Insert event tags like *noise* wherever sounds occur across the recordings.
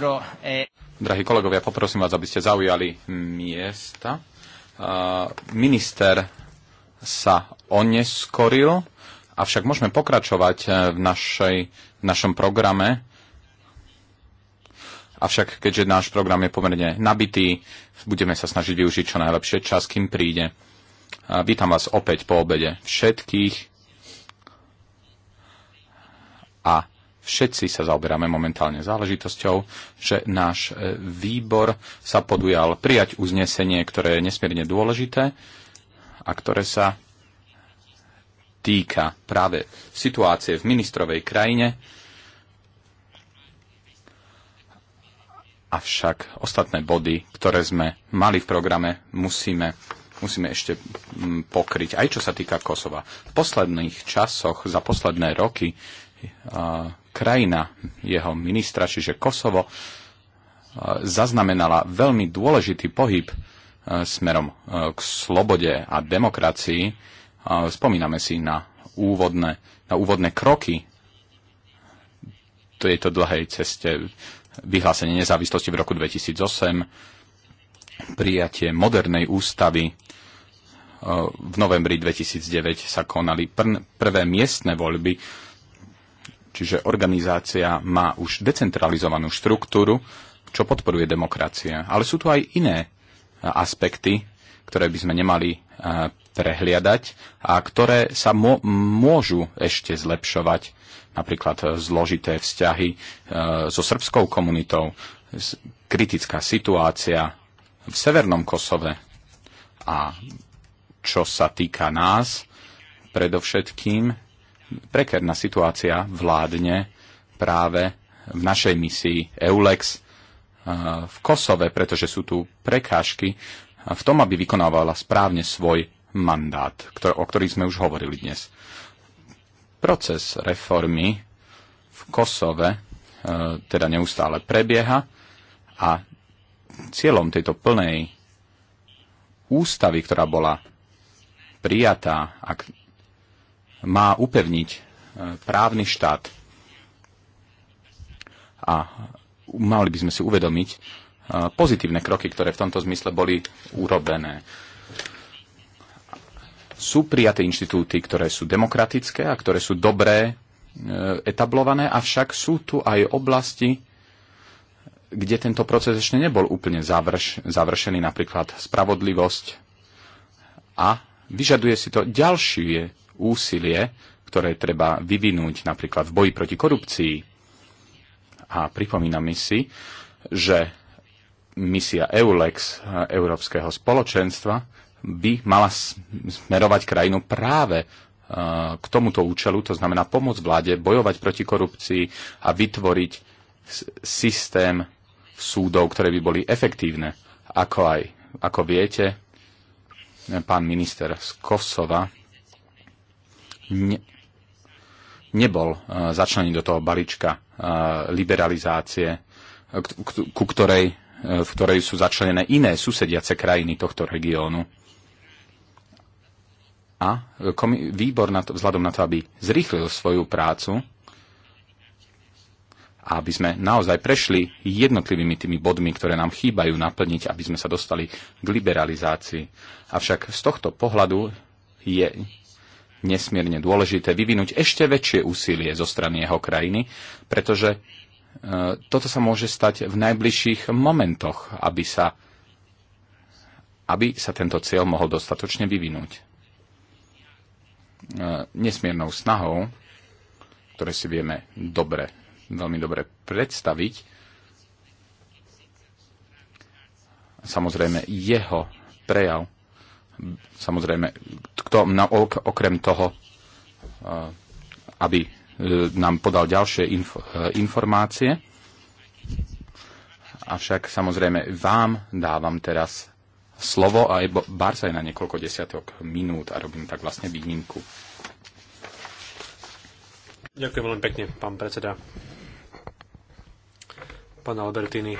nostro... E- Drahí kolegovia, poprosím vás, aby ste zaujali miesta. Minister sa oneskoril, avšak môžeme pokračovať e, v, našej, v našom programe. Avšak keďže náš program je pomerne nabitý, budeme sa snažiť využiť čo najlepšie čas, kým príde. Vítam vás opäť po obede všetkých a všetci sa zaoberáme momentálne záležitosťou, že náš e, výbor sa podujal prijať uznesenie, ktoré je nesmierne dôležité a ktoré sa týka práve situácie v ministrovej krajine. Avšak ostatné body, ktoré sme mali v programe, musíme musíme ešte pokryť, aj čo sa týka Kosova. V posledných časoch, za posledné roky, krajina jeho ministra, čiže Kosovo, e, zaznamenala veľmi dôležitý pohyb e, smerom e, k slobode a demokracii. Spomíname si na úvodné, na úvodné kroky tejto dlhej ceste vyhlásenie nezávislosti v roku 2008, prijatie modernej ústavy, v novembri 2009 sa konali prvé miestne voľby, Čiže organizácia má už decentralizovanú štruktúru, čo podporuje demokracia. Ale sú tu aj iné e, aspekty, ktoré by sme nemali e, prehliadať a ktoré sa môžu ešte zlepšovať. Napríklad e, zložité vzťahy so srbskou komunitou, kritická situácia v severnom Kosove a čo sa týka nás, predovšetkým prekerná situácia vládne práve v našej misii EULEX eh, v Kosove, pretože sú tu prekážky v tom, aby vykonávala správne svoj mandát, o ktorých sme už hovorili dnes. Proces reformy v Kosove eh, teda neustále prebieha a cieľom tejto plnej ústavy, ktorá bola prijatá a má upevniť e, právny štát. A mali by sme si uvedomiť e, pozitívne kroky, ktoré v tomto zmysle boli urobené. Sú prijaté inštitúty, ktoré sú demokratické a ktoré sú dobré, e, etablované, avšak sú tu aj oblasti, kde tento proces ešte nebol úplne završ, završený, napríklad spravodlivosť. A vyžaduje si to ďalšie úsilie, ktoré treba vyvinúť napríklad v boji proti korupcii. A pripomíname si, že misia EULEX eh, Európskeho spoločenstva by mala smerovať krajinu práve eh, k tomuto účelu, to znamená pomôcť vláde bojovať proti korupcii a vytvoriť systém súdov, ktoré by boli efektívne. Ako aj, ako viete, eh, pán minister z Kosova ne, nebol e, začlený do toho balíčka e, liberalizácie, e, ku ktorej, v ktorej sú začlenené iné susediace krajiny tohto regiónu. A výbor na to, vzhľadom na to, aby zrýchlil svoju prácu, a aby sme naozaj prešli jednotlivými tými bodmi, ktoré nám chýbajú naplniť, aby sme sa dostali k liberalizácii. Avšak z tohto pohľadu je nesmierne dôležité vyvinúť ešte väčšie úsilie zo strany jeho krajiny, pretože e, toto sa môže stať v najbližších momentoch, aby sa, aby sa tento cieľ mohol dostatočne vyvinúť. E, nesmiernou snahou, ktoré si vieme dobre, veľmi dobre predstaviť, samozrejme jeho prejav samozrejme, kto na, okrem toho, e, aby e, nám podal ďalšie inf- e, informácie. Avšak samozrejme vám dávam teraz slovo a aj Barca na niekoľko desiatok minút a robím tak vlastne výnimku. Ďakujem veľmi pekne, pán predseda. Pán Albertini,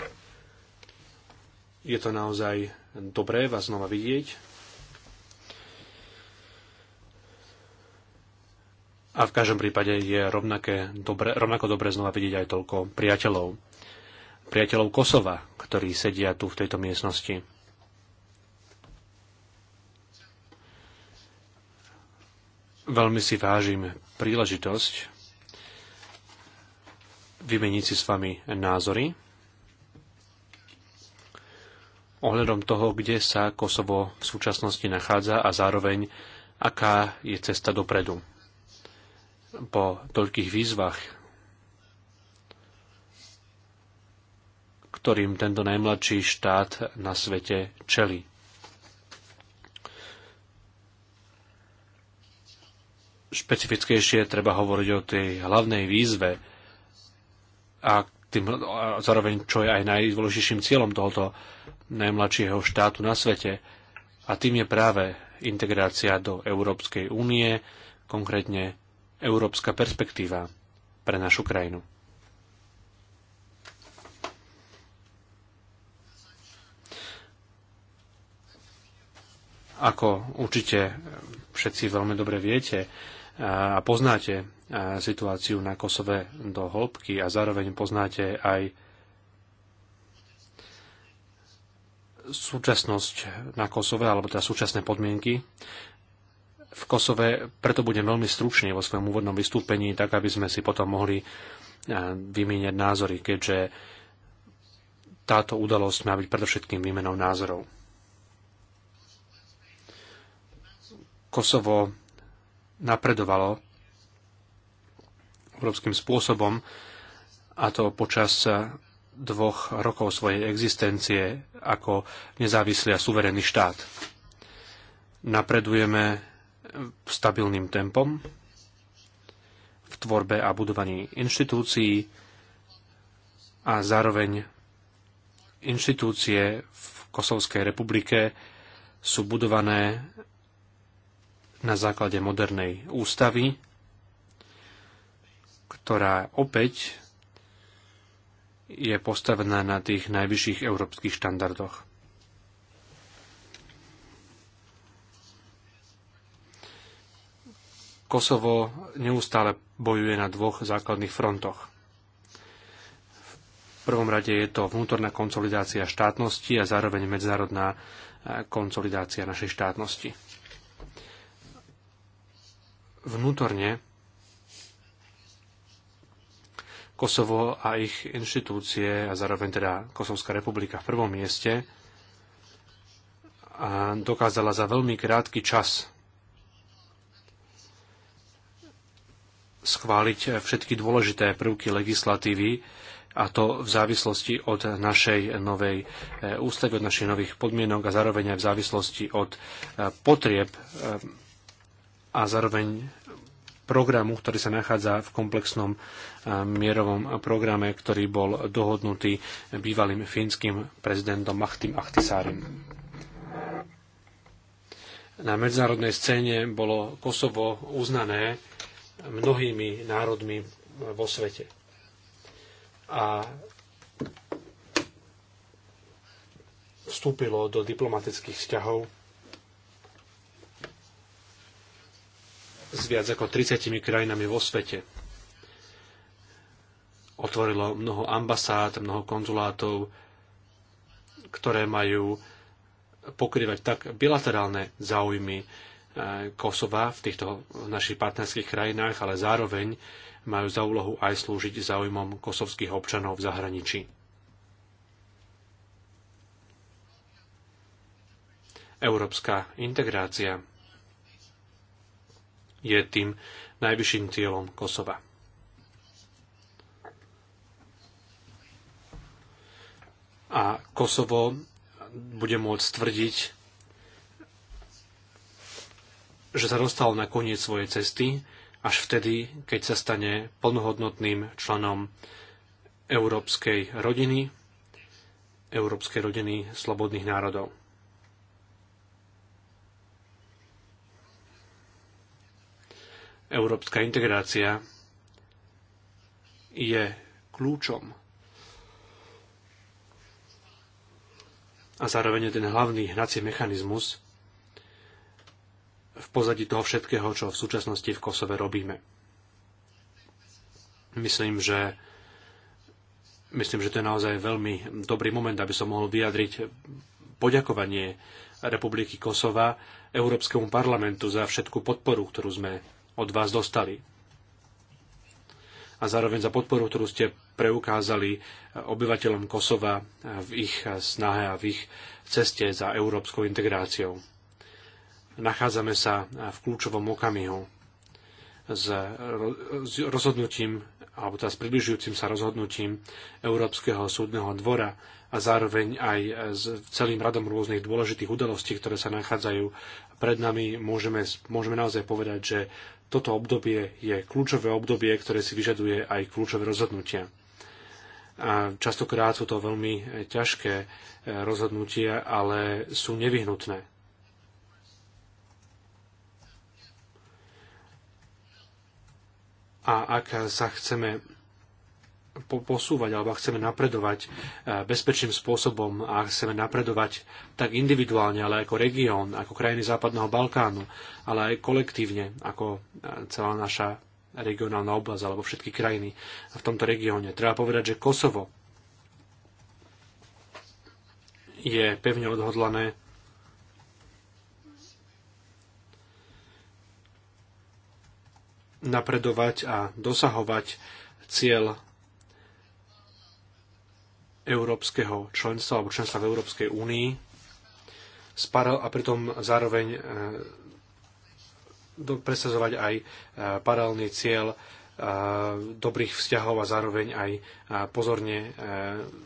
je to naozaj dobré vás znova vidieť a v každom prípade je rovnaké, dobre, rovnako dobre znova vidieť aj toľko priateľov. Priateľov Kosova, ktorí sedia tu v tejto miestnosti. Veľmi si vážim príležitosť vymeniť si s vami názory ohľadom toho, kde sa Kosovo v súčasnosti nachádza a zároveň aká je cesta dopredu po toľkých výzvach, ktorým tento najmladší štát na svete čelí. Špecifickejšie treba hovoriť o tej hlavnej výzve a tým, a zároveň čo je aj najdôležitejším cieľom tohoto najmladšieho štátu na svete. A tým je práve integrácia do Európskej únie, konkrétne európska perspektíva pre našu krajinu. Ako určite všetci veľmi dobre viete a poznáte situáciu na Kosove do hĺbky a zároveň poznáte aj súčasnosť na Kosove, alebo teda súčasné podmienky, v Kosove, preto budem veľmi stručný vo svojom úvodnom vystúpení, tak aby sme si potom mohli e, vymieňať názory, keďže táto udalosť má byť predovšetkým výmenou názorov. Kosovo napredovalo európskym spôsobom, a to počas dvoch rokov svojej existencie ako nezávislý a suverénny štát. Napredujeme stabilným tempom v tvorbe a budovaní inštitúcií a zároveň inštitúcie v Kosovskej republike sú budované na základe modernej ústavy, ktorá opäť je postavená na tých najvyšších európskych štandardoch. Kosovo neustále bojuje na dvoch základných frontoch. V prvom rade je to vnútorná konsolidácia štátnosti a zároveň medzinárodná e, konsolidácia našej štátnosti. Vnútorne Kosovo a ich inštitúcie a zároveň teda Kosovská republika v prvom mieste a dokázala za veľmi krátky čas schváliť všetky dôležité prvky legislatívy, a to v závislosti od našej novej e, ústavy, od našich nových podmienok a zároveň aj v závislosti od e, potrieb e, a zároveň programu, ktorý sa nachádza v komplexnom mierovom programe, ktorý bol dohodnutý bývalým fínskym prezidentom Mahtim Ahtisárim. Na medzinárodnej scéne bolo Kosovo uznané mnohými národmi vo svete. A vstúpilo do diplomatických vzťahov s viac ako 30 krajinami vo svete. Otvorilo mnoho ambasád, mnoho konzulátov, ktoré majú pokrývať tak bilaterálne záujmy Eh, Kosova v týchto našich partnerských krajinách, ale zároveň majú za úlohu aj slúžiť záujmom kosovských občanov v zahraničí. Európska integrácia je tým najvyšším cieľom Kosova. A Kosovo bude môcť tvrdiť, že sa dostal na koniec svojej cesty až vtedy, keď sa stane plnohodnotným členom európskej rodiny, európskej rodiny slobodných národov. Európska integrácia je kľúčom a zároveň je ten hlavný hnací mechanizmus, v pozadí toho všetkého, čo v súčasnosti v Kosove robíme. Myslím, že myslím, že to je naozaj veľmi dobrý moment, aby som mohol vyjadriť poďakovanie Republiky Kosova Európskemu parlamentu za všetku podporu, ktorú sme od vás dostali. A zároveň za podporu, ktorú ste preukázali obyvateľom Kosova v ich snahe a v ich ceste za európskou integráciou nachádzame sa v kľúčovom okamihu s rozhodnutím, alebo teda s približujúcim sa rozhodnutím Európskeho súdneho dvora a zároveň aj s celým radom rôznych dôležitých udalostí, ktoré sa nachádzajú pred nami, môžeme, môžeme naozaj povedať, že toto obdobie je kľúčové obdobie, ktoré si vyžaduje aj kľúčové rozhodnutia. A častokrát sú to veľmi ťažké eh, rozhodnutia, ale sú nevyhnutné a ak sa chceme posúvať alebo chceme napredovať e, bezpečným spôsobom a chceme napredovať tak individuálne, ale ako región, ako krajiny Západného Balkánu, ale aj kolektívne, ako e, celá naša regionálna oblasť alebo všetky krajiny v tomto regióne. Treba povedať, že Kosovo je pevne odhodlané napredovať a dosahovať cieľ európskeho členstva alebo členstva v Európskej únii a pritom zároveň e, presazovať aj e, paralelný cieľ e, dobrých vzťahov a zároveň aj pozorne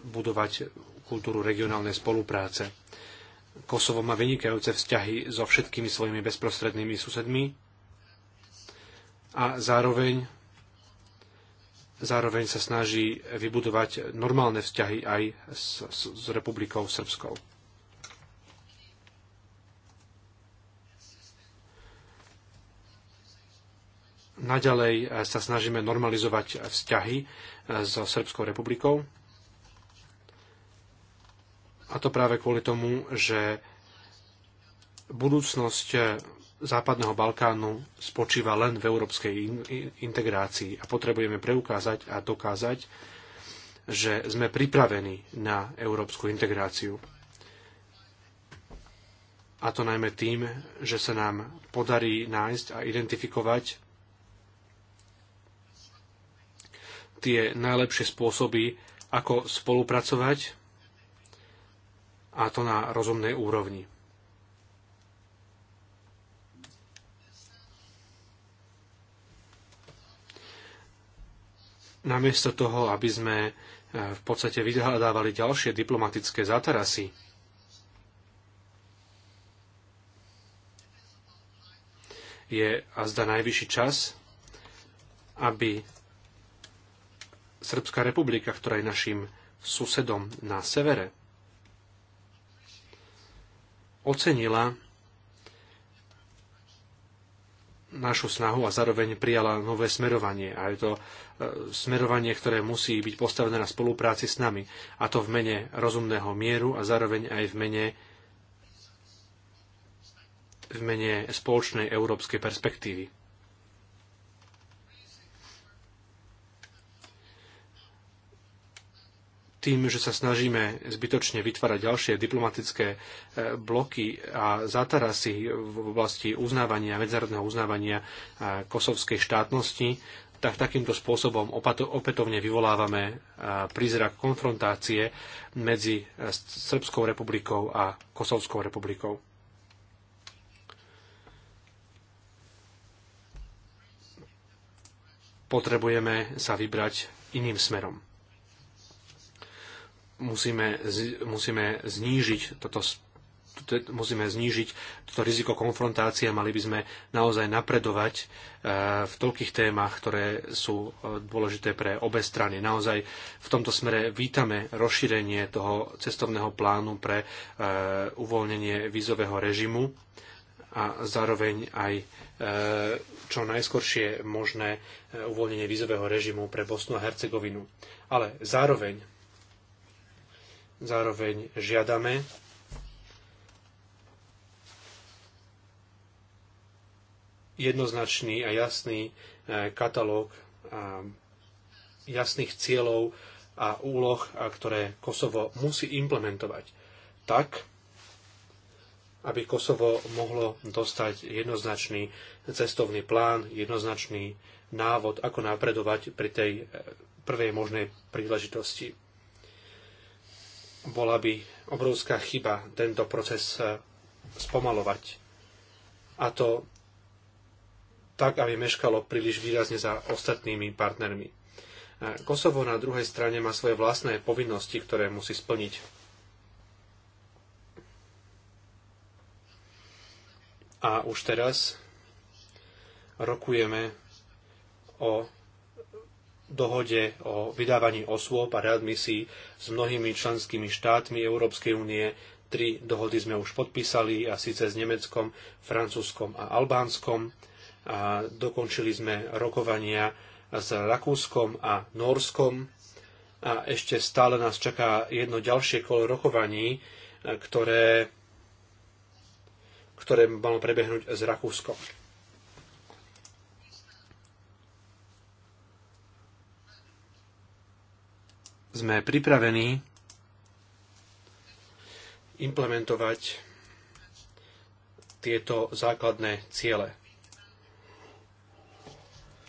budovať kultúru regionálnej spolupráce. Kosovo má vynikajúce vzťahy so všetkými svojimi bezprostrednými susedmi, a zároveň, zároveň sa snaží vybudovať normálne vzťahy aj s, s, s Republikou Srbskou. Naďalej e, sa snažíme normalizovať vzťahy e, so Srbskou republikou. A to práve kvôli tomu, že budúcnosť Západného Balkánu spočíva len v európskej integrácii a potrebujeme preukázať a dokázať, že sme pripravení na európsku integráciu. A to najmä tým, že sa nám podarí nájsť a identifikovať tie najlepšie spôsoby, ako spolupracovať a to na rozumnej úrovni. namiesto toho, aby sme e, v podstate vyhľadávali ďalšie diplomatické zátarasy. Je a zda najvyšší čas, aby Srbská republika, ktorá je našim susedom na severe, ocenila našu snahu a zároveň prijala nové smerovanie. A je to E, smerovanie, ktoré musí byť postavené na spolupráci s nami, a to v mene rozumného mieru a zároveň aj v mene v mene spoločnej európskej perspektívy. Tým, že sa snažíme zbytočne vytvárať ďalšie diplomatické e, bloky a zatarasy v oblasti uznávania, medzárodného uznávania e, kosovskej štátnosti, tak takýmto spôsobom opätovne vyvolávame prízrak konfrontácie medzi e, Srbskou republikou a Kosovskou republikou. Potrebujeme sa vybrať iným smerom musíme, musíme znížiť toto musíme znížiť toto riziko konfrontácie a mali by sme naozaj napredovať e, v toľkých témach, ktoré sú e, dôležité pre obe strany. Naozaj v tomto smere vítame rozšírenie toho cestovného plánu pre e, uvoľnenie vízového režimu a zároveň aj čo najskoršie možné uvoľnenie vízového režimu pre Bosnu a Hercegovinu. Ale zároveň, zároveň žiadame jednoznačný a jasný e, katalóg e, jasných cieľov a úloh, ktoré Kosovo musí implementovať tak, aby Kosovo mohlo dostať jednoznačný cestovný plán, jednoznačný návod, ako napredovať pri tej e, prvej možnej príležitosti. Bola by obrovská chyba tento proces spomalovať. A to tak aby meškalo príliš výrazne za ostatnými partnermi. Kosovo na druhej strane má svoje vlastné povinnosti, ktoré musí splniť. A už teraz rokujeme o dohode o vydávaní osôb a readmisí s mnohými členskými štátmi Európskej únie. Tri dohody sme už podpísali a síce s Nemeckom, Francúzskom a Albánskom a dokončili sme rokovania s Rakúskom a Norskom a ešte stále nás čaká jedno ďalšie kolo rokovaní, ktoré, ktoré malo prebehnúť s Rakúskom. Sme pripravení implementovať tieto základné ciele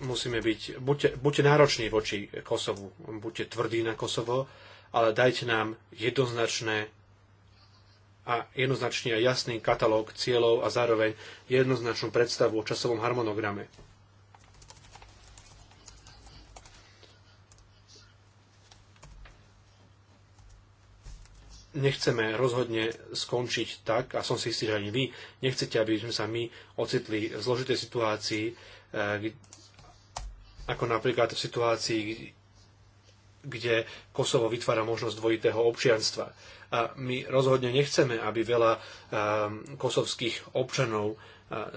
musíme byť, buďte, buďte nároční voči Kosovu, buďte tvrdí na Kosovo, ale dajte nám jednoznačné a jednoznačný a jasný katalóg cieľov a zároveň jednoznačnú predstavu o časovom harmonograme. Nechceme rozhodne skončiť tak, a som si istý, že ani vy nechcete, aby sme sa my ocitli v zložitej situácii, eh, ako napríklad v situácii, kde Kosovo vytvára možnosť dvojitého občianstva. A my rozhodne nechceme, aby veľa ehm, kosovských občanov e,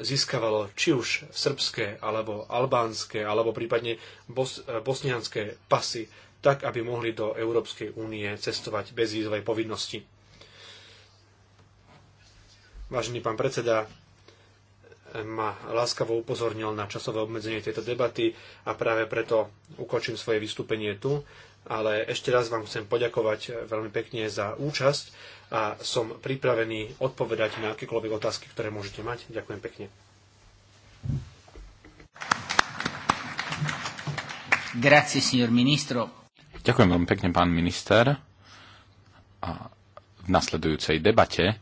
získavalo či už srbské, alebo albánske, alebo prípadne bos- e, bosnianské pasy, tak aby mohli do Európskej únie cestovať bez vízovej povinnosti. Vážený pán predseda, ma láskavo upozornil na časové obmedzenie tejto debaty a práve preto ukočím svoje vystúpenie tu. Ale ešte raz vám chcem poďakovať veľmi pekne za účasť a som pripravený odpovedať na akékoľvek otázky, ktoré môžete mať. Ďakujem pekne. Grazie, signor ministro. Ďakujem veľmi pekne, pán minister. A v nasledujúcej debate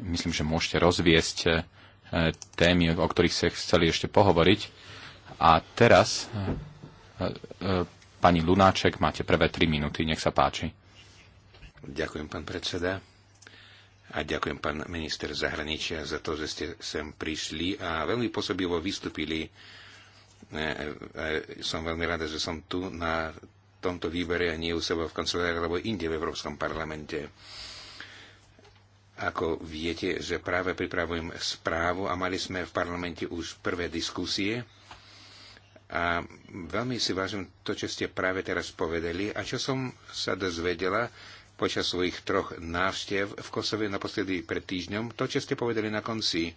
myslím, že môžete rozviesť E, témy, o ktorých ste chceli ešte pohovoriť. A teraz, e, e, pani Lunáček, máte prvé tri minúty, nech sa páči. Ďakujem, pán predseda. A ďakujem, pán minister zahraničia, za to, že ste sem prišli a veľmi pôsobivo vystúpili. Som veľmi rada, že som tu na tomto výbere a nie u seba v kancelárii alebo inde v Európskom parlamente. Ako viete, že práve pripravujem správu a mali sme v parlamente už prvé diskusie. A veľmi si vážim to, čo ste práve teraz povedali a čo som sa dozvedela počas svojich troch návštev v Kosove naposledy pred týždňom, to, čo ste povedali na konci.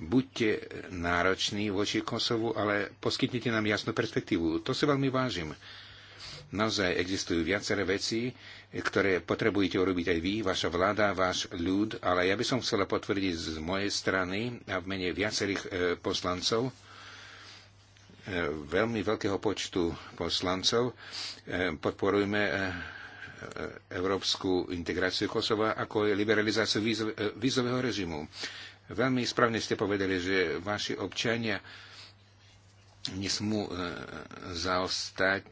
Buďte nároční voči Kosovu, ale poskytnite nám jasnú perspektívu. To si veľmi vážim. Naozaj existujú viaceré veci, ktoré potrebujete urobiť aj vy, vaša vláda, váš ľud, ale ja by som chcela potvrdiť z mojej strany a v mene viacerých e, poslancov, e, veľmi veľkého počtu poslancov, e, podporujeme e, e, európsku integráciu Kosova ako liberalizáciu e, vízového režimu. Veľmi správne ste povedali, že vaši občania e, nesmú e, zaostať,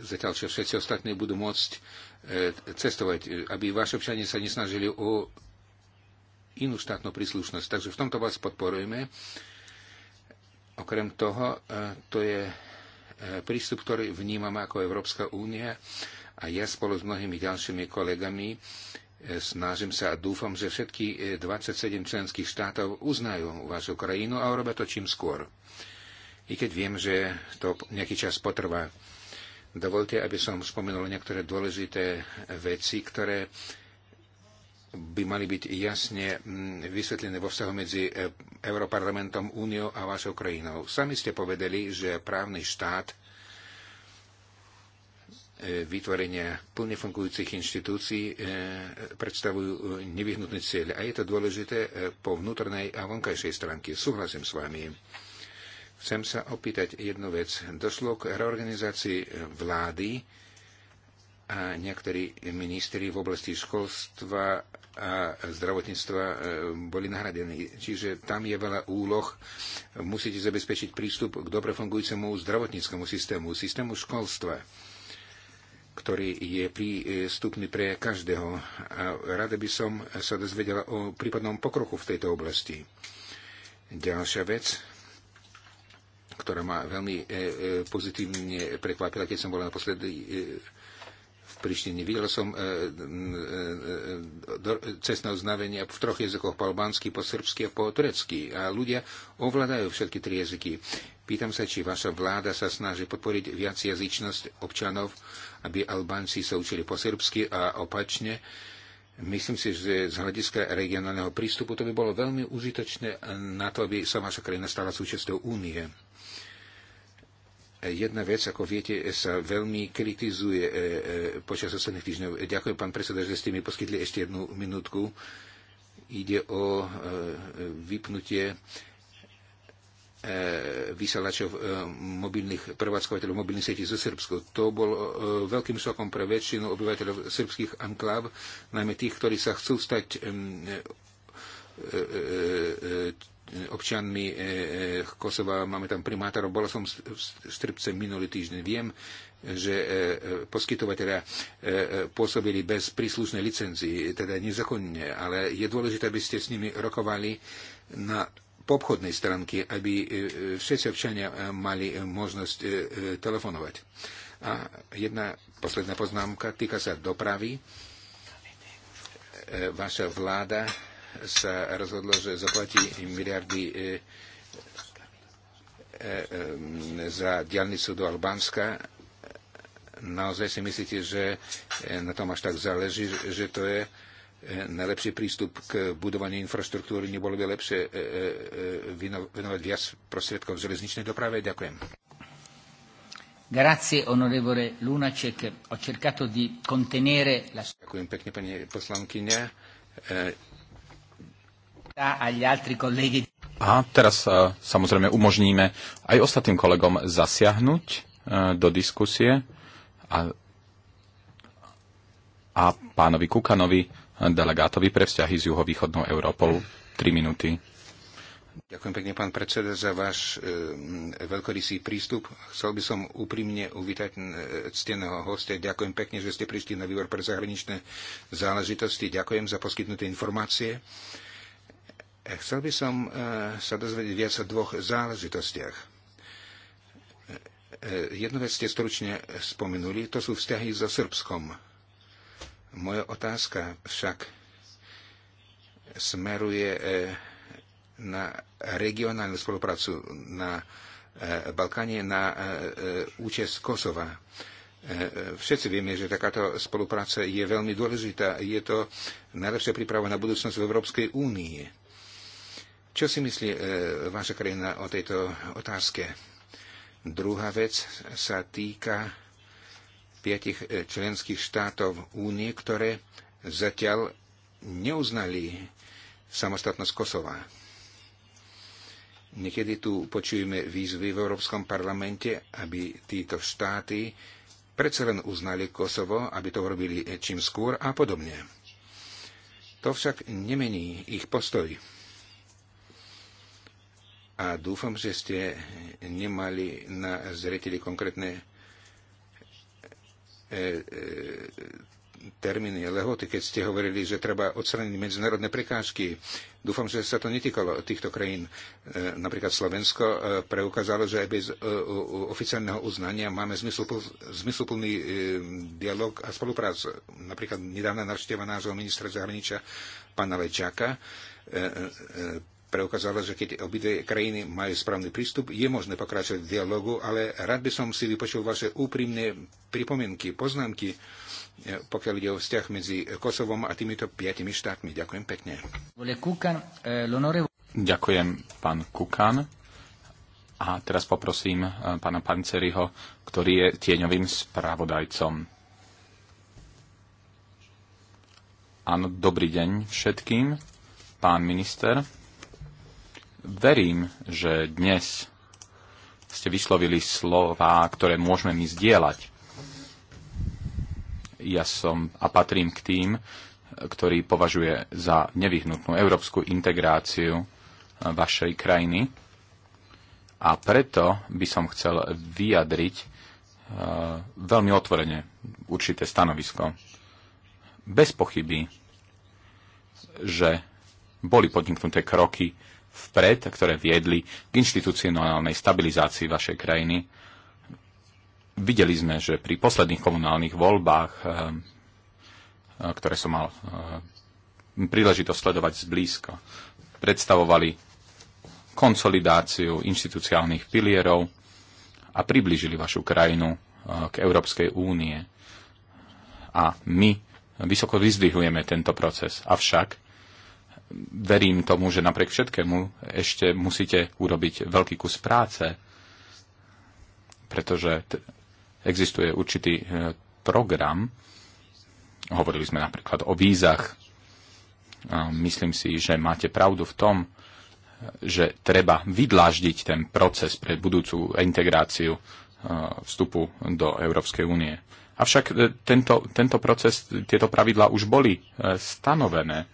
zatiaľ čo všetci ostatní budú môcť e, cestovať, aby vaše občania sa nesnažili o inú štátnu príslušnosť. Takže v tomto vás podporujeme. Okrem toho, e, to je prístup, ktorý vnímam ako Európska únia a ja spolu s mnohými ďalšími kolegami snažím sa a dúfam, že všetky 27 členských štátov uznajú vašu krajinu a urobia to čím skôr i keď viem, že to nejaký čas potrvá. Dovolte, aby som spomenul niektoré dôležité veci, ktoré by mali byť jasne mm, vysvetlené vo vzťahu medzi e, Európarlamentom, Úniou a vašou krajinou. Sami ste povedali, že právny štát e, vytvorenia plne fungujúcich inštitúcií e, predstavujú nevyhnutný cieľ. A je to dôležité po vnútornej a vonkajšej stránke. Súhlasím s vami. Chcem sa opýtať jednu vec. Došlo k reorganizácii vlády a niektorí ministri v oblasti školstva a zdravotníctva e, boli nahradení. Čiže tam je veľa úloh. Musíte zabezpečiť prístup k dobre fungujúcemu zdravotníckému systému, systému školstva ktorý je prístupný pre každého. A rada by som sa dozvedela o prípadnom pokroku v tejto oblasti. Ďalšia vec ktorá ma veľmi e, e, pozitívne prekvapila, keď som bol naposledy e, v Prištine. Videl som cestné oznámenia v troch jazykoch, po albánsky, po srbsky a po turecky. A ľudia ovládajú všetky tri jazyky. Pýtam sa, či vaša vláda sa snaží podporiť jazyčnosť občanov, aby Albánci sa učili po srbsky a opačne. Myslím si, že z hľadiska regionálneho prístupu to by bolo veľmi užitočné na to, aby sa vaša krajina stala súčasťou únie. Jedna vec, ako viete, sa veľmi kritizuje e, e, počas ostatných týždňov. Ďakujem, pán predseda, že ste mi poskytli ešte jednu minútku. Ide o e, vypnutie vysielačov mobilných prevádzkovateľov mobilných sietí zo Srbsku. To bol veľkým šokom pre väčšinu obyvateľov srbských anklav, najmä tých, ktorí sa chcú stať občanmi e, e, Kosova, máme tam primátorov, bol som v Stripce minulý týždeň, viem, že e, poskytovateľa pôsobili bez príslušnej licencii, teda nezakonne, ale je dôležité, aby ste s nimi rokovali na obchodnej stránke, aby všetci občania mali možnosť telefonovať. A jedna posledná poznámka týka sa dopravy. Vaša vláda sa rozhodlo, že zaplatí miliardy e, e, e, za diálnicu do Albánska. Naozaj si myslíte, že na tom až tak záleží, že to je najlepší prístup k budovaniu infraštruktúry? Nebolo by lepšie venovať viac prostriedkov v železničnej doprave? Ďakujem. Grazie onorevole Lunacek, ho cercato di contenere la... Ďakujem pekne, pani poslankyňa a teraz e, samozrejme umožníme aj ostatným kolegom zasiahnuť e, do diskusie a, a pánovi Kukanovi, e, delegátovi pre vzťahy s juhovýchodnou Európou, 3 minúty. Ďakujem pekne, pán predseda, za váš e, veľkorysý prístup. Chcel by som úprimne uvítať e, cteného hostia. Ďakujem pekne, že ste prišli na výbor pre zahraničné záležitosti. Ďakujem za poskytnuté informácie. E, Eh, chcel by som eh, sa dozvedieť viac o dvoch záležitostiach. Eh, jednu vec ste stručne spomenuli, to sú vzťahy so Srbskom. Moja otázka však smeruje na regionálnu spoluprácu na Balkáne, na účest Kosova. Všetci vieme, že takáto spolupráca je veľmi dôležitá. Je to najlepšia príprava na budúcnosť v Európskej únii. Čo si myslí e, vaša krajina o tejto otázke? Druhá vec sa týka piatich e, členských štátov únie, ktoré zatiaľ neuznali samostatnosť Kosova. Niekedy tu počujeme výzvy v Európskom parlamente, aby títo štáty predsa len uznali Kosovo, aby to robili e, čím skôr a podobne. To však nemení ich postoj a dúfam, že ste nemali na zreteli konkrétne e, e, termíny, lehoty, keď ste hovorili, že treba odstrániť medzinárodné prekážky. Dúfam, že sa to netýkalo týchto krajín. E, napríklad Slovensko preukázalo, že aj bez oficiálneho uznania máme zmysluplný dialog a spoluprácu. Napríklad nedávna návšteva nášho ministra zahraničia, pána Lečaka, preukázalo, že keď obidve krajiny majú správny prístup, je možné pokračovať v dialogu, ale rád by som si vypočul vaše úprimné pripomienky, poznámky, e, pokiaľ ide o vzťah medzi Kosovom a týmito piatimi štátmi. Ďakujem pekne. E, Ďakujem, pán Kukan. A teraz poprosím e, pána Panceriho, ktorý je tieňovým správodajcom. Áno, dobrý deň všetkým, pán minister. Verím, že dnes ste vyslovili slova, ktoré môžeme my zdieľať. Ja som a patrím k tým, ktorý považuje za nevyhnutnú európsku integráciu eh, vašej krajiny. A preto by som chcel vyjadriť e, veľmi otvorene určité stanovisko. Bez pochyby, že boli podniknuté kroky vpred, ktoré viedli k inštitucionálnej stabilizácii vašej krajiny. Videli sme, že pri posledných komunálnych voľbách, eh, eh, ktoré som mal eh, príležitosť sledovať zblízka, predstavovali konsolidáciu inštitucionálnych pilierov a priblížili vašu krajinu k Európskej únie. A my vysoko vyzdvihujeme tento proces. Avšak verím tomu, že napriek všetkému ešte musíte urobiť veľký kus práce, pretože existuje určitý e, program. Hovorili sme napríklad o vízach. Myslím si, že máte pravdu v tom, e, že treba vydláždiť ten proces pre budúcu integráciu e, vstupu do Európskej únie. Avšak tento, tento proces, tieto pravidlá už boli stanovené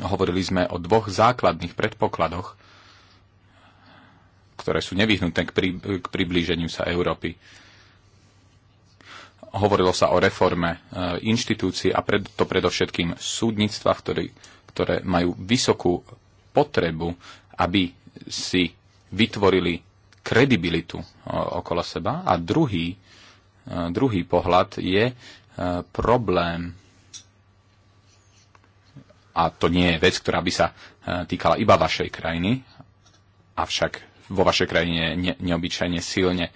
Hovorili sme o dvoch základných predpokladoch, ktoré sú nevyhnuté k, pri, k priblíženiu sa Európy. Hovorilo sa o reforme e, inštitúcií a pred, to predovšetkým súdnictva, ktorý, ktoré majú vysokú potrebu, aby si vytvorili kredibilitu e, okolo seba. A druhý, e, druhý pohľad je problém a to nie je vec, ktorá by sa e, týkala iba vašej krajiny, avšak vo vašej krajine je neobyčajne silne e,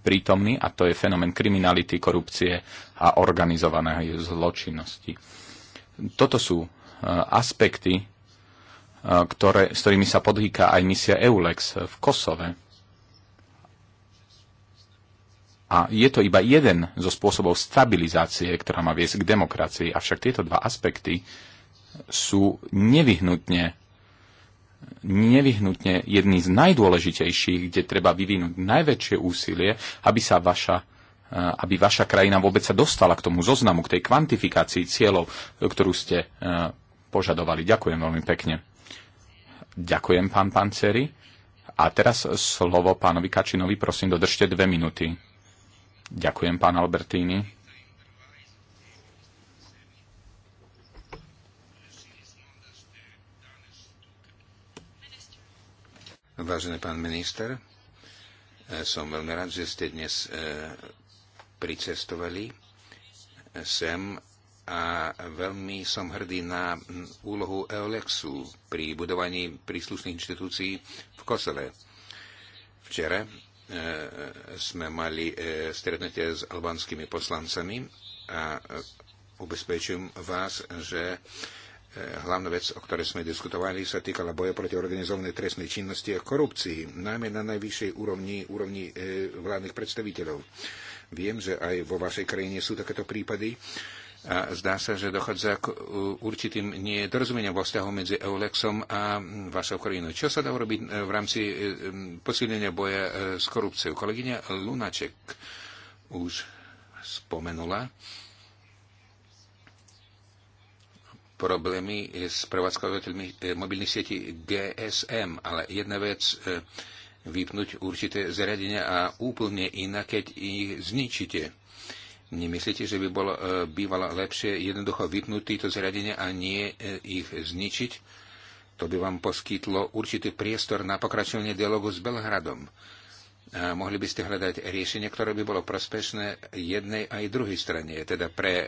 prítomný a to je fenomén kriminality, korupcie a organizovanej zločinnosti. Toto sú e, aspekty, ktoré, s ktorými sa podhýka aj misia EULEX v Kosove a je to iba jeden zo spôsobov stabilizácie, ktorá má viesť k demokracii. Avšak tieto dva aspekty sú nevyhnutne nevyhnutne jedný z najdôležitejších, kde treba vyvinúť najväčšie úsilie, aby sa vaša eh, aby vaša krajina vôbec sa dostala k tomu zoznamu, k tej kvantifikácii cieľov, eh, ktorú ste eh, požadovali. Ďakujem veľmi pekne. Ďakujem, pán Panceri. A teraz slovo pánovi Kačinovi, prosím, dodržte dve minúty. Ďakujem, pán Albertini. Vážený pán minister, e, som veľmi rád, že ste dnes e, pricestovali sem a veľmi som hrdý na úlohu Eolexu pri budovaní príslušných inštitúcií v Kosove. Včera E, sme mali e, stretnutie s albanskými poslancami a e, ubezpečujem vás, že hlavná vec, o ktorej sme diskutovali, sa týkala boja proti organizovanej trestnej činnosti a korupcii, najmä na najvyššej úrovni, úrovni vládnych predstaviteľov. Viem, že aj vo vašej krajine sú takéto prípady a zdá sa, že dochádza k uh, určitým nedorozumeniam vo vzťahu medzi Eulexom a mm, vašou krajinou. Čo sa dá urobiť e, v rámci e, posilnenia boja e, s korupciou? Kolegyňa Lunaček už spomenula problémy s prevádzkovateľmi mobilných sietí GSM, ale jedna vec vypnúť určité zariadenia a úplne inak, keď ich zničíte Nemyslíte, že by bolo e, bývalo lepšie jednoducho vypnúť tieto zariadenia a nie e, ich zničiť? To by vám poskytlo určitý priestor na pokračovanie dialogu s Belhradom. A e, mohli by ste hľadať riešenie, ktoré by bolo prospešné jednej aj druhej strane, teda pre e,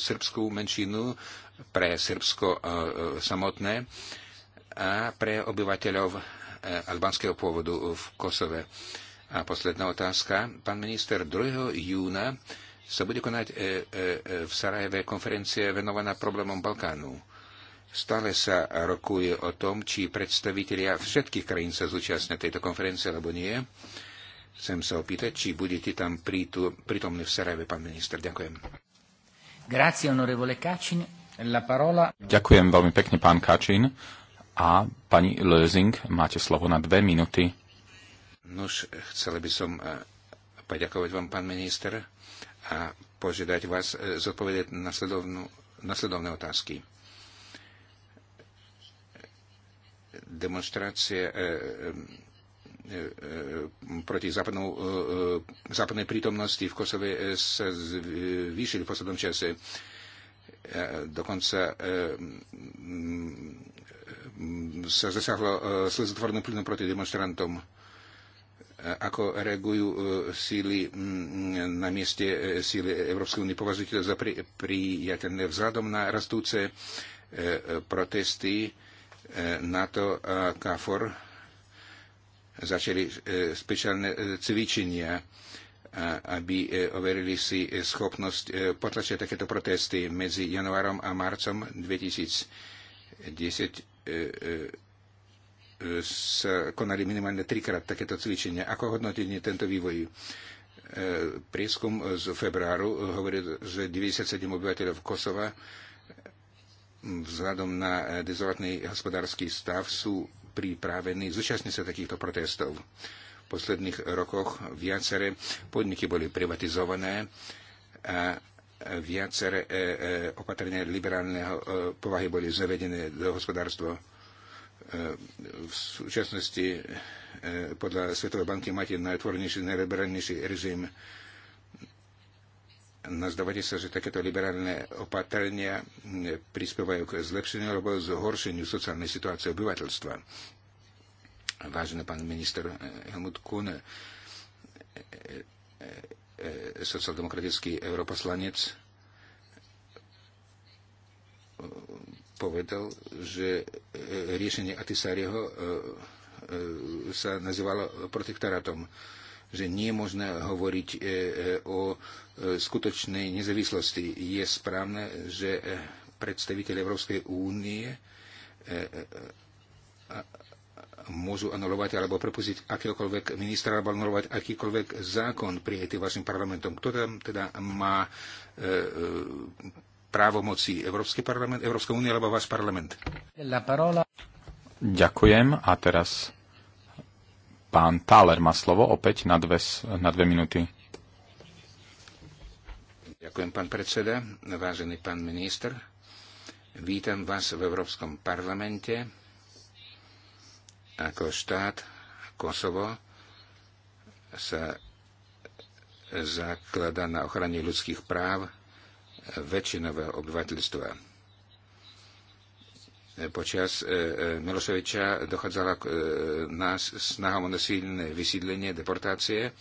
srbskú menšinu, pre Srbsko e, samotné a pre obyvateľov e, albanského pôvodu v Kosove. A posledná otázka. Pán minister 2. júna e, sa bude konať e, e, e, v Sarajeve konferencia venovaná problémom Balkánu. Stále sa rokuje o tom, či predstavitelia všetkých krajín sa zúčastnia tejto konferencie, alebo nie. Chcem sa opýtať, či budete tam prítomní v Sarajeve, pán minister. Ďakujem. Grazie, onorevole La parola... Ďakujem veľmi pekne, pán Kačín. A pani Lözing, máte slovo na dve minúty. Nož, chcel by som poďakovať vám, pán minister, a požiadať vás e, zodpovedať nasledovné otázky. Demonstrácie e, e, proti západnou, západnej prítomnosti v Kosove sa zvýšili v poslednom čase. Dokonca sa zasahlo slzotvorným plynom proti demonstrantom ako reagujú e, síly mm, na mieste e, síly Európskej únie. Považujete to za priateľné vzhľadom na rastúce e, protesty NATO a KFOR začali speciálne cvičenia, aby overili si schopnosť potlačiť takéto protesty medzi januárom a marcom 2010 sa konali minimálne trikrát takéto cvičenia. Ako hodnotenie tento vývoj? E, prieskum z februáru hovorí, že 97 obyvateľov Kosova vzhľadom na dezolatný hospodársky stav sú pripravení zúčastniť sa takýchto protestov. V posledných rokoch viaceré podniky boli privatizované a viaceré e, e, opatrenia liberálneho povahy boli zavedené do hospodárstva v súčasnosti e, podľa Svetovej banky máte najotvorenejší, najliberálnejší režim. Nazdávate sa, že takéto liberálne opatrenia prispievajú k zlepšeniu alebo zhoršeniu sociálnej situácie obyvateľstva. Vážený pán minister e, Helmut Kuhn, e, socialdemokratický europoslanec, povedal, že e, riešenie Atisariho e, e, sa nazývalo protektorátom že nie je možné hovoriť o skutočnej nezávislosti. Je správne, že predstaviteľ Európskej únie môžu anulovať alebo prepustiť akýkoľvek ministra alebo anulovať akýkoľvek zákon prijatý vašim parlamentom. Kto tam teda má právomoci Európsky parlament, Európska únia alebo váš parlament? Ďakujem a teraz pán Táler má slovo opäť na dve, na dve minúty. Ďakujem, pán predseda, vážený pán minister. Vítam vás v Európskom parlamente ako štát Kosovo sa zaklada na ochrane ľudských práv väčšinového obyvateľstva. Počas e, e, Miloševiča dochádzala k e, nás snahom o nasilné vysídlenie, deportácie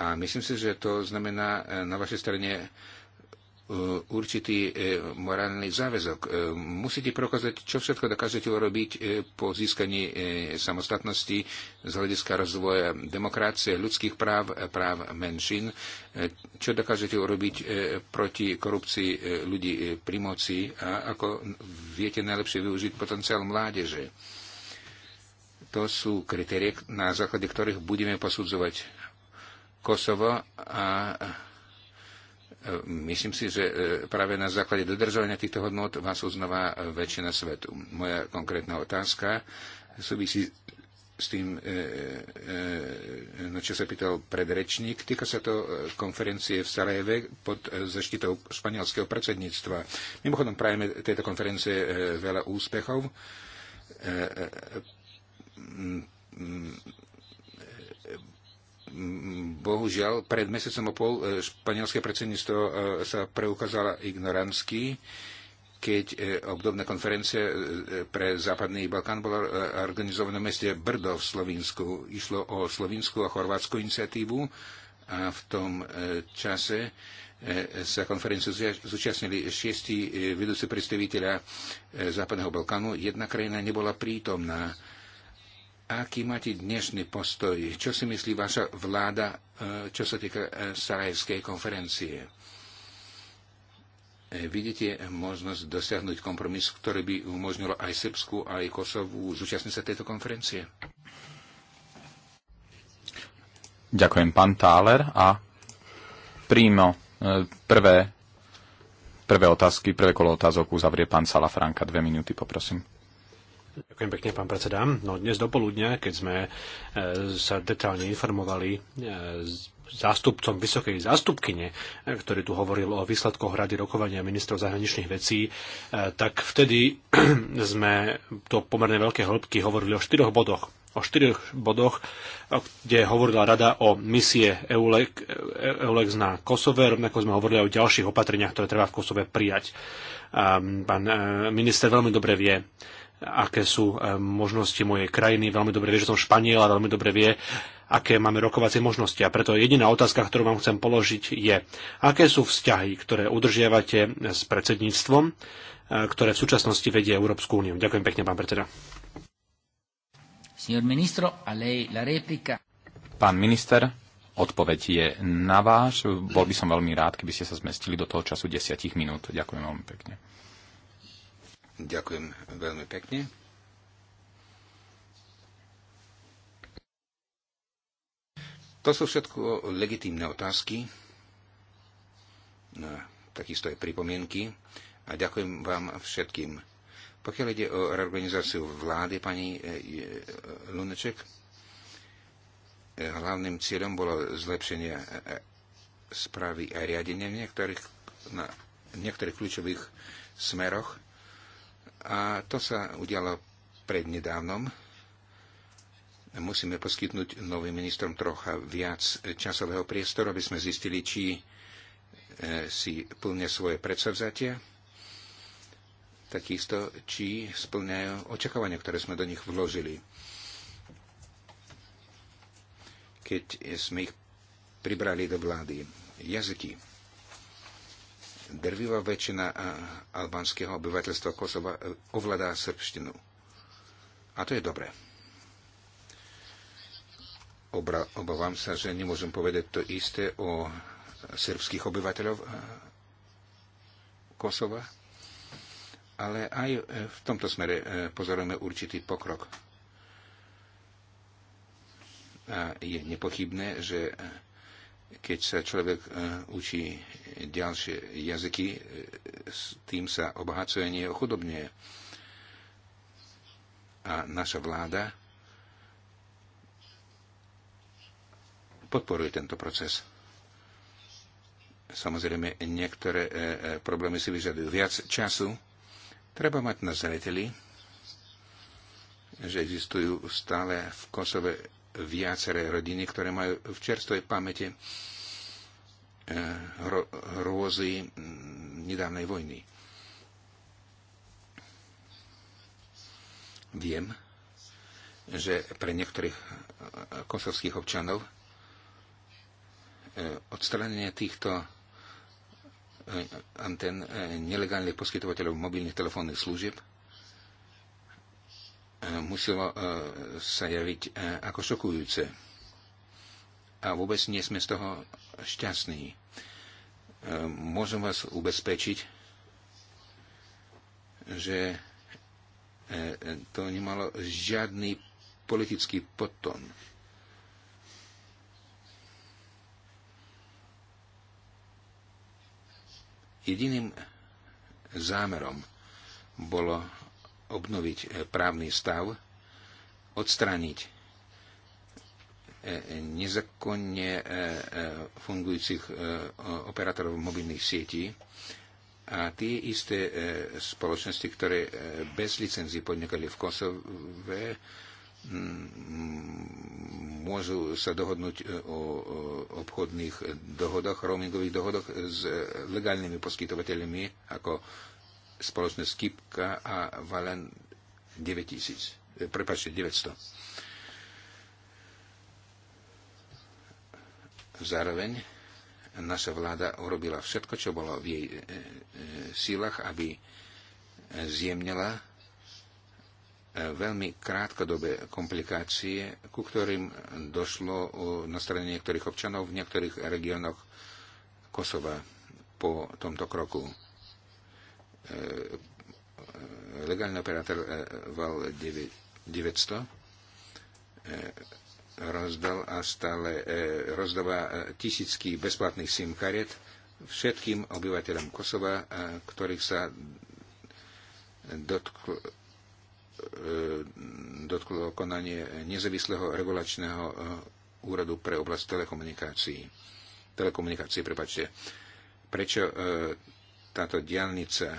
a myslím si, že to znamená na vašej strane E, určitý e, morálny záväzok. E, musíte prokázať, čo všetko dokážete urobiť po získaní samostatnosti z hľadiska rozvoja demokracie, ľudských práv, práv menšín, čo dokážete urobiť proti korupcii ľudí pri moci a ako viete najlepšie využiť potenciál mládeže. To sú kritérie, na základe ktorých budeme posudzovať Kosovo a Myslím si, že e, práve na základe dodržovania týchto hodnot vás uznáva e, väčšina svetu. Moja konkrétna otázka súvisí s tým, e, na no, čo sa pýtal predrečník. Týka sa to konferencie v Sarajeve pod zaštitou španielského predsedníctva. Mimochodom, prajeme tejto konferencie veľa úspechov bohužiaľ, pred mesiacom a pol e, španielské predsedníctvo e, sa preukázala ignorantsky, keď e, obdobná konferencia pre Západný Balkán bola organizovaná v meste Brdo v Slovinsku. Išlo o slovinskú a chorvátsku iniciatívu a v tom čase sa konferenciu zúčastnili šiesti vedúci predstaviteľa Západného Balkánu. Jedna krajina nebola prítomná. Aký máte dnešný postoj? Čo si myslí vaša vláda, e, čo sa týka e, Sarajevskej konferencie? E, vidíte možnosť dosiahnuť kompromis, ktorý by umožnil aj Srbsku, aj Kosovu zúčastniť sa tejto konferencie? Ďakujem, pán Táler. A príjmo prvé, prvé otázky, prvé kolo otázok uzavrie pán Salafranka. Dve minúty, poprosím. Ďakujem pekne, pán predseda. No, dnes poludnia, keď sme e, sa detálne informovali e, zástupcom vysokej zástupkyne, e, ktorý tu hovoril o výsledkoch rady rokovania ministrov zahraničných vecí, tak vtedy *clears throat* sme do pomerne veľké hĺbky hovorili o štyroch bodoch. O štyroch bodoch, kde hovorila rada o misie EULEX na Kosove, rovnako sme hovorili o ďalších opatreniach, ktoré treba v Kosove prijať. Pán minister veľmi dobre vie, aké sú e, možnosti mojej krajiny. Veľmi dobre vie, že som Španiel a veľmi dobre vie, aké máme rokovacie možnosti. A preto jediná otázka, ktorú vám chcem položiť, je, aké sú vzťahy, ktoré udržiavate s predsedníctvom, e, ktoré v súčasnosti vedie Európsku úniu. Ďakujem pekne, pán predseda. pán minister, odpoveď je na váš. Bol by som veľmi rád, keby ste sa zmestili do toho času desiatich minút. Ďakujem veľmi pekne. Ďakujem veľmi pekne. To sú všetko legitímne otázky, no, takisto aj pripomienky a ďakujem vám všetkým. Pokiaľ ide o reorganizáciu vlády, pani e, e, Luneček, e, hlavným cieľom bolo zlepšenie správy a riadenia v niektorých, na niektorých kľúčových smeroch a to sa udialo prednedávnom. Musíme poskytnúť novým ministrom trocha viac časového priestoru, aby sme zistili, či e, si plnia svoje predsavzatia, takisto či splňajú očakávania, ktoré sme do nich vložili. Keď sme ich pribrali do vlády. Jazyky drvivá väčšina albánskeho obyvateľstva Kosova e, ovládá srbštinu. A to je dobré. Obra, obávam sa, že nemôžem povedať to isté o srbských obyvateľov e, Kosova, ale aj e, v tomto smere pozorujeme určitý pokrok. A je nepochybné, že keď sa človek e, učí ďalšie jazyky, e, s tým sa obohacuje, nie ochudobňuje. A naša vláda podporuje tento proces. Samozrejme, niektoré e, problémy si vyžadujú viac času. Treba mať na zreteli, že existujú stále v Kosove viaceré rodiny, ktoré majú v čerstvej pamäte eh, hrôzy mm, nedávnej vojny. Viem, že pre niektorých eh, kosovských občanov eh, odstranenie týchto anten nelegálnych poskytovateľov mobilných telefónnych služieb muselo e, sa javiť e, ako šokujúce. A vôbec nie sme z toho šťastní. E, môžem vás ubezpečiť, že to nemalo žiadny politický podton. Jediným zámerom bolo obnoviť e, právny stav, odstrániť e, e, nezakonne fungujúcich operátorov mobilných sietí a tie isté spoločnosti, ktoré bez licenzií podnikali v Kosove, mm, môžu sa dohodnúť o obchodných dohodoch, roamingových dohodoch s legálnymi poskytovateľmi ako spoločne Kipka a Valen 9000, eh, Prepačte, 900. Zároveň naša vláda urobila všetko, čo bolo v jej e, e, sílach, aby zjemnila veľmi krátkodobé komplikácie, ku ktorým došlo na strane niektorých občanov v niektorých regiónoch Kosova po tomto kroku. E, e, legálny operátor e, VAL 900 rozdal a stále rozdáva tisícky bezplatných SIM kariet všetkým obyvateľom Kosova, ktorých sa dotkl, dotklo konanie nezávislého regulačného úradu pre oblasť telekomunikácií. Telekomunikácie, prepačte. Prečo táto diálnica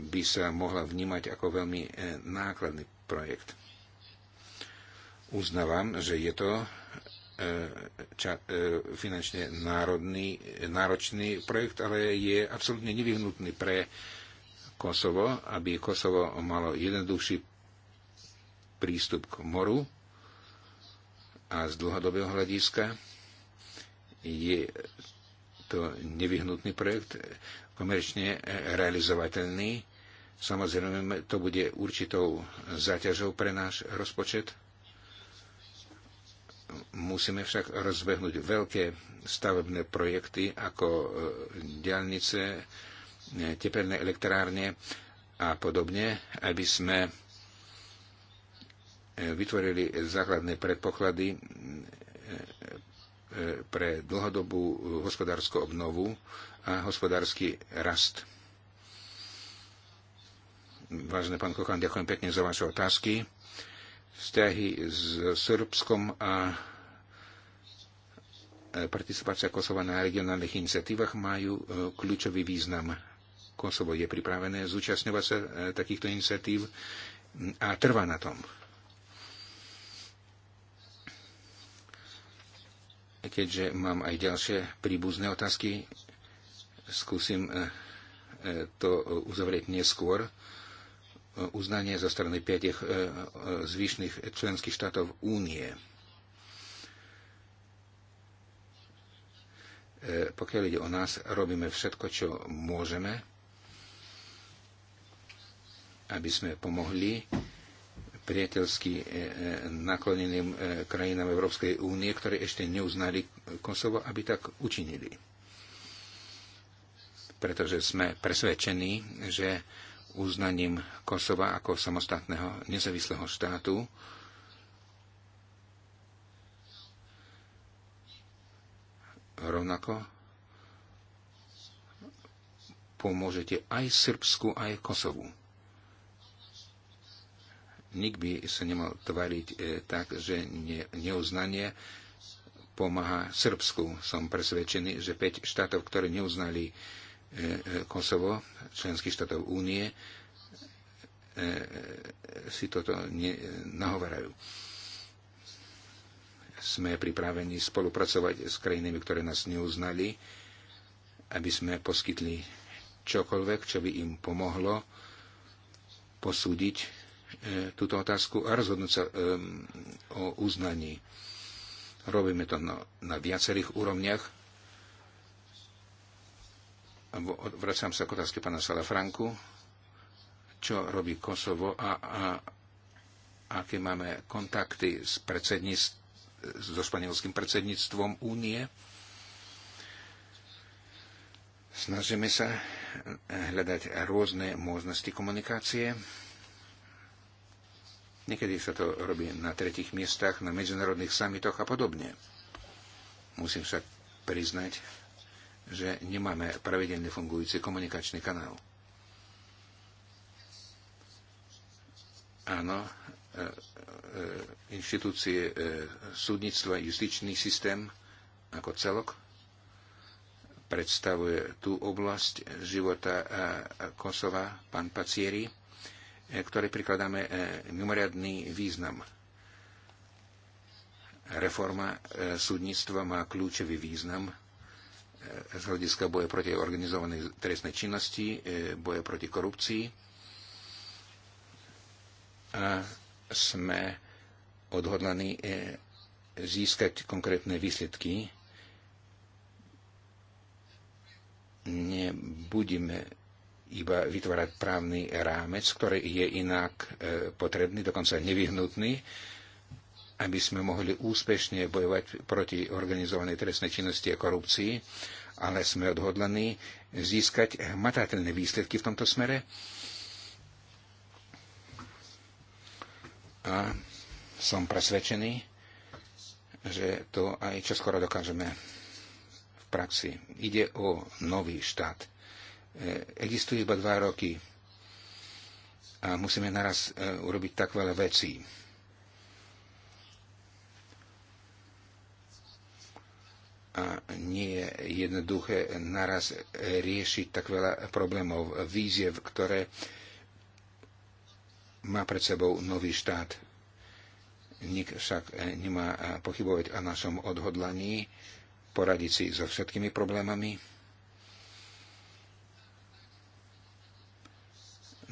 by sa mohla vnímať ako veľmi e, nákladný projekt. Uznávam, že je to e, ča, e, finančne národný, náročný projekt, ale je absolútne nevyhnutný pre Kosovo, aby Kosovo malo jednoduchší prístup k moru a z dlhodobého hľadiska je to nevyhnutný projekt, komerčne realizovateľný. Samozrejme, to bude určitou záťažou pre náš rozpočet. Musíme však rozbehnúť veľké stavebné projekty ako e, diálnice, e, tepelné elektrárne a podobne, aby sme e, vytvorili základné predpoklady E, pre dlhodobú e, hospodárskú obnovu a hospodársky rast. Vážený pán Kochan, ďakujem pekne za vaše otázky. Vzťahy s Srbskom a e, participácia Kosova na regionálnych iniciatívach majú kľúčový význam. Kosovo je pripravené zúčastňovať sa takýchto iniciatív a trvá na tom. Keďže mám aj ďalšie príbuzné otázky, skúsim eh, eh, to uzavrieť neskôr. Eh, uznanie zo strany piatich zvyšných členských štátov únie. Pokiaľ ide o nás, robíme všetko, čo môžeme, aby sme pomohli priateľsky e, e, nakloneným e, krajinám Európskej únie, ktoré ešte neuznali Kosovo, aby tak učinili. Pretože sme presvedčení, že uznaním Kosova ako samostatného nezávislého štátu rovnako pomôžete aj Srbsku, aj Kosovu. Nik by sa nemal tváriť e, tak, že ne, neuznanie pomáha Srbsku. Som presvedčený, že 5 štátov, ktoré neuznali e, e, Kosovo, členských štátov únie, e, e si toto ne, nahovarajú. Sme pripravení spolupracovať s krajinami, ktoré nás neuznali, aby sme poskytli čokoľvek, čo by im pomohlo posúdiť E, túto otázku a rozhodnúť sa o uznaní. Robíme to na, na viacerých úrovniach. Vracam sa k otázke pána Salafranku. Čo robí Kosovo a, a aké máme kontakty s predsedníctvom so španielským predsedníctvom únie. Snažíme sa e, hľadať rôzne možnosti komunikácie. Niekedy sa to robí na tretich miestach, na medzinárodných samitoch a podobne. Musím sa priznať, že nemáme pravidelne fungujúci komunikačný kanál. Áno, e, e, inštitúcie e, súdnictva, justičný systém ako celok predstavuje tú oblasť života Kosova, pán Pacieri E, ktoré prikladáme e, mimoriadný význam. Reforma e, súdnictva má kľúčový význam z hľadiska boja proti organizovanej trestnej činnosti, boja proti korupcii. A sme odhodlaní získať konkrétne výsledky. Nebudeme iba vytvárať právny rámec, ktorý je inak e, potrebný, dokonca nevyhnutný, aby sme mohli úspešne bojovať proti organizovanej trestnej činnosti a korupcii, ale sme odhodlení získať hmatateľné výsledky v tomto smere. A som presvedčený, že to aj čoskoro dokážeme v praxi. Ide o nový štát E, existuje iba dva roky a musíme naraz e, urobiť tak veľa vecí. A nie je jednoduché naraz riešiť tak veľa problémov, víziev, ktoré má pred sebou nový štát. Nik však e, nemá pochybovať o našom odhodlaní poradiť si so všetkými problémami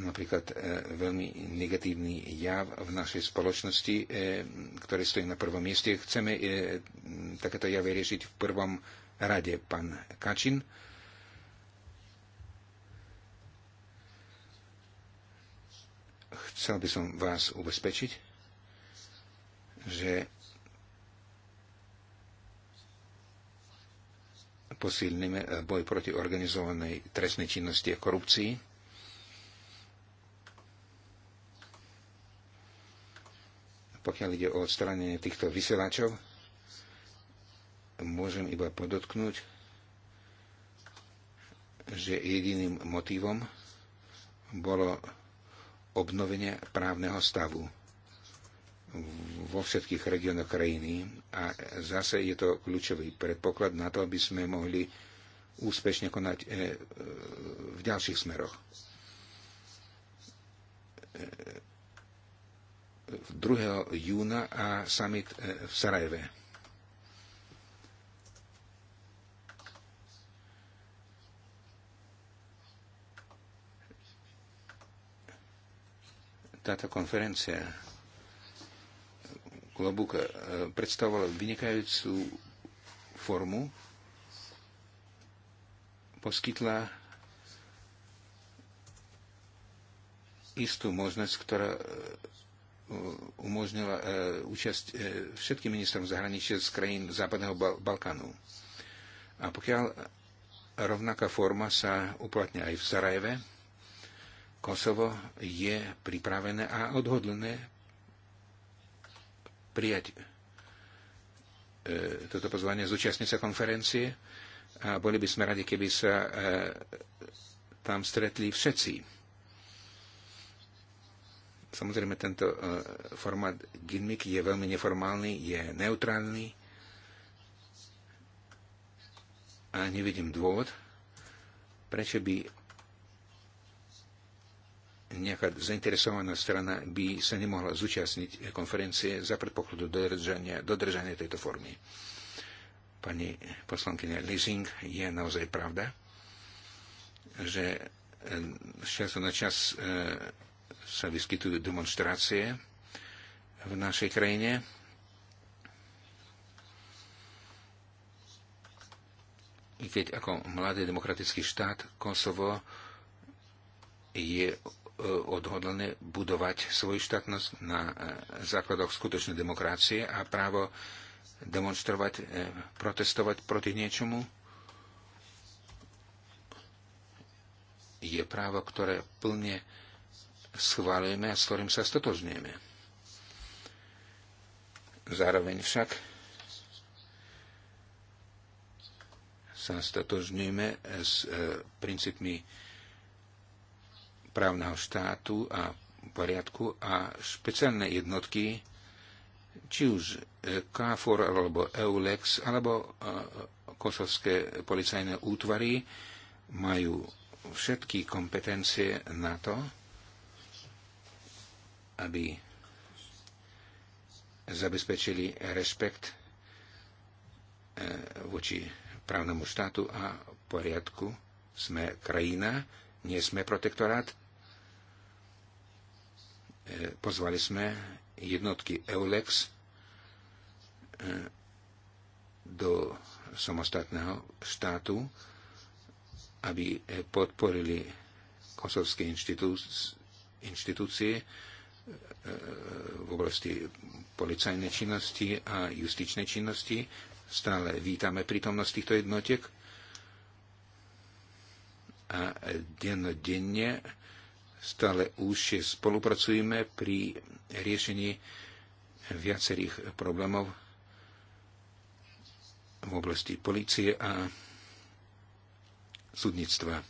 napríklad e, veľmi negatívny jav v našej spoločnosti, e, ktorý stojí na prvom mieste. Chceme e, takéto javy riešiť v prvom rade, pán Kačin. Chcel by som vás ubezpečiť, že posilníme boj proti organizovanej trestnej činnosti a korupcii Pokiaľ ide o odstranenie týchto vysielačov, môžem iba podotknúť, že jediným motivom bolo obnovenie právneho stavu vo všetkých regiónoch krajiny a zase je to kľúčový predpoklad na to, aby sme mohli úspešne konať e, e, v ďalších smeroch. E, 2. júna a summit e, v Sarajeve. Táto konferencia Klobúk e, predstavovala vynikajúcu formu, poskytla istú možnosť, ktorá umožnila e, účasť e, všetkým ministrom zahraničia z krajín Západného Balkánu. A pokiaľ rovnaká forma sa uplatňa aj v Sarajeve, Kosovo je pripravené a odhodlné prijať e, toto pozvanie zúčastniť sa konferencie a boli by sme radi, keby sa tam stretli všetci Samozrejme, tento e, formát gimmick je veľmi neformálny, je neutrálny a nevidím dôvod, prečo by nejaká zainteresovaná strana by sa nemohla zúčastniť konferencie za predpokladu dodržania, dodržania tejto formy. Pani poslankyňa Lizing, je naozaj pravda, že z času na čas e, sa vyskytujú demonstrácie v našej krajine. I keď ako mladý demokratický štát Kosovo je e, odhodlané budovať svoju štátnosť na e, základoch skutočnej demokracie a právo demonstrovať, e, protestovať proti niečomu je právo, ktoré plne schválené a s ktorým sa stotožníme. Zároveň však sa stotožníme s e, princípmi právneho štátu a poriadku a špeciálne jednotky, či už e, KFOR alebo EULEX alebo e, kosovské policajné útvary majú všetky kompetencie na to, aby zabezpečili rešpekt eh, voči právnemu štátu a poriadku. Sme krajina, nie sme protektorát. Eh, pozvali sme jednotky EULEX eh, do samostatného štátu, aby podporili kosovské inštitúcie, v oblasti policajnej činnosti a justičnej činnosti. Stále vítame prítomnosť týchto jednotiek a dennodenne stále už spolupracujeme pri riešení viacerých problémov v oblasti policie a súdnictva.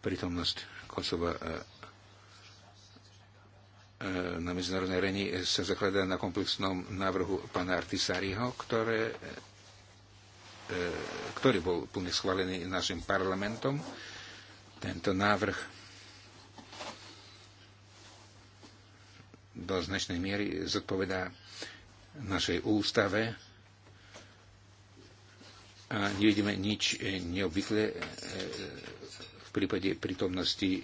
prítomnosť Kosova e, e, na medzinárodnej reni sa zakladá na komplexnom návrhu pána Artisariho, ktoré, e, ktorý bol plne schválený našim parlamentom. Tento návrh do značnej miery zodpovedá našej ústave a nevidíme nič neobvykle v prípade prítomnosti e,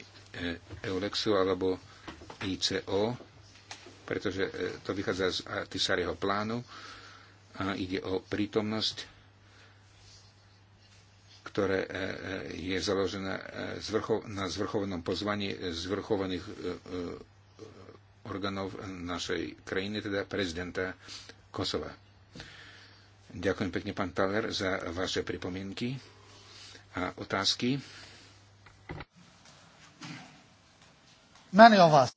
Eulexu alebo ICO, pretože e, to vychádza z Tisariho plánu a ide o prítomnosť, ktoré e, je založené na zvrchovanom pozvaní zvrchovaných orgánov našej krajiny, teda prezidenta Kosova. Ďakujem pekne, pán Taler, za vaše pripomienky a otázky. Many of us.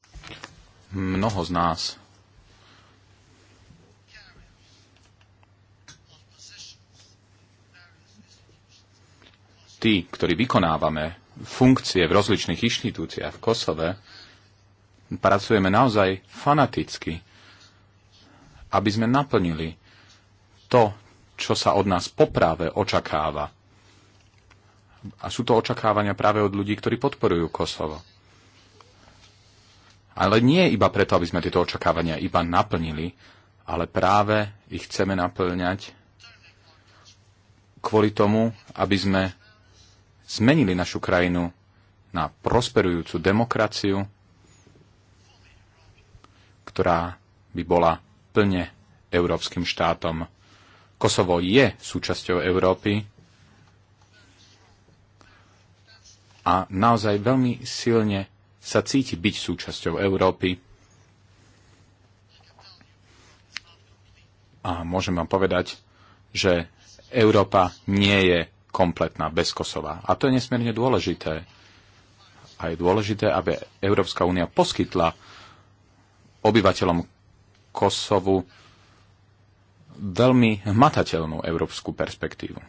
Mnoho z nás tí, ktorí vykonávame funkcie v rozličných inštitúciách v Kosove, pracujeme naozaj fanaticky, aby sme naplnili to, čo sa od nás popráve očakáva. A sú to očakávania práve od ľudí, ktorí podporujú Kosovo. Ale nie iba preto, aby sme tieto očakávania iba naplnili, ale práve ich chceme naplňať kvôli tomu, aby sme zmenili našu krajinu na prosperujúcu demokraciu, ktorá by bola plne európskym štátom. Kosovo je súčasťou Európy a naozaj veľmi silne sa cíti byť súčasťou Európy. A môžem vám povedať, že Európa nie je kompletná bez Kosova. A to je nesmierne dôležité. A je dôležité, aby Európska únia poskytla obyvateľom Kosovu veľmi hmatateľnú európsku perspektívu.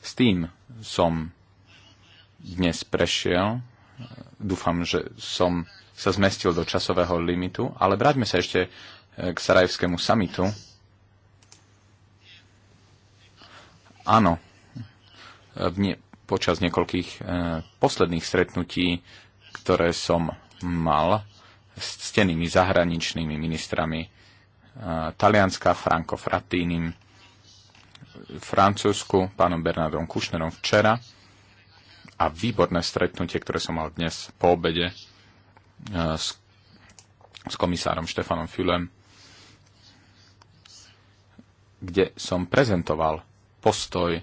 S tým som dnes prešiel. Dúfam, že som sa zmestil do časového limitu, ale vráťme sa ešte eh, k Sarajevskému samitu. Áno, eh, počas niekoľkých e, posledných stretnutí, ktoré som mal s ctenými zahraničnými ministrami e, Talianska, Franco Frattínim, Francúzsku, pánom Bernardom Kušnerom včera, a výborné stretnutie, ktoré som mal dnes po obede e, s, s komisárom Štefanom Fülem, kde som prezentoval postoj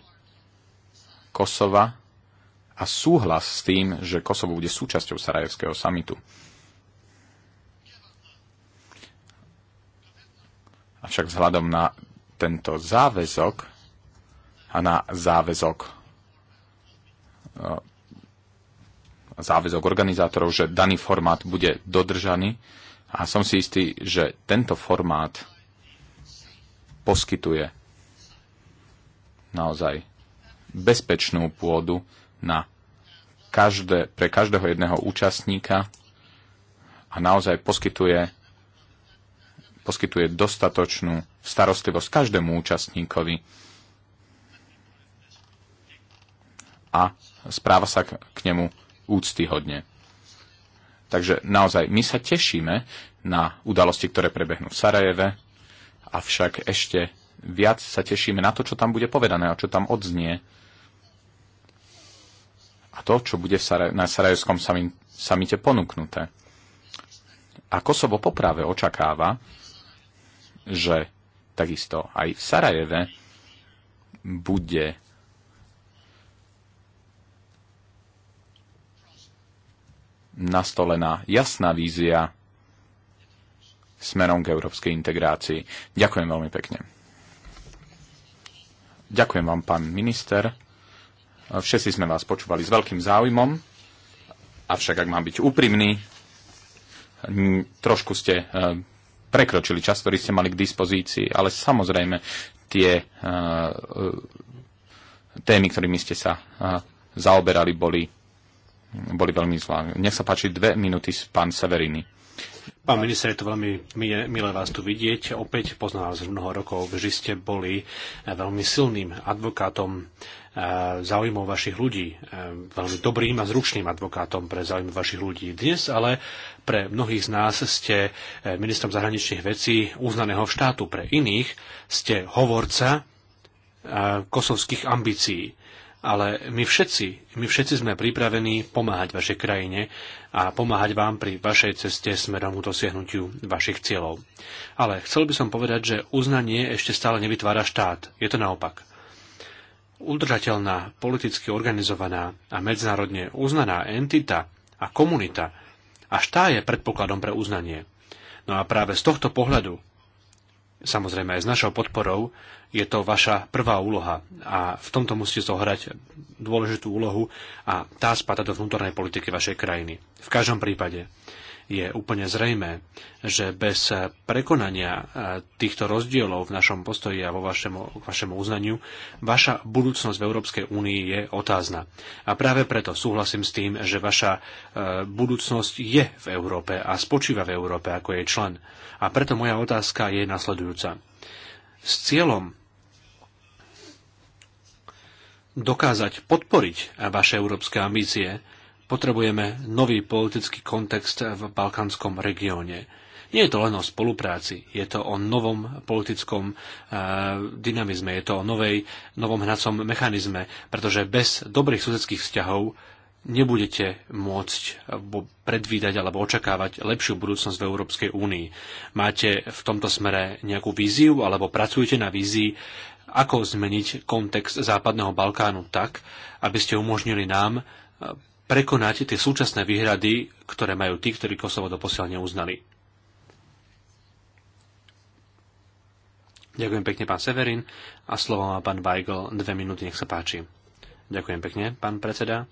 Kosova a súhlas s tým, že Kosovo bude súčasťou Sarajevského samitu. Avšak vzhľadom na tento záväzok a na záväzok záväzok organizátorov, že daný formát bude dodržaný a som si istý, že tento formát poskytuje naozaj bezpečnú pôdu na každé, pre každého jedného účastníka a naozaj poskytuje, poskytuje dostatočnú starostlivosť každému účastníkovi a správa sa k nemu úctyhodne. Takže naozaj my sa tešíme na udalosti, ktoré prebehnú v Sarajeve, avšak ešte viac sa tešíme na to, čo tam bude povedané a čo tam odznie. A to, čo bude na Sarajevskom samite ponúknuté. A Kosovo poprave očakáva, že takisto aj v Sarajeve bude nastolená jasná vízia smerom k európskej integrácii. Ďakujem veľmi pekne. Ďakujem vám, pán minister. Všetci sme vás počúvali s veľkým záujmom, avšak ak mám byť úprimný, trošku ste e, prekročili čas, ktorý ste mali k dispozícii, ale samozrejme tie e, e, témy, ktorými ste sa zaoberali, boli boli veľmi zlá. Nech sa páči dve minúty, pán Severini. Pán minister, je to veľmi milé vás tu vidieť. Opäť poznám vás mnoho rokov. Vždy ste boli eh, veľmi silným advokátom eh, záujmov vašich ľudí, eh, veľmi dobrým a zručným advokátom pre záujmy vašich ľudí. Dnes ale pre mnohých z nás ste ministrom zahraničných vecí uznaného štátu, pre iných ste hovorca kosovských ambícií ale my všetci, my všetci sme pripravení pomáhať vašej krajine a pomáhať vám pri vašej ceste smerom k dosiahnutiu vašich cieľov. Ale chcel by som povedať, že uznanie ešte stále nevytvára štát. Je to naopak. Udržateľná, politicky organizovaná a medzinárodne uznaná entita a komunita až tá je predpokladom pre uznanie. No a práve z tohto pohľadu Samozrejme aj s našou podporou je to vaša prvá úloha a v tomto musíte zohrať dôležitú úlohu a tá spada do vnútornej politiky vašej krajiny. V každom prípade je úplne zrejmé, že bez prekonania e, týchto rozdielov v našom postoji a vo vašemu, k vašemu uznaniu, vaša budúcnosť v Európskej únii je otázna. A práve preto súhlasím s tým, že vaša e, budúcnosť je v Európe a spočíva v Európe ako jej člen. A preto moja otázka je nasledujúca. S cieľom dokázať podporiť vaše európske ambície, Potrebujeme nový politický kontext v balkánskom regióne. Nie je to len o spolupráci, je to o novom politickom eh, dynamizme, je to o novej, novom hnacom mechanizme, pretože bez dobrých susedských vzťahov nebudete môcť eh, predvídať alebo očakávať lepšiu budúcnosť v Európskej únii. Máte v tomto smere nejakú víziu alebo pracujete na vízii, ako zmeniť kontext Západného Balkánu tak, aby ste umožnili nám eh, prekonať tie súčasné výhrady, ktoré majú tí, ktorí Kosovo doposiaľ neuznali. Ďakujem pekne, pán Severin. A slovo má pán Weigl. Dve minúty, nech sa páči. Ďakujem pekne, pán predseda.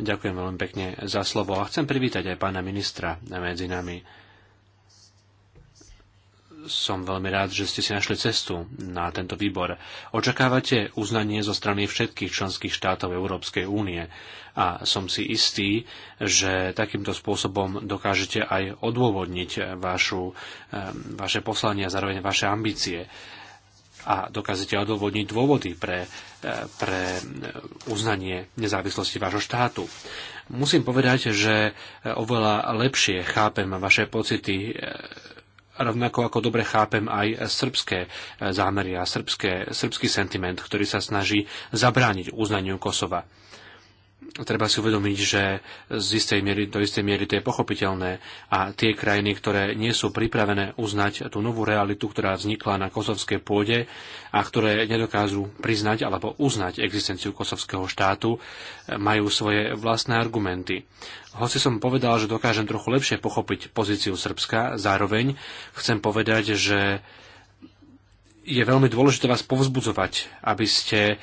Ďakujem veľmi pekne za slovo a chcem privítať aj pána ministra medzi nami som veľmi rád, že ste si našli cestu na tento výbor. Očakávate uznanie zo strany všetkých členských štátov Európskej únie a som si istý, že takýmto spôsobom dokážete aj odôvodniť vašu, vaše poslanie a zároveň vaše ambície a dokážete odôvodniť dôvody pre, eh, pre uznanie nezávislosti vášho štátu. Musím povedať, že eh, oveľa lepšie chápem vaše pocity eh, rovnako ako dobre chápem aj srbské e, zámery a srbské, srbský sentiment, ktorý sa snaží zabrániť uznaniu Kosova treba si uvedomiť, že z istej miery, do istej miery to je pochopiteľné a tie krajiny, ktoré nie sú pripravené uznať tú novú realitu, ktorá vznikla na kosovskej pôde a ktoré nedokážu priznať alebo uznať existenciu kosovského štátu, majú svoje vlastné argumenty. Hoci som povedal, že dokážem trochu lepšie pochopiť pozíciu Srbska, zároveň chcem povedať, že je veľmi dôležité vás povzbudzovať, aby ste e,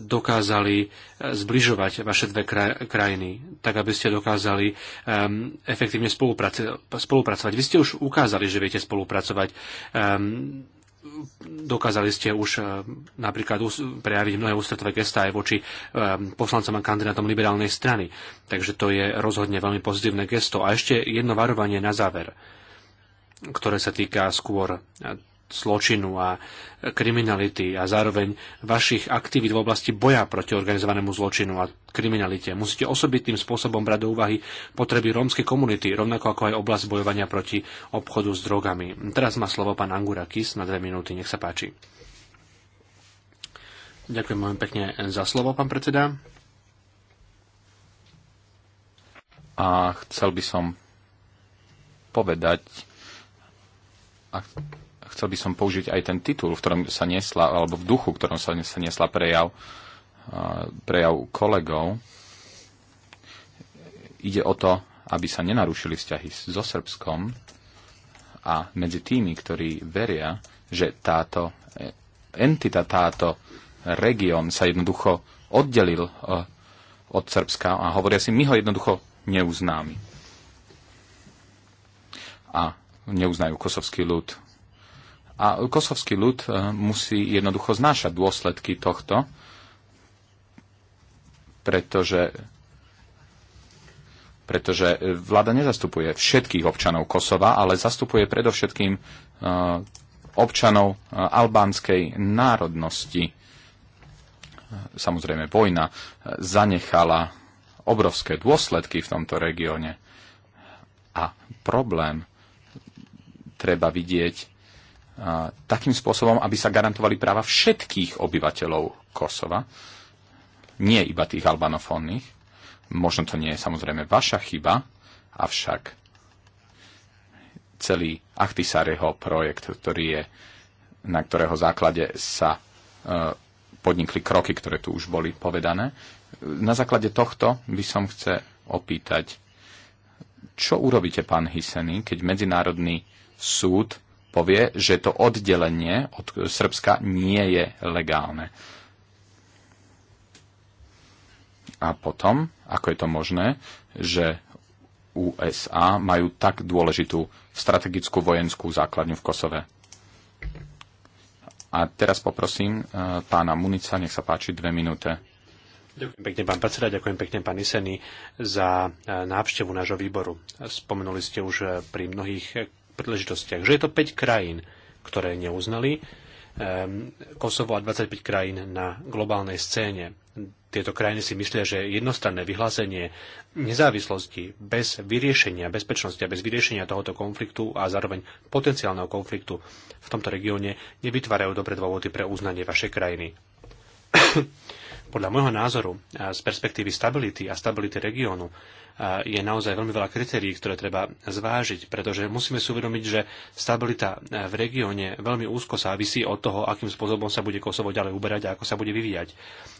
dokázali e, zbližovať vaše dve krajiny, tak aby ste dokázali um, efektívne spolupracovať. Vy ste už ukázali, že viete spolupracovať. Um, dokázali ste už napríklad prejaviť mnohé ústretové gestá aj voči poslancom a kandidátom liberálnej strany. Takže to je rozhodne veľmi pozitívne gesto. A ešte jedno varovanie na záver, ktoré sa týka skôr zločinu a kriminality a zároveň vašich aktivít v oblasti boja proti organizovanému zločinu a kriminalite. Musíte osobitným spôsobom brať do úvahy potreby rómskej komunity, rovnako ako aj oblasť bojovania proti obchodu s drogami. Teraz má slovo pán Kis na dve minúty, nech sa páči. Ďakujem veľmi pekne za slovo, pán predseda. A chcel by som povedať, chcel by som použiť aj ten titul, v ktorom sa nesla, alebo v duchu, v ktorom sa, sa nesla prejav, prejav kolegov. Ide o to, aby sa nenarušili vzťahy so Srbskom a medzi tými, ktorí veria, že táto e, entita, táto región sa jednoducho oddelil e, od Srbska a hovoria si, my ho jednoducho neuznáme. A neuznajú kosovský ľud a kosovský ľud e, musí jednoducho znášať dôsledky tohto, pretože, pretože vláda nezastupuje všetkých občanov Kosova, ale zastupuje predovšetkým e, občanov e, albánskej národnosti. Samozrejme, vojna zanechala obrovské dôsledky v tomto regióne. A problém treba vidieť takým spôsobom, aby sa garantovali práva všetkých obyvateľov Kosova, nie iba tých albanofónnych. Možno to nie je samozrejme vaša chyba, avšak celý Achtisareho projekt, ktorý je, na ktorého základe sa e, podnikli kroky, ktoré tu už boli povedané. Na základe tohto by som chce opýtať, čo urobíte, pán Hiseny, keď Medzinárodný súd povie, že to oddelenie od Srbska nie je legálne. A potom, ako je to možné, že USA majú tak dôležitú strategickú vojenskú základňu v Kosove. A teraz poprosím eh, pána Munica, nech sa páči dve minúte. Ďakujem pekne, pán predseda, ďakujem pekne, pán Iseny, za eh, návštevu nášho výboru. Spomenuli ste už eh, pri mnohých príležitostiach, že je to 5 krajín, ktoré neuznali ehm, Kosovo a 25 krajín na globálnej scéne. Tieto krajiny si myslia, že jednostranné vyhlásenie nezávislosti bez vyriešenia bezpečnosti a bez vyriešenia tohoto konfliktu a zároveň potenciálneho konfliktu v tomto regióne nevytvárajú dobre dôvody pre uznanie vašej krajiny. *coughs* Podľa môjho názoru z perspektívy stability a stability regiónu je naozaj veľmi veľa kritérií, ktoré treba zvážiť, pretože musíme si uvedomiť, že stabilita v regióne veľmi úzko závisí od toho, akým spôsobom sa bude Kosovo ďalej uberať a ako sa bude vyvíjať.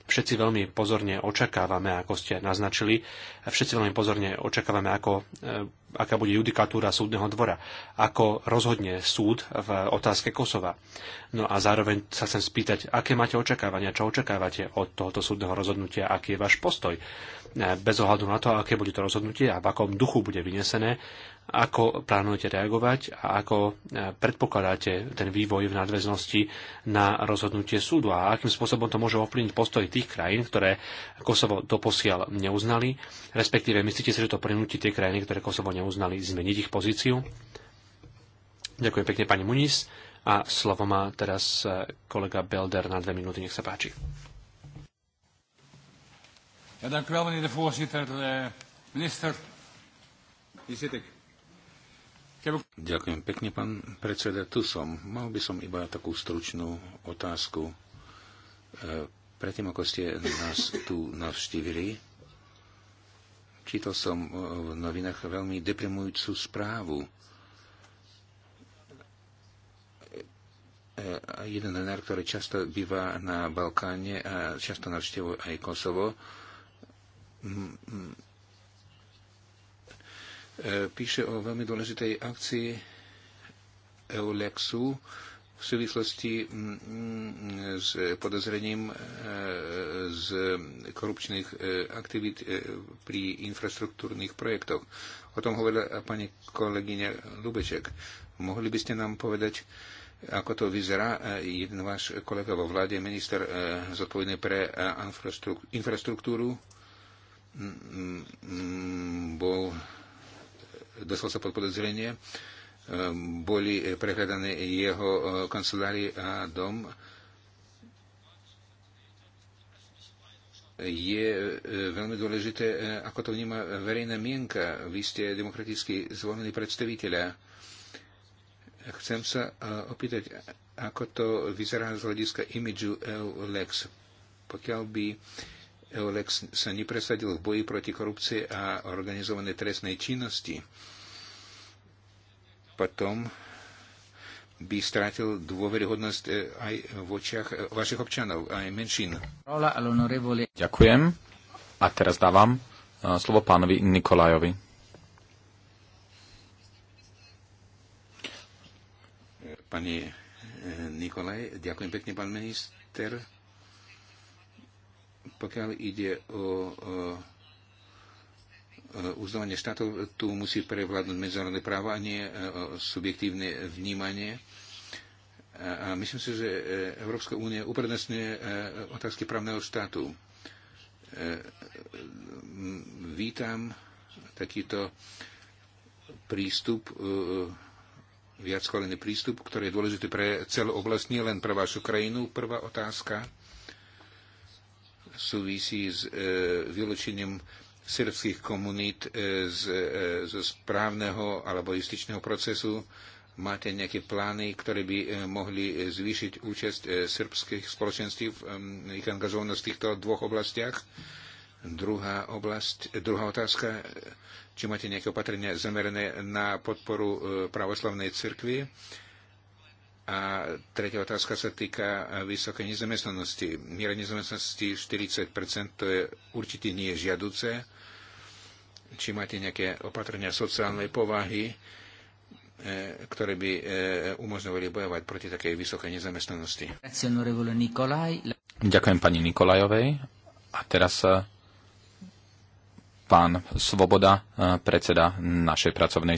Všetci veľmi pozorne očakávame, ako ste naznačili, všetci veľmi pozorne očakávame, ako, e, aká bude judikatúra súdneho dvora, ako rozhodne súd v otázke Kosova. No a zároveň sa chcem spýtať, aké máte očakávania, čo očakávate od tohoto súdneho rozhodnutia, aký je váš postoj bez ohľadu na to, aké bude to rozhodnutie a v akom duchu bude vynesené, ako plánujete reagovať a ako e, predpokladáte ten vývoj v nadväznosti na rozhodnutie súdu a akým spôsobom to môže ovplyvniť postoj tých krajín, ktoré Kosovo doposiaľ neuznali, respektíve myslíte si, že to prinúti tie krajiny, ktoré Kosovo neuznali, zmeniť ich pozíciu? Ďakujem pekne pani Muniz a slovo má teraz e, kolega Belder na dve minúty, nech sa páči. Ja, dank u wel, meneer de voorzitter. Uh, minister, hier zit ik. Ďakujem pekne, pán predseda. Tu som. Mal by som iba takú stručnú otázku. Eh, predtým, ako ste nás tu navštívili, čítal som eh, v novinách veľmi deprimujúcu správu. Jeden novinár, ktorý často býva na Balkáne a často navštevuje aj Kosovo, Mm, mm. E, píše o veľmi dôležitej akcii Eulexu v súvislosti mm, s podozrením e, z korupčných e, aktivít pri infraštruktúrnych projektoch. O tom hovorila pani kolegyňa Lubeček. Mohli by ste nám povedať, ako to vyzerá? Jeden váš kolega vo vláde, minister zodpovedný pre infraštruktúru, Mm, bol e, dostal sa pod podozrenie, e, boli prehľadané jeho e, kancelári a dom. Je veľmi dôležité, ako to vníma verejná mienka. Vy ste demokraticky zvolení predstaviteľa. Chcem sa opýtať, ako to vyzerá z hľadiska imidžu EU-LEX. Pokiaľ by uh, Eulex sa nepresadil v boji proti korupcie a organizovanej trestnej činnosti. Potom by strátil dôveryhodnosť e, aj v očiach e, vašich občanov, aj menšín. Ďakujem. A teraz dávam e, slovo pánovi Nikolajovi. Pani Nikolaj, ďakujem pekne, pán minister. Pokiaľ ide o uznávanie štátov, tu musí prevládnuť medzinárodné právo a nie e, subjektívne vnímanie. A myslím si, že e, Európska únia uprednostňuje e, otázky právneho štátu. Vítam takýto prístup, viac prístup, ktorý je dôležitý pre celú oblasť, nie len pre vašu krajinu. Prvá otázka súvisí s e, vylúčením srbských komunít e, z, e, z správneho alebo justičného procesu? Máte nejaké plány, ktoré by mohli zvýšiť účasť srbských spoločenství v ich angažovanosti v týchto dvoch oblastiach? Druhá, oblast, druhá otázka, či máte nejaké opatrenia zamerané na podporu pravoslavnej cirkvi? A tretia otázka sa týka vysokej nezamestnanosti. Miera nezamestnanosti 40% to je určite nie žiaduce. Či máte nejaké opatrenia sociálnej povahy, e, ktoré by e, umožňovali bojovať proti takej vysokej nezamestnanosti? Ďakujem pani Nikolajovej. A teraz e, pán Svoboda, e, predseda našej pracovnej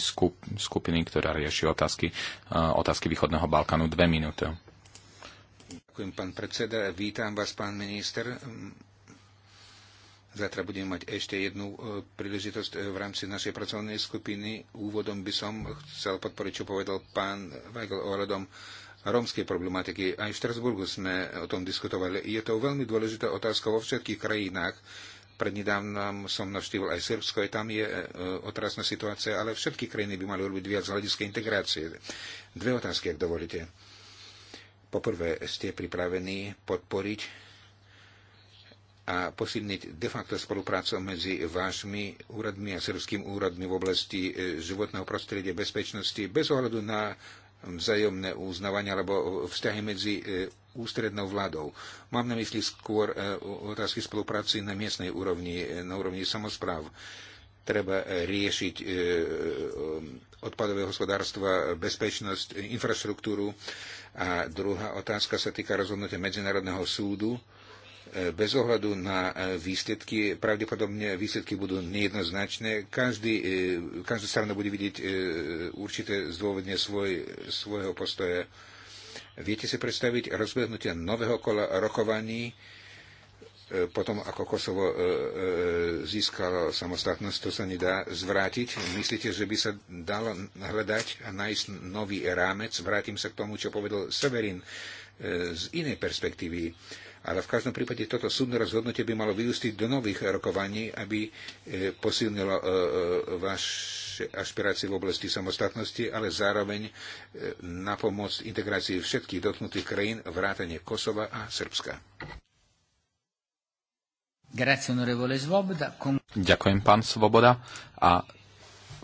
skupiny, ktorá rieši otázky, e, otázky Východného Balkánu. Dve minúty. Ďakujem, pán predseda. Vítam vás, pán minister. Zatra budeme mať ešte jednu e, príležitosť v rámci našej pracovnej skupiny. Úvodom by som chcel podporiť, čo povedal pán Weigl ohľadom rómskej problematiky. Aj v Štrasburgu sme o tom diskutovali. Je to veľmi dôležitá otázka vo všetkých krajinách Prednedávnom som navštívil aj Srbsko, aj tam je e, otrasná situácia, ale všetky krajiny by mali robiť viac z hľadiska integrácie. Dve otázky, ak dovolíte. Poprvé, ste pripravení podporiť a posilniť de facto spoluprácu medzi vášmi úradmi a srbským úradmi v oblasti e, životného prostredia, bezpečnosti, bez ohľadu na vzájomné uznávanie alebo e, vzťahy medzi ústrednou vládou. Mám na mysli skôr e, otázky spolupráci na miestnej úrovni, e, na úrovni samozpráv. Treba e, riešiť odpadové hospodárstva, bezpečnosť, infraštruktúru. A druhá otázka sa týka rozhodnutia Medzinárodného súdu. Bez ohľadu na výsledky, pravdepodobne výsledky budú nejednoznačné. Každý, každá strana bude vidieť určité zdôvodne svoj, svojho postoja Viete si predstaviť rozbehnutie nového kola rokovaní e, potom, ako Kosovo e, e, získalo samostatnosť, to sa nedá zvrátiť. Myslíte, že by sa dalo hľadať a nájsť nový rámec? Vrátim sa k tomu, čo povedal Severin z inej perspektívy. Ale v každom prípade toto súdne rozhodnutie by malo vyústiť do nových rokovaní, aby posilnilo váš ašpirácie v oblasti samostatnosti, ale zároveň e, na pomoc integrácii všetkých dotknutých krajín vrátane Kosova a Srbska. Ďakujem, pán Svoboda. A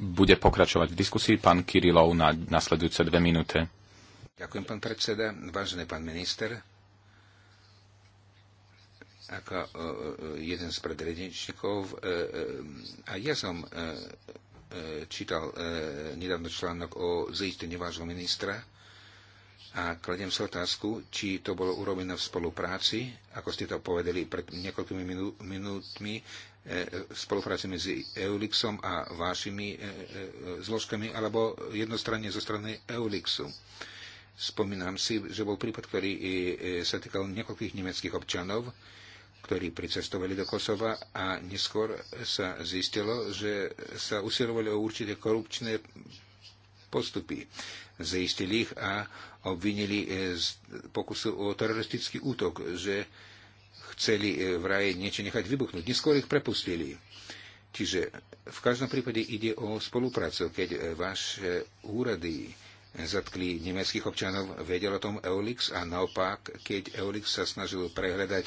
bude pokračovať v diskusii pán Kirilov na nasledujúce dve minúty. Ďakujem, pán predseda. Vážený pán minister, ako e, e, jeden z predredničníkov, a ja som čítal e, nedávno článok o zistení vášho ministra a kladiem sa otázku, či to bolo urobené v spolupráci, ako ste to povedali pred niekoľkými minútmi, v e, spolupráci medzi Eulixom a vašimi e, zložkami, alebo jednostranne zo strany Eulixu. Spomínam si, že bol prípad, ktorý sa týkal niekoľkých nemeckých občanov, ktorí pricestovali do Kosova a neskôr sa zistilo, že sa usilovali o určité korupčné postupy. Zistili ich a obvinili e, z pokusu o teroristický útok, že chceli e, raje niečo nechať vybuchnúť. Neskôr ich prepustili. Čiže v každom prípade ide o spoluprácu. Keď e, vaše úrady zatkli nemeckých občanov, vedel o tom Eulix a naopak, keď Eulix sa snažil prehľadať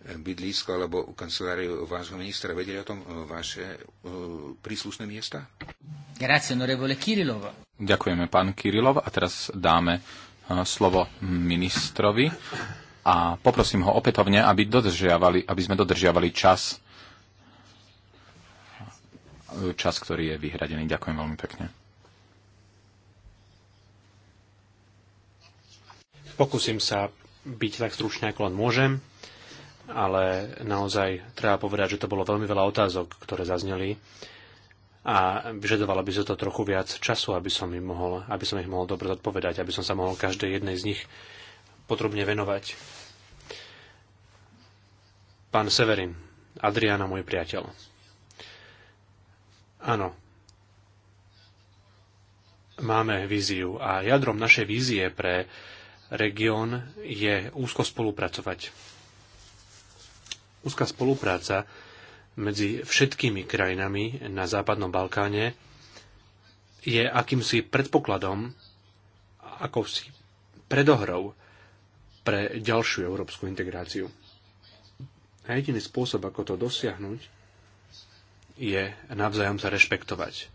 bydlisko alebo kanceláriu vášho ministra. Vedeli o tom e, vaše e, príslušné miesta? Ďakujeme, pán Kirilov. A teraz dáme e, slovo ministrovi a poprosím ho opätovne, aby, dodržiavali, aby sme dodržiavali čas, čas, ktorý je vyhradený. Ďakujem veľmi pekne. Pokúsim sa byť tak stručný, ako len môžem ale naozaj treba povedať, že to bolo veľmi veľa otázok, ktoré zazneli a vyžadovalo by sa to trochu viac času, aby som, im mohol, aby som ich mohol dobre odpovedať, aby som sa mohol každej jednej z nich podrobne venovať. Pán Severin, Adriana, môj priateľ. Áno, máme víziu a jadrom našej vízie pre región je úzko spolupracovať úzka spolupráca medzi všetkými krajinami na Západnom Balkáne je akýmsi predpokladom, ako si predohrou pre ďalšiu európsku integráciu. A jediný spôsob, ako to dosiahnuť, je navzájom sa rešpektovať.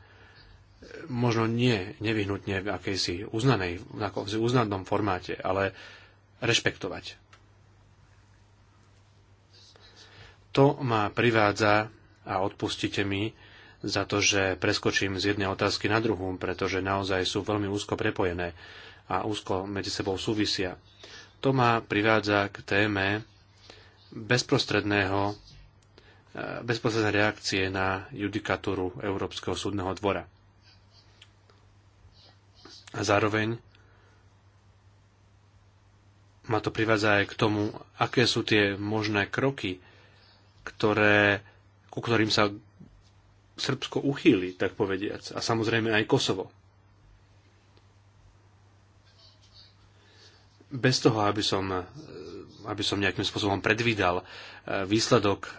Možno nie nevyhnutne v akejsi uznanej, v uznanom formáte, ale rešpektovať To ma privádza, a odpustite mi, za to, že preskočím z jednej otázky na druhú, pretože naozaj sú veľmi úzko prepojené a úzko medzi sebou súvisia. To ma privádza k téme bezprostredného, e, bezprostrednej reakcie na judikatúru Európskeho súdneho dvora. A zároveň ma to privádza aj k tomu, aké sú tie možné kroky, ktoré, ku ktorým sa Srbsko uchýli, tak povediac, a samozrejme aj Kosovo. Bez toho, aby som, eh, aby som nejakým spôsobom predvídal eh, výsledok eh,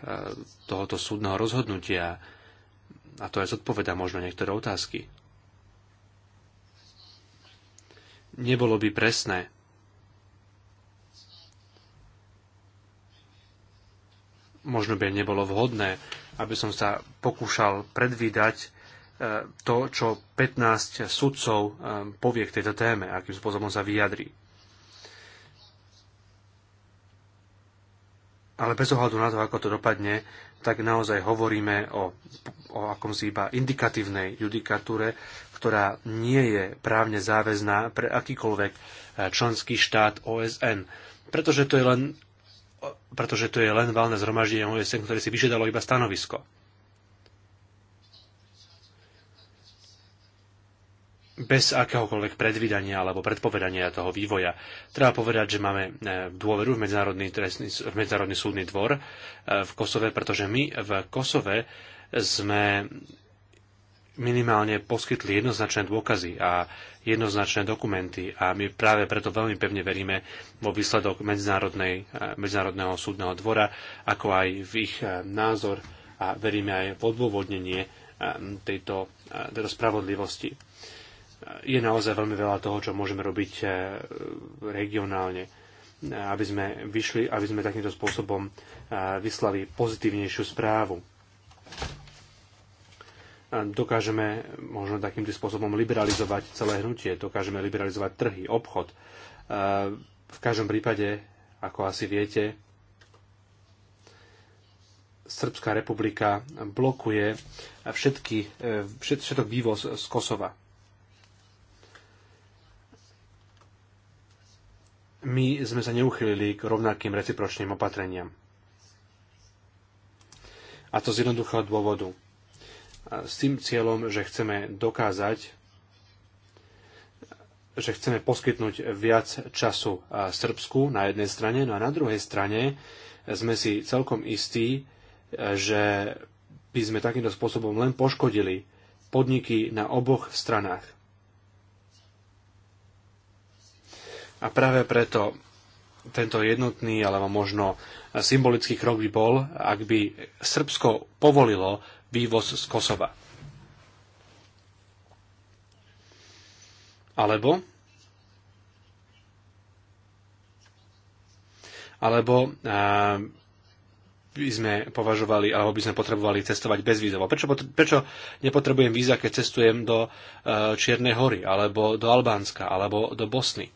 tohoto súdneho rozhodnutia, a to aj zodpoveda možno niektoré otázky. Nebolo by presné možno by nebolo vhodné, aby som sa pokúšal predvídať e, to, čo 15 sudcov e, povie k tejto téme, akým spôsobom sa vyjadrí. Ale bez ohľadu na to, ako to dopadne, tak naozaj hovoríme o, o akomsi iba indikatívnej judikatúre, ktorá nie je právne záväzná pre akýkoľvek e, členský štát OSN. Pretože to je len pretože to je len valné zhromaždenie OSN, ktoré si vyžiadalo iba stanovisko. bez akéhokoľvek predvídania alebo predpovedania toho vývoja. Treba povedať, že máme e, dôveru v Medzinárodný, trestný, v Medzinárodný súdny dvor e, v Kosove, pretože my v Kosove sme minimálne poskytli jednoznačné dôkazy a jednoznačné dokumenty a my práve preto veľmi pevne veríme vo výsledok eh, Medzinárodného súdneho dvora, ako aj v ich eh, názor a veríme aj v odôvodnenie eh, tejto, tejto spravodlivosti. Je naozaj veľmi veľa toho, čo môžeme robiť regionálne, aby sme, vyšli, aby sme takýmto spôsobom vyslali pozitívnejšiu správu dokážeme možno takýmto spôsobom liberalizovať celé hnutie, dokážeme liberalizovať trhy, obchod. E, v každom prípade, ako asi viete, Srbská republika blokuje všetky, e, všet, všetok vývoz z Kosova. My sme sa neuchylili k rovnakým recipročným opatreniam. A to z jednoduchého dôvodu s tým cieľom, že chceme dokázať, že chceme poskytnúť viac času Srbsku na jednej strane, no a na druhej strane sme si celkom istí, e, že by sme takýmto spôsobom len poškodili podniky na oboch stranách. A práve preto tento jednotný alebo možno symbolický krok by bol, ak by Srbsko povolilo vývoz z Kosova. Alebo alebo a, by sme považovali, alebo by sme potrebovali cestovať bez vízov. Prečo, prečo nepotrebujem víza, keď cestujem do e, Čiernej hory, alebo do Albánska, alebo do Bosny?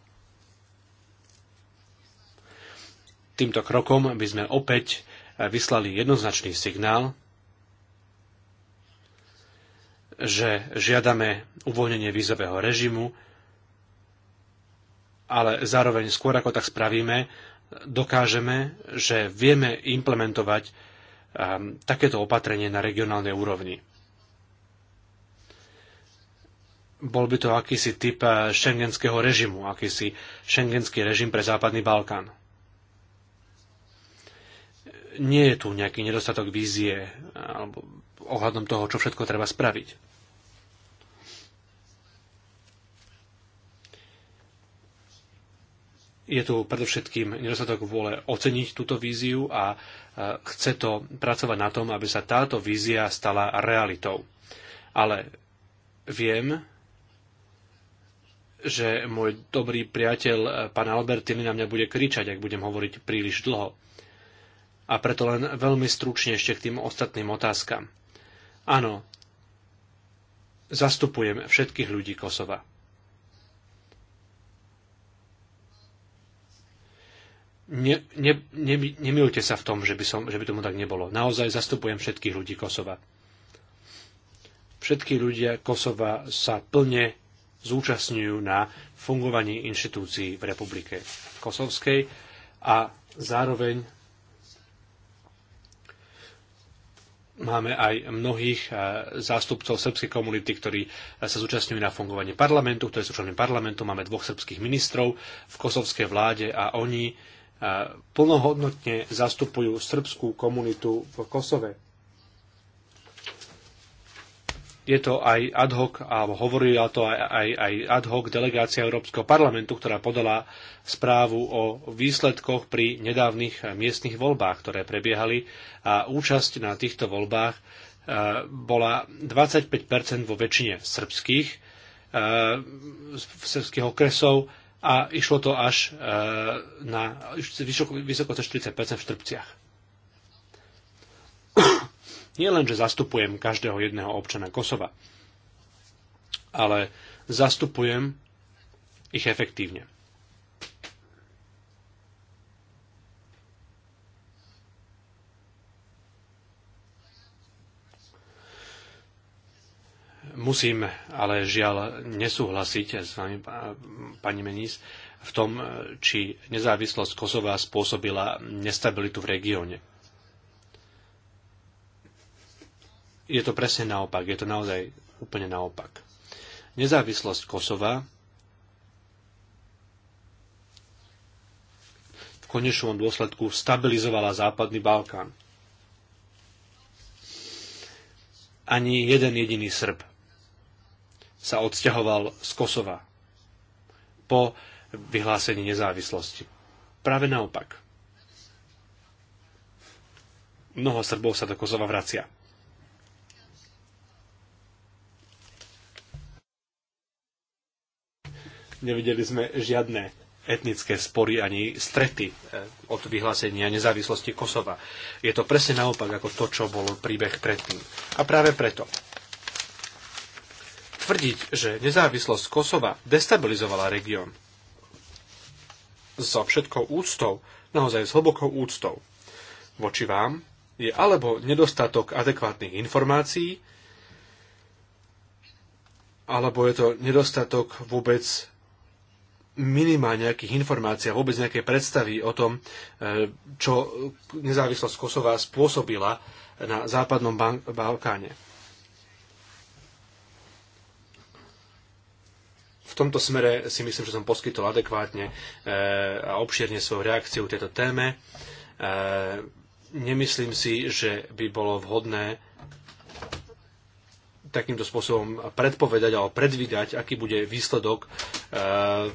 Týmto krokom by sme opäť e, vyslali jednoznačný signál, že žiadame uvoľnenie vízového režimu, ale zároveň skôr ako tak spravíme, dokážeme, že vieme implementovať um, takéto opatrenie na regionálnej úrovni. Bol by to akýsi typ eh, šengenského režimu, akýsi šengenský režim pre Západný Balkán. Nie je tu nejaký nedostatok vízie alebo ohľadom toho, čo všetko treba spraviť. Je tu predovšetkým nedostatok vôle oceniť túto víziu a chce to pracovať na tom, aby sa táto vízia stala realitou. Ale viem, že môj dobrý priateľ, pán Albert Albertini, na mňa bude kričať, ak budem hovoriť príliš dlho. A preto len veľmi stručne ešte k tým ostatným otázkam. Áno, zastupujem všetkých ľudí Kosova. Ne, ne, ne, nemilte sa v tom, že by, som, že by tomu tak nebolo. Naozaj zastupujem všetkých ľudí Kosova. Všetky ľudia Kosova sa plne zúčastňujú na fungovaní inštitúcií v republike kosovskej a zároveň máme aj mnohých eh, zástupcov srbskej komunity, ktorí eh, sa zúčastňujú na fungovanie parlamentu, ktorí sú členmi parlamentu. Máme dvoch srbských ministrov v kosovskej vláde a oni eh, plnohodnotne zastupujú srbskú komunitu v Kosove je to aj ad hoc, a hovorila to aj, aj, aj ad hoc delegácia Európskeho parlamentu, ktorá podala správu o výsledkoch pri nedávnych miestnych voľbách, ktoré prebiehali a účasť na týchto voľbách e, bola 25% vo väčšine srbských, e, srbských okresov a išlo to až e, na vysoko, vysoko 40% v Štrbciach. Nie len, že zastupujem každého jedného občana Kosova, ale zastupujem ich efektívne. Musím ale žiaľ nesúhlasiť s vami, pani Menis, v tom, či nezávislosť Kosova spôsobila nestabilitu v regióne. je to presne naopak, je to naozaj úplne naopak. Nezávislosť Kosova v konečnom dôsledku stabilizovala Západný Balkán. Ani jeden jediný Srb sa odsťahoval z Kosova po vyhlásení nezávislosti. Práve naopak. Mnoho Srbov sa do Kosova vracia. Nevideli sme žiadne etnické spory ani strety eh, od vyhlásenia nezávislosti Kosova. Je to presne naopak ako to, čo bol príbeh predtým. A práve preto tvrdiť, že nezávislosť Kosova destabilizovala región so všetkou úctou, naozaj s hlbokou úctou voči vám, je alebo nedostatok adekvátnych informácií, alebo je to nedostatok vôbec minimálne nejakých informácií a vôbec nejaké predstavy o tom, e, čo nezávislosť Kosova spôsobila na západnom Balkáne. V tomto smere si myslím, že som poskytol adekvátne e, a obšierne svoju reakciu tejto téme. E, nemyslím si, že by bolo vhodné takýmto spôsobom predpovedať alebo predvídať, aký bude výsledok eh,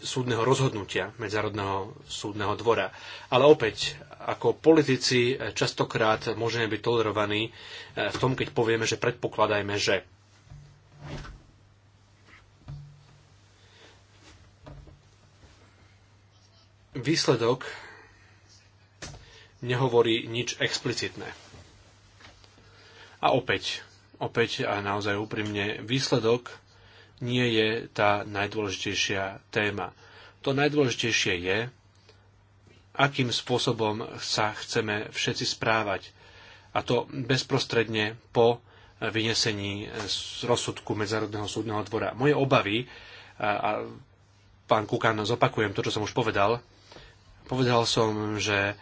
súdneho rozhodnutia Medzárodného súdneho dvora. Ale opäť, ako politici eh, častokrát môžeme byť tolerovaní eh, v tom, keď povieme, že predpokladajme, že výsledok nehovorí nič explicitné. A opäť, opäť a naozaj úprimne, výsledok nie je tá najdôležitejšia téma. To najdôležitejšie je, akým spôsobom sa chceme všetci správať. A to bezprostredne po vynesení z rozsudku Medzárodného súdneho dvora. Moje obavy, a, a pán Kukan, zopakujem to, čo som už povedal, povedal som, že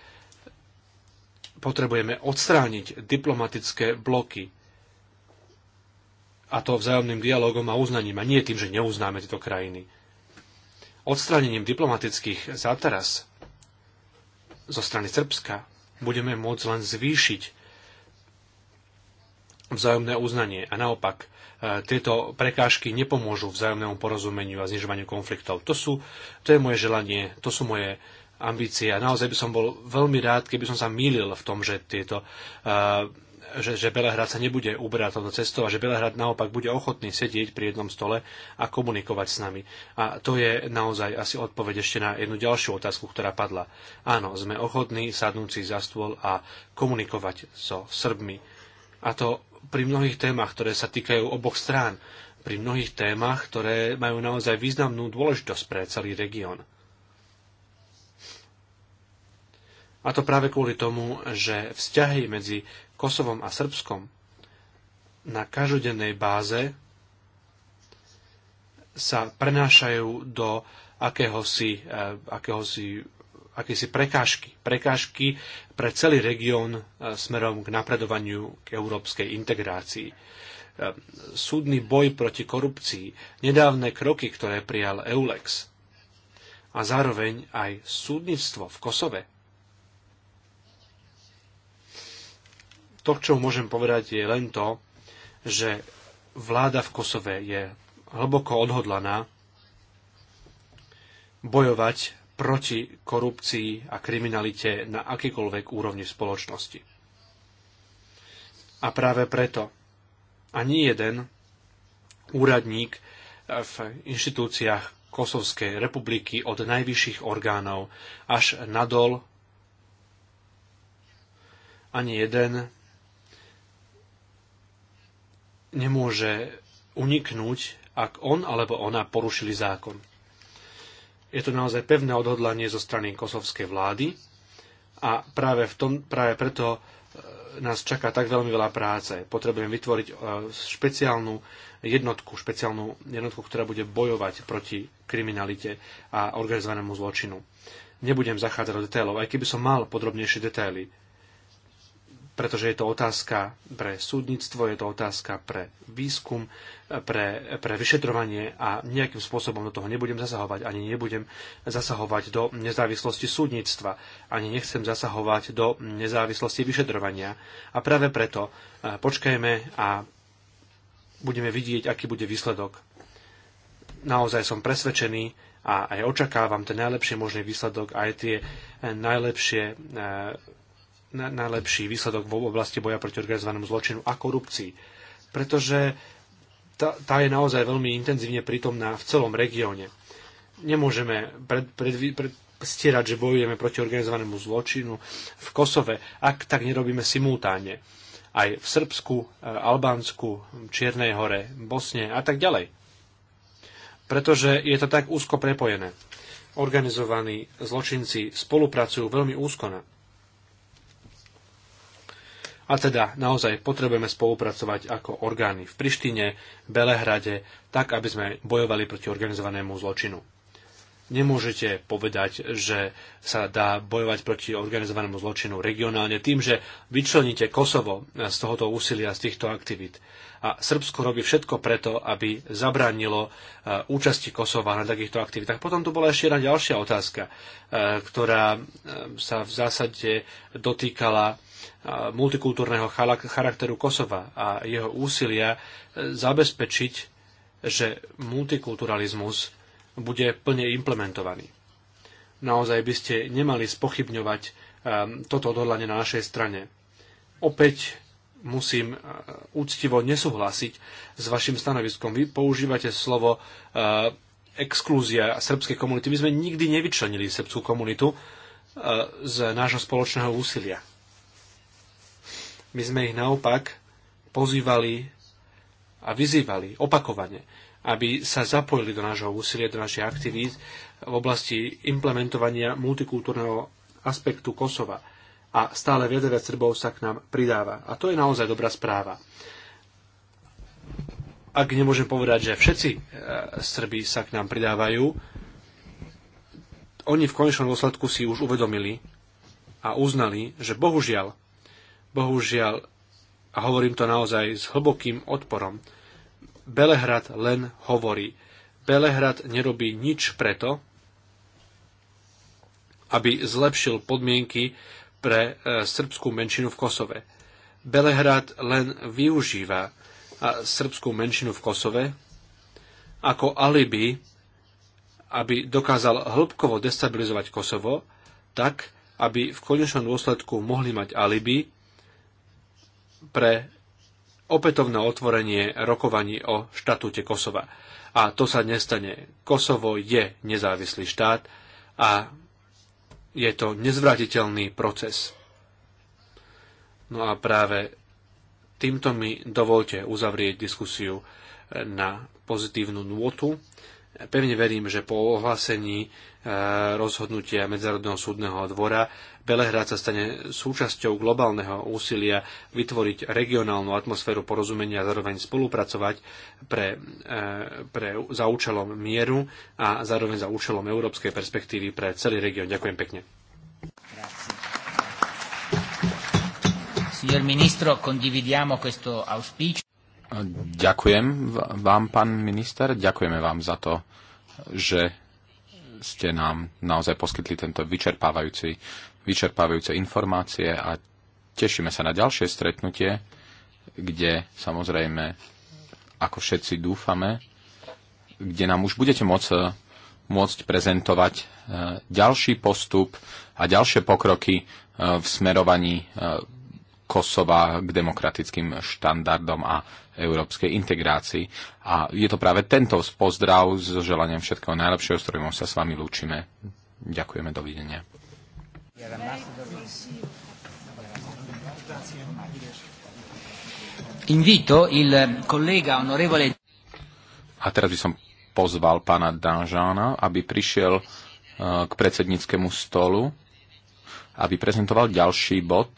potrebujeme odstrániť diplomatické bloky a to vzájomným dialogom a uznaním, a nie tým, že neuznáme tieto krajiny. Odstránením diplomatických zátaras zo strany Srbska budeme môcť len zvýšiť vzájomné uznanie a naopak e, tieto prekážky nepomôžu vzájomnému porozumeniu a znižovaniu konfliktov. To, sú, to je moje želanie, to sú moje ambície a naozaj by som bol veľmi rád, keby som sa mýlil v tom, že tieto uh, že, že Belehrad sa nebude uberať touto cestou a že Belehrad naopak bude ochotný sedieť pri jednom stole a komunikovať s nami. A to je naozaj asi odpoveď ešte na jednu ďalšiu otázku, ktorá padla. Áno, sme ochotní sadnúť si za stôl a komunikovať so Srbmi. A to pri mnohých témach, ktoré sa týkajú oboch strán, pri mnohých témach, ktoré majú naozaj významnú dôležitosť pre celý región. A to práve kvôli tomu, že vzťahy medzi Kosovom a Srbskom na každodennej báze sa prenášajú do akéhosi, eh, akéhosi akési prekážky. Prekážky pre celý región eh, smerom k napredovaniu k európskej integrácii. Eh, súdny boj proti korupcii, nedávne kroky, ktoré prijal EULEX a zároveň aj súdnictvo v Kosove to, čo môžem povedať, je len to, že vláda v Kosove je hlboko odhodlaná bojovať proti korupcii a kriminalite na akýkoľvek úrovni v spoločnosti. A práve preto ani jeden úradník v inštitúciách Kosovskej republiky od najvyšších orgánov až nadol ani jeden nemôže uniknúť, ak on alebo ona porušili zákon. Je to naozaj pevné odhodlanie zo strany kosovskej vlády a práve, v tom, práve preto e, nás čaká tak veľmi veľa práce. Potrebujeme vytvoriť e, špeciálnu jednotku, špeciálnu jednotku, ktorá bude bojovať proti kriminalite a organizovanému zločinu. Nebudem zachádzať do detailov, aj keby som mal podrobnejšie detaily pretože je to otázka pre súdnictvo, je to otázka pre výskum, pre, pre vyšetrovanie a nejakým spôsobom do toho nebudem zasahovať, ani nebudem zasahovať do nezávislosti súdnictva, ani nechcem zasahovať do nezávislosti vyšetrovania. A práve preto e, počkajme a budeme vidieť, aký bude výsledok. Naozaj som presvedčený a aj očakávam ten najlepší možný výsledok, aj tie e, najlepšie e, najlepší výsledok v oblasti boja proti organizovanému zločinu a korupcii. Pretože tá, tá je naozaj veľmi intenzívne prítomná v celom regióne. Nemôžeme pred, pred, pred, stierať, že bojujeme proti organizovanému zločinu v Kosove, ak tak nerobíme simultáne. Aj v Srbsku, e, Albánsku, Čiernej hore, Bosne a tak ďalej. Pretože je to tak úzko prepojené. Organizovaní zločinci spolupracujú veľmi úzko na a teda naozaj potrebujeme spolupracovať ako orgány v Prištine, Belehrade, tak aby sme bojovali proti organizovanému zločinu. Nemôžete povedať, že sa dá bojovať proti organizovanému zločinu regionálne tým, že vyčleníte Kosovo z tohoto úsilia, z týchto aktivít. A Srbsko robí všetko preto, aby zabránilo e, účasti Kosova na takýchto aktivitách. Potom tu bola ešte jedna ďalšia otázka, e, ktorá e, sa v zásade dotýkala multikultúrneho charakteru Kosova a jeho úsilia e, zabezpečiť, že multikulturalizmus bude plne implementovaný. Naozaj by ste nemali spochybňovať e, toto odhodlanie na našej strane. Opäť musím e, úctivo nesúhlasiť s vašim stanoviskom. Vy používate slovo exklúzia srbskej komunity. My sme nikdy nevyčlenili srbskú komunitu z nášho spoločného úsilia. My sme ich naopak pozývali a vyzývali opakovane, aby sa zapojili do nášho úsilia, do našich aktivít v oblasti implementovania multikultúrneho aspektu Kosova. A stále viac a Srbov sa k nám pridáva. A to je naozaj dobrá správa. Ak nemôžem povedať, že všetci e, Srbi sa k nám pridávajú, oni v konečnom dôsledku si už uvedomili a uznali, že bohužiaľ Bohužiaľ, a hovorím to naozaj s hlbokým odporom, Belehrad len hovorí. Belehrad nerobí nič preto, aby zlepšil podmienky pre e, srbskú menšinu v Kosove. Belehrad len využíva srbskú menšinu v Kosove ako alibi, aby dokázal hĺbkovo destabilizovať Kosovo, tak, aby v konečnom dôsledku mohli mať alibi, pre opätovné otvorenie rokovaní o štatúte Kosova. A to sa nestane. Kosovo je nezávislý štát a je to nezvratiteľný proces. No a práve týmto mi dovolte uzavrieť diskusiu eh, na pozitívnu nôtu. Pevne verím, že po ohlásení E, rozhodnutia Medzárodného súdneho dvora. Belehrad sa stane súčasťou globálneho úsilia vytvoriť regionálnu atmosféru porozumenia a zároveň spolupracovať pre, e, pre, za účelom mieru a zároveň za účelom európskej perspektívy pre celý región. Ďakujem pekne. Signor Ministro, condividiamo questo auspicio. Ďakujem vám, pán minister, ďakujeme vám za to, že ste nám naozaj poskytli tento vyčerpávajúci, vyčerpávajúce informácie a tešíme sa na ďalšie stretnutie, kde samozrejme, ako všetci dúfame, kde nám už budete môcť, môcť prezentovať eh, ďalší postup a ďalšie pokroky eh, v smerovaní eh, Kosova k demokratickým štandardom a európskej integrácii. A je to práve tento pozdrav so želaním všetkého najlepšieho, s ktorým sa s vami lúčime. Ďakujeme, dovidenia. Invito il collega onorevole... A teraz by som pozval pána Danžána, aby prišiel eh, k predsedníckému stolu, aby prezentoval ďalší bod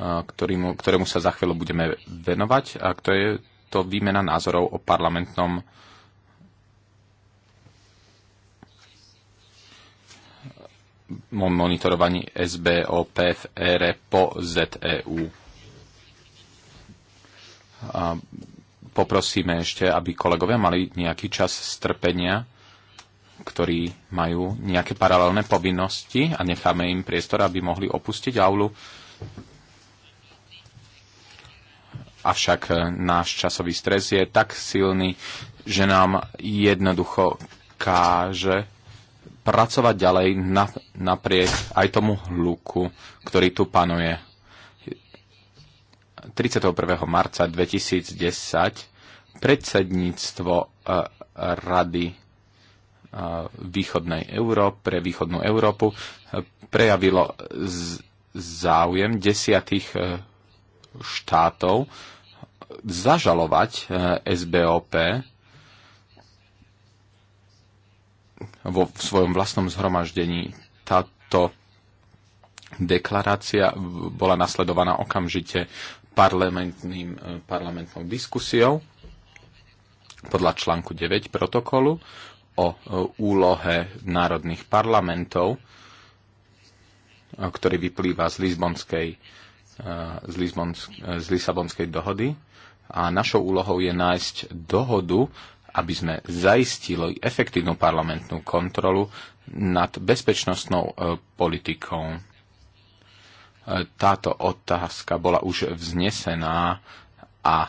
ktorému, ktorému sa za chvíľu budeme venovať, a to je to výmena názorov o parlamentnom monitorovaní SBOP v ére po ZEU. A poprosíme ešte, aby kolegovia mali nejaký čas strpenia, ktorí majú nejaké paralelné povinnosti a necháme im priestor, aby mohli opustiť aulu. Avšak e, náš časový stres je tak silný, že nám jednoducho káže pracovať ďalej napriek aj tomu hluku, ktorý tu panuje. 31. marca 2010 predsedníctvo e, Rady e, východnej Európy, pre východnú Európu prejavilo záujem desiatých štátov zažalovať eh, SBOP vo v svojom vlastnom zhromaždení. Táto deklarácia bola nasledovaná okamžite parlamentným, eh, parlamentnou diskusiou podľa článku 9 protokolu o eh, úlohe národných parlamentov, ktorý vyplýva z Lisbonskej z, z Lisabonskej dohody a našou úlohou je nájsť dohodu, aby sme zaistili efektívnu parlamentnú kontrolu nad bezpečnostnou e, politikou. E, táto otázka bola už vznesená a e,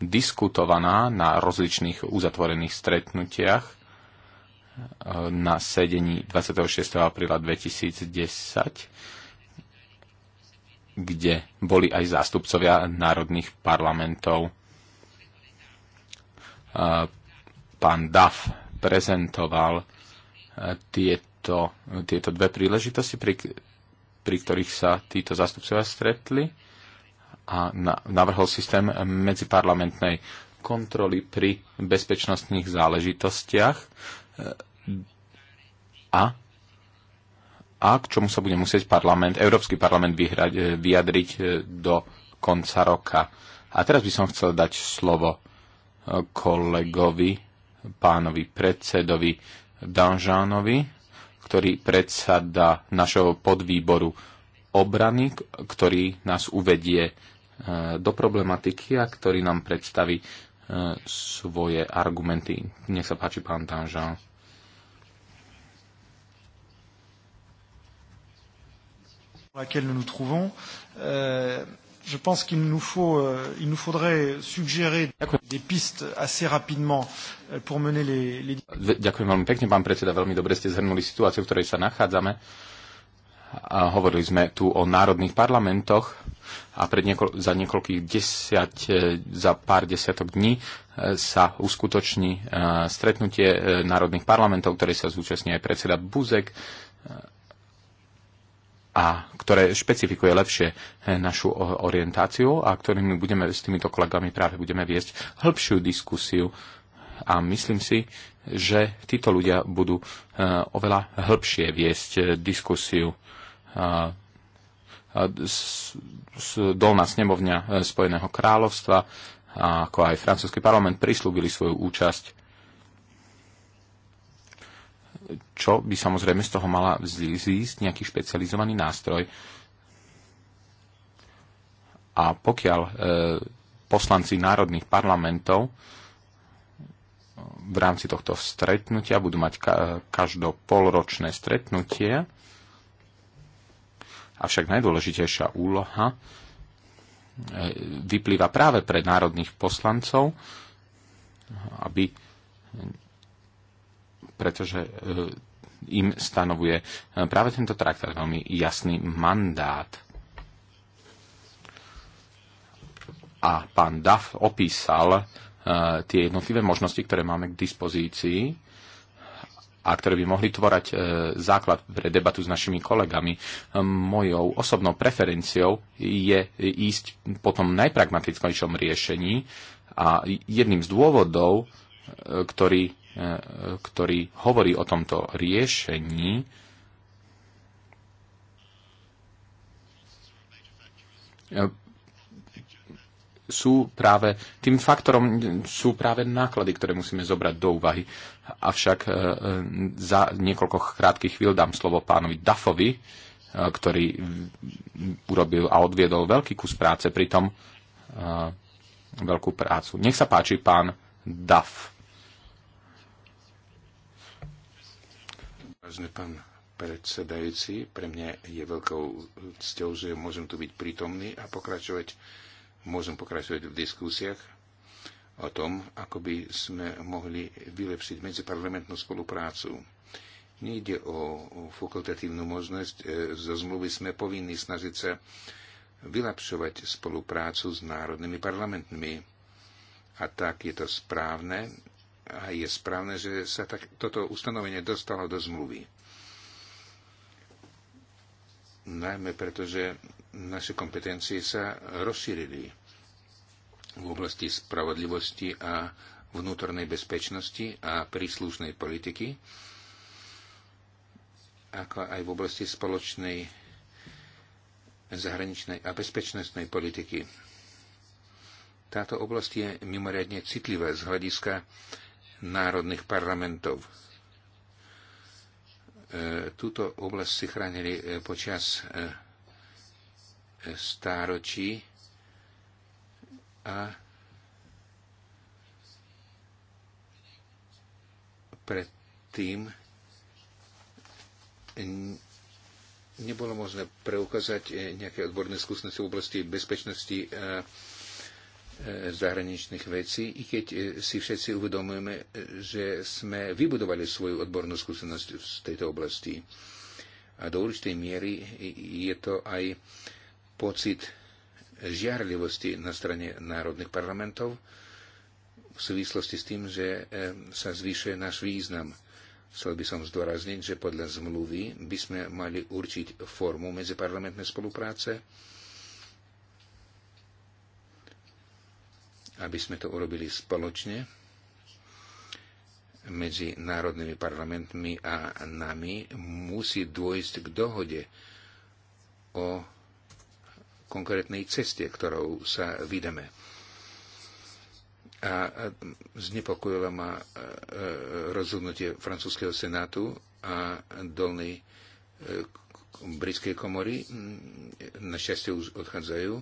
diskutovaná na rozličných uzatvorených stretnutiach na sedení 26. apríla 2010 kde boli aj zástupcovia národných parlamentov. Pán Duff prezentoval e, tieto, tieto dve príležitosti, pri, pri ktorých sa títo zástupcovia stretli a navrhol systém medziparlamentnej kontroly pri bezpečnostných záležitostiach e, a a k čomu sa bude musieť parlament, Európsky parlament vyhrať, e, vyjadriť e, do konca roka. A teraz by som chcel dať slovo e, kolegovi, pánovi predsedovi Danžánovi, ktorý predsada našeho podvýboru obrany, ktorý nás uvedie do problematiky a ktorý nám predstaví svoje argumenty. Nech sa páči, pán Danžán. à laquelle nous nous trouvons. Euh, je pense qu'il nous, faut, euh, il nous faudrait suggérer des pistes assez rapidement euh, pour mener les... les... Ďakujem veľmi pekne, pán predseda. Veľmi dobre ste zhrnuli situáciu, v ktorej sa nachádzame. A hovorili sme tu o národných parlamentoch a pred niekoľ- za niekoľkých desiat, e, za pár desiatok dní e, sa uskutoční e, stretnutie národných parlamentov, ktoré sa zúčastní aj predseda Buzek a ktoré špecifikuje lepšie eh, našu orientáciu a ktorými budeme s týmito kolegami práve budeme viesť hĺbšiu diskusiu a myslím si, že títo ľudia budú eh, oveľa hĺbšie viesť eh, diskusiu dolná snemovňa Spojeného kráľovstva, ako aj francúzsky parlament, prislúbili svoju účasť čo by samozrejme z toho mala vzísť nejaký špecializovaný nástroj. A pokiaľ e, poslanci národných parlamentov e, v rámci tohto stretnutia budú mať ka- e, každopolročné stretnutie, avšak najdôležitejšia úloha e, vyplýva práve pre národných poslancov, aby pretože e, im stanovuje e, práve tento traktát veľmi jasný mandát. A pán Duff opísal e, tie jednotlivé možnosti, ktoré máme k dispozícii a ktoré by mohli tvorať základ pre debatu s našimi kolegami. Mojou osobnou preferenciou je ísť po tom najpragmatickejšom riešení a jedným z dôvodov, ktorý E, ktorý hovorí o tomto riešení, e, sú práve, tým faktorom sú práve náklady, ktoré musíme zobrať do úvahy. Avšak e, za niekoľko krátkých chvíľ dám slovo pánovi Dafovi, ktorý urobil a odviedol veľký kus práce, pritom veľkú prácu. Nech sa páči, pán Duff. Vážený pán predsedajúci, pre mňa je veľkou cťou, že môžem tu byť prítomný a pokračovať, môžem pokračovať v diskusiách o tom, ako by sme mohli vylepšiť medziparlamentnú spoluprácu. Nejde o fakultatívnu možnosť, e, zo zmluvy sme povinní snažiť sa vylepšovať spoluprácu s národnými parlamentmi. A tak je to správne a je správne, že sa tak, toto ustanovenie dostalo do zmluvy. Najmä preto, že naše kompetencie sa rozšírili v oblasti spravodlivosti a vnútornej bezpečnosti a príslušnej politiky, ako aj v oblasti spoločnej zahraničnej a bezpečnostnej politiky. Táto oblasť je mimoriadne citlivá z hľadiska národných parlamentov. E, túto oblasť si chránili e, počas e, stáročí a predtým nebolo možné preukázať nejaké odborné skúsenosti v oblasti bezpečnosti a zahraničných vecí, i keď e, si všetci uvedomujeme, e, že sme vybudovali svoju odbornú skúsenosť v tejto oblasti. A do určitej miery je to aj pocit žiarlivosti na strane národných parlamentov v súvislosti s tým, že e, sa zvyšuje náš význam. Chcel by som zdôrazniť, že podľa zmluvy by sme mali určiť formu medziparlamentnej spolupráce, aby sme to urobili spoločne medzi národnými parlamentmi a nami, musí dôjsť k dohode o konkrétnej ceste, ktorou sa vydame. A znepokojilo ma e, e, rozhodnutie francúzského senátu a dolnej e, britskej komory. Našťastie už odchádzajú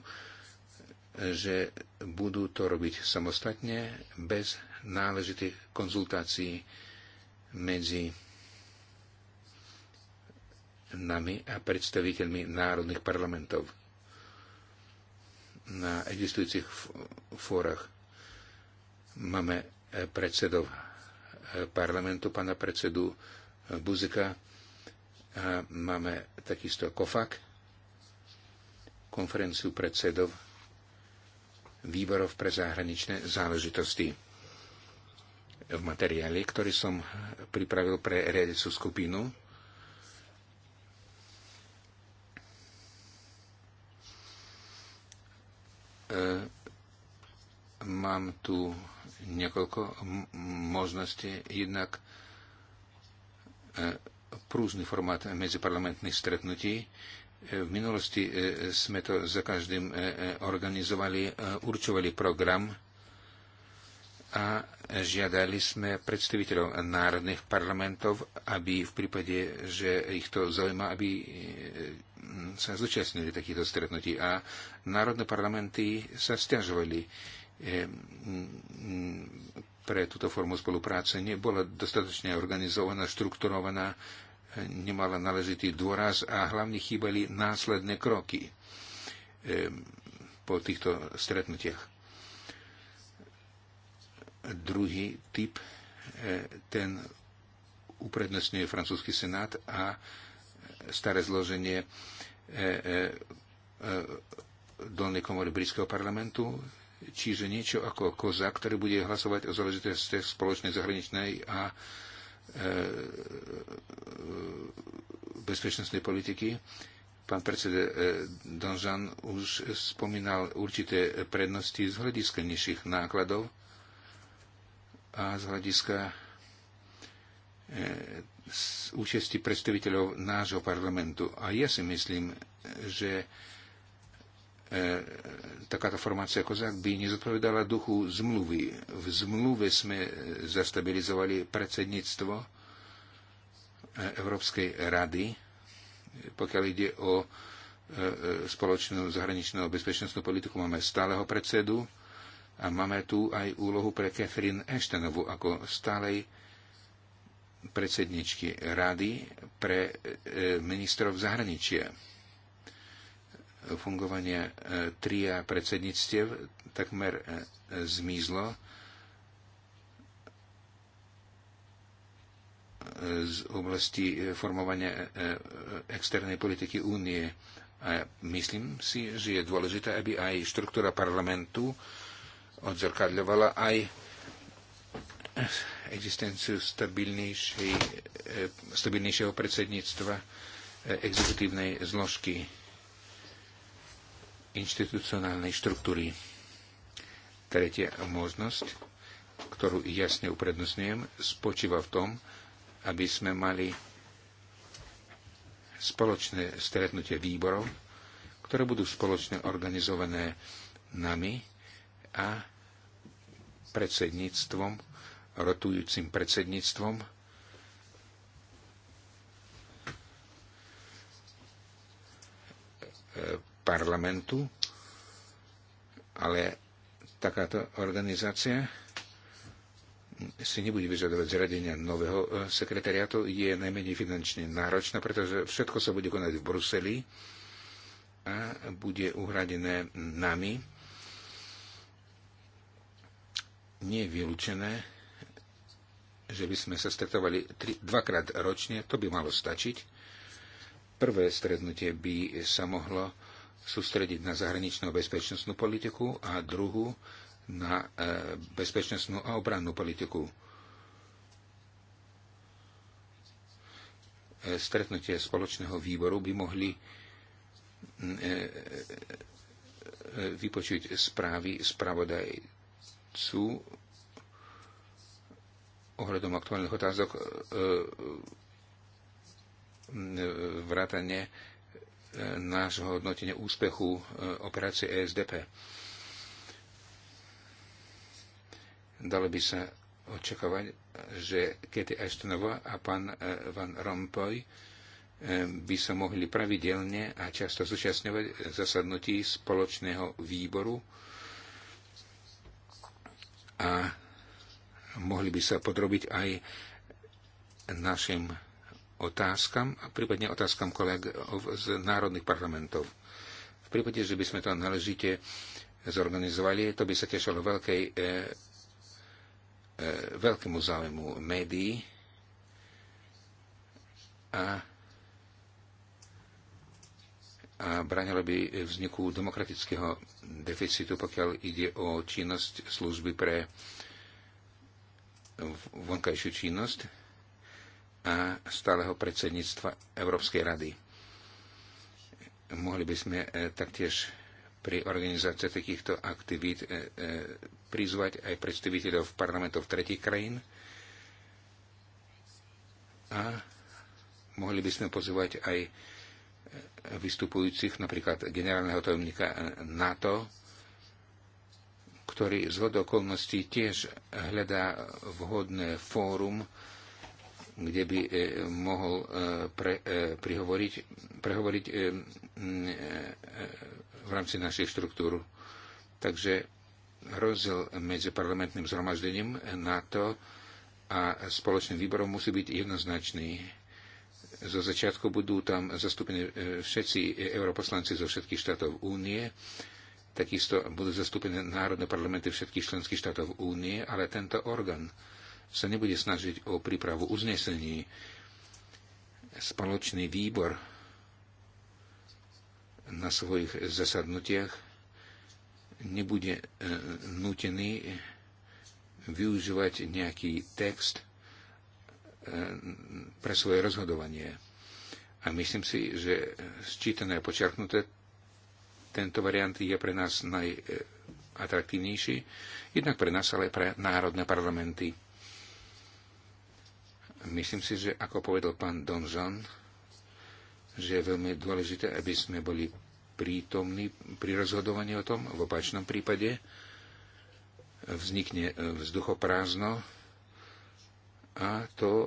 že budú to robiť samostatne bez náležitých konzultácií medzi nami a predstaviteľmi národných parlamentov na existujúcich fórach. Máme eh, predsedov eh, parlamentu, pána predsedu eh, Buzika, a máme takisto KOFAK, konferenciu predsedov výborov pre zahraničné záležitosti. V materiáli, ktorý som pripravil pre riadiacu skupinu, e, mám tu niekoľko možností. Jednak e, prúzny formát medziparlamentných stretnutí, E, v minulosti e, sme to za každým e, organizovali, určovali program a žiadali sme predstaviteľov národných parlamentov, aby v prípade, že ich to zaujíma, aby sa zúčastnili takýchto stretnutí. A národné parlamenty sa stiažovali pre túto formu spolupráce nebola dostatočne organizovaná, štrukturovaná, nemala náležitý dôraz a hlavne chýbali následné kroky eh, po týchto stretnutiach. Druhý typ, eh, ten uprednostňuje francúzsky senát a staré zloženie eh, dolnej komory britského parlamentu, čiže niečo ako koza, ktorý bude hlasovať o záležitostiach spoločnej zahraničnej a Eh, bezpečnostnej politiky. Pán predseda eh, Donžan už spomínal určité prednosti z hľadiska nižších nákladov a z hľadiska z eh, účasti predstaviteľov nášho parlamentu. A ja si myslím, že E, takáto formácia Kozák by nezodpovedala duchu zmluvy. V zmluve sme e, zastabilizovali predsedníctvo e, Európskej rady, pokiaľ ide o spoločnú zahraničnú bezpečnostnú politiku, máme stáleho predsedu a máme tu aj úlohu pre Catherine Ashtonovu ako stálej predsedničky rady pre ministrov zahraničia fungovania e, tria predsedníctiev takmer e, zmizlo e, z oblasti formovania externej politiky únie. A myslím si, že je dôležité, aby aj štruktúra parlamentu odzrkadľovala aj existenciu stabilnejšieho predsedníctva exekutívnej zložky inštitucionálnej štruktúry. Tretia možnosť, ktorú jasne uprednostňujem, spočíva v tom, aby sme mali spoločné stretnutie výborov, ktoré budú spoločne organizované nami a predsedníctvom, rotujúcim predsedníctvom parlamentu, ale takáto organizácia si nebude vyžadovať zradenia nového e, sekretariátu, je najmenej finančne náročná, pretože všetko sa bude konať v Bruseli a bude uhradené nami. Nie je vylúčené, že by sme sa stretovali tri, dvakrát ročne, to by malo stačiť. Prvé stretnutie by sa mohlo sústrediť na zahraničnú bezpečnostnú politiku a druhú na e, bezpečnostnú a obrannú politiku. E, stretnutie spoločného výboru by mohli e, vypočuť správy spravodajcu ohľadom aktuálnych otázok vrátane nášho hodnotenia úspechu e, operácie ESDP. Dalo by sa očakávať, že Kety Ashtonová a pán e, Van Rompuy e, by sa mohli pravidelne a často zúčastňovať zasadnutí spoločného výboru a mohli by sa podrobiť aj našim otázkam a prípadne otázkam kolegov z národných parlamentov. V prípade, že by sme to náležite zorganizovali, to by sa tešilo veľkej, e, e, veľkému záujmu médií a, a bránilo by vzniku demokratického deficitu, pokiaľ ide o činnosť služby pre vonkajšiu činnosť a stáleho predsedníctva Európskej rady. Mohli by sme e, taktiež pri organizácii takýchto aktivít e, e, prizvať aj predstaviteľov parlamentov tretich krajín a mohli by sme pozývať aj vystupujúcich, napríklad generálneho tajomníka NATO, ktorý z hodokolností tiež hľadá vhodné fórum, kde by e, mohol e, pre, e, prihovoriť, prehovoriť v rámci našich štruktúr. Takže rozdiel medzi parlamentným zhromaždením NATO a spoločným výborom musí byť jednoznačný. Zo začiatku budú tam zastúpení všetci europoslanci zo všetkých štátov únie, takisto budú zastúpené národné parlamenty všetkých členských štátov únie, ale tento orgán sa nebude snažiť o prípravu uznesení. Spoločný výbor na svojich zasadnutiach nebude e, nutený využívať nejaký text e, pre svoje rozhodovanie. A myslím si, že sčítané a počerknuté tento variant je pre nás najatraktívnejší, jednak pre nás, ale aj pre národné parlamenty. Myslím si, že ako povedal pán Donžan, že je veľmi dôležité, aby sme boli prítomní pri rozhodovaní o tom. V opačnom prípade vznikne e, vzduchoprázdno a to e,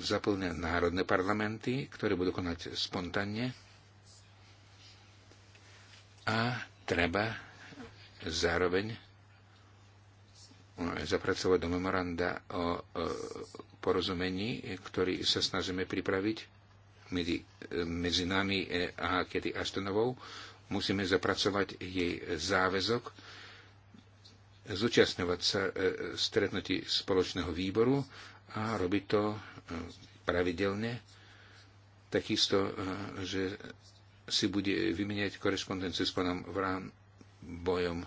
zaplňa národné parlamenty, ktoré budú konať spontánne a treba zároveň zapracovať do memoranda o porozumení, ktorý sa snažíme pripraviť medzi, medzi nami e, a Kety Aštonovou. Musíme zapracovať jej záväzok zúčastňovať sa e, stretnutí spoločného výboru a robiť to e, pravidelne, takisto, že si bude vymeniať korespondenciu s pánom Vrán Bojom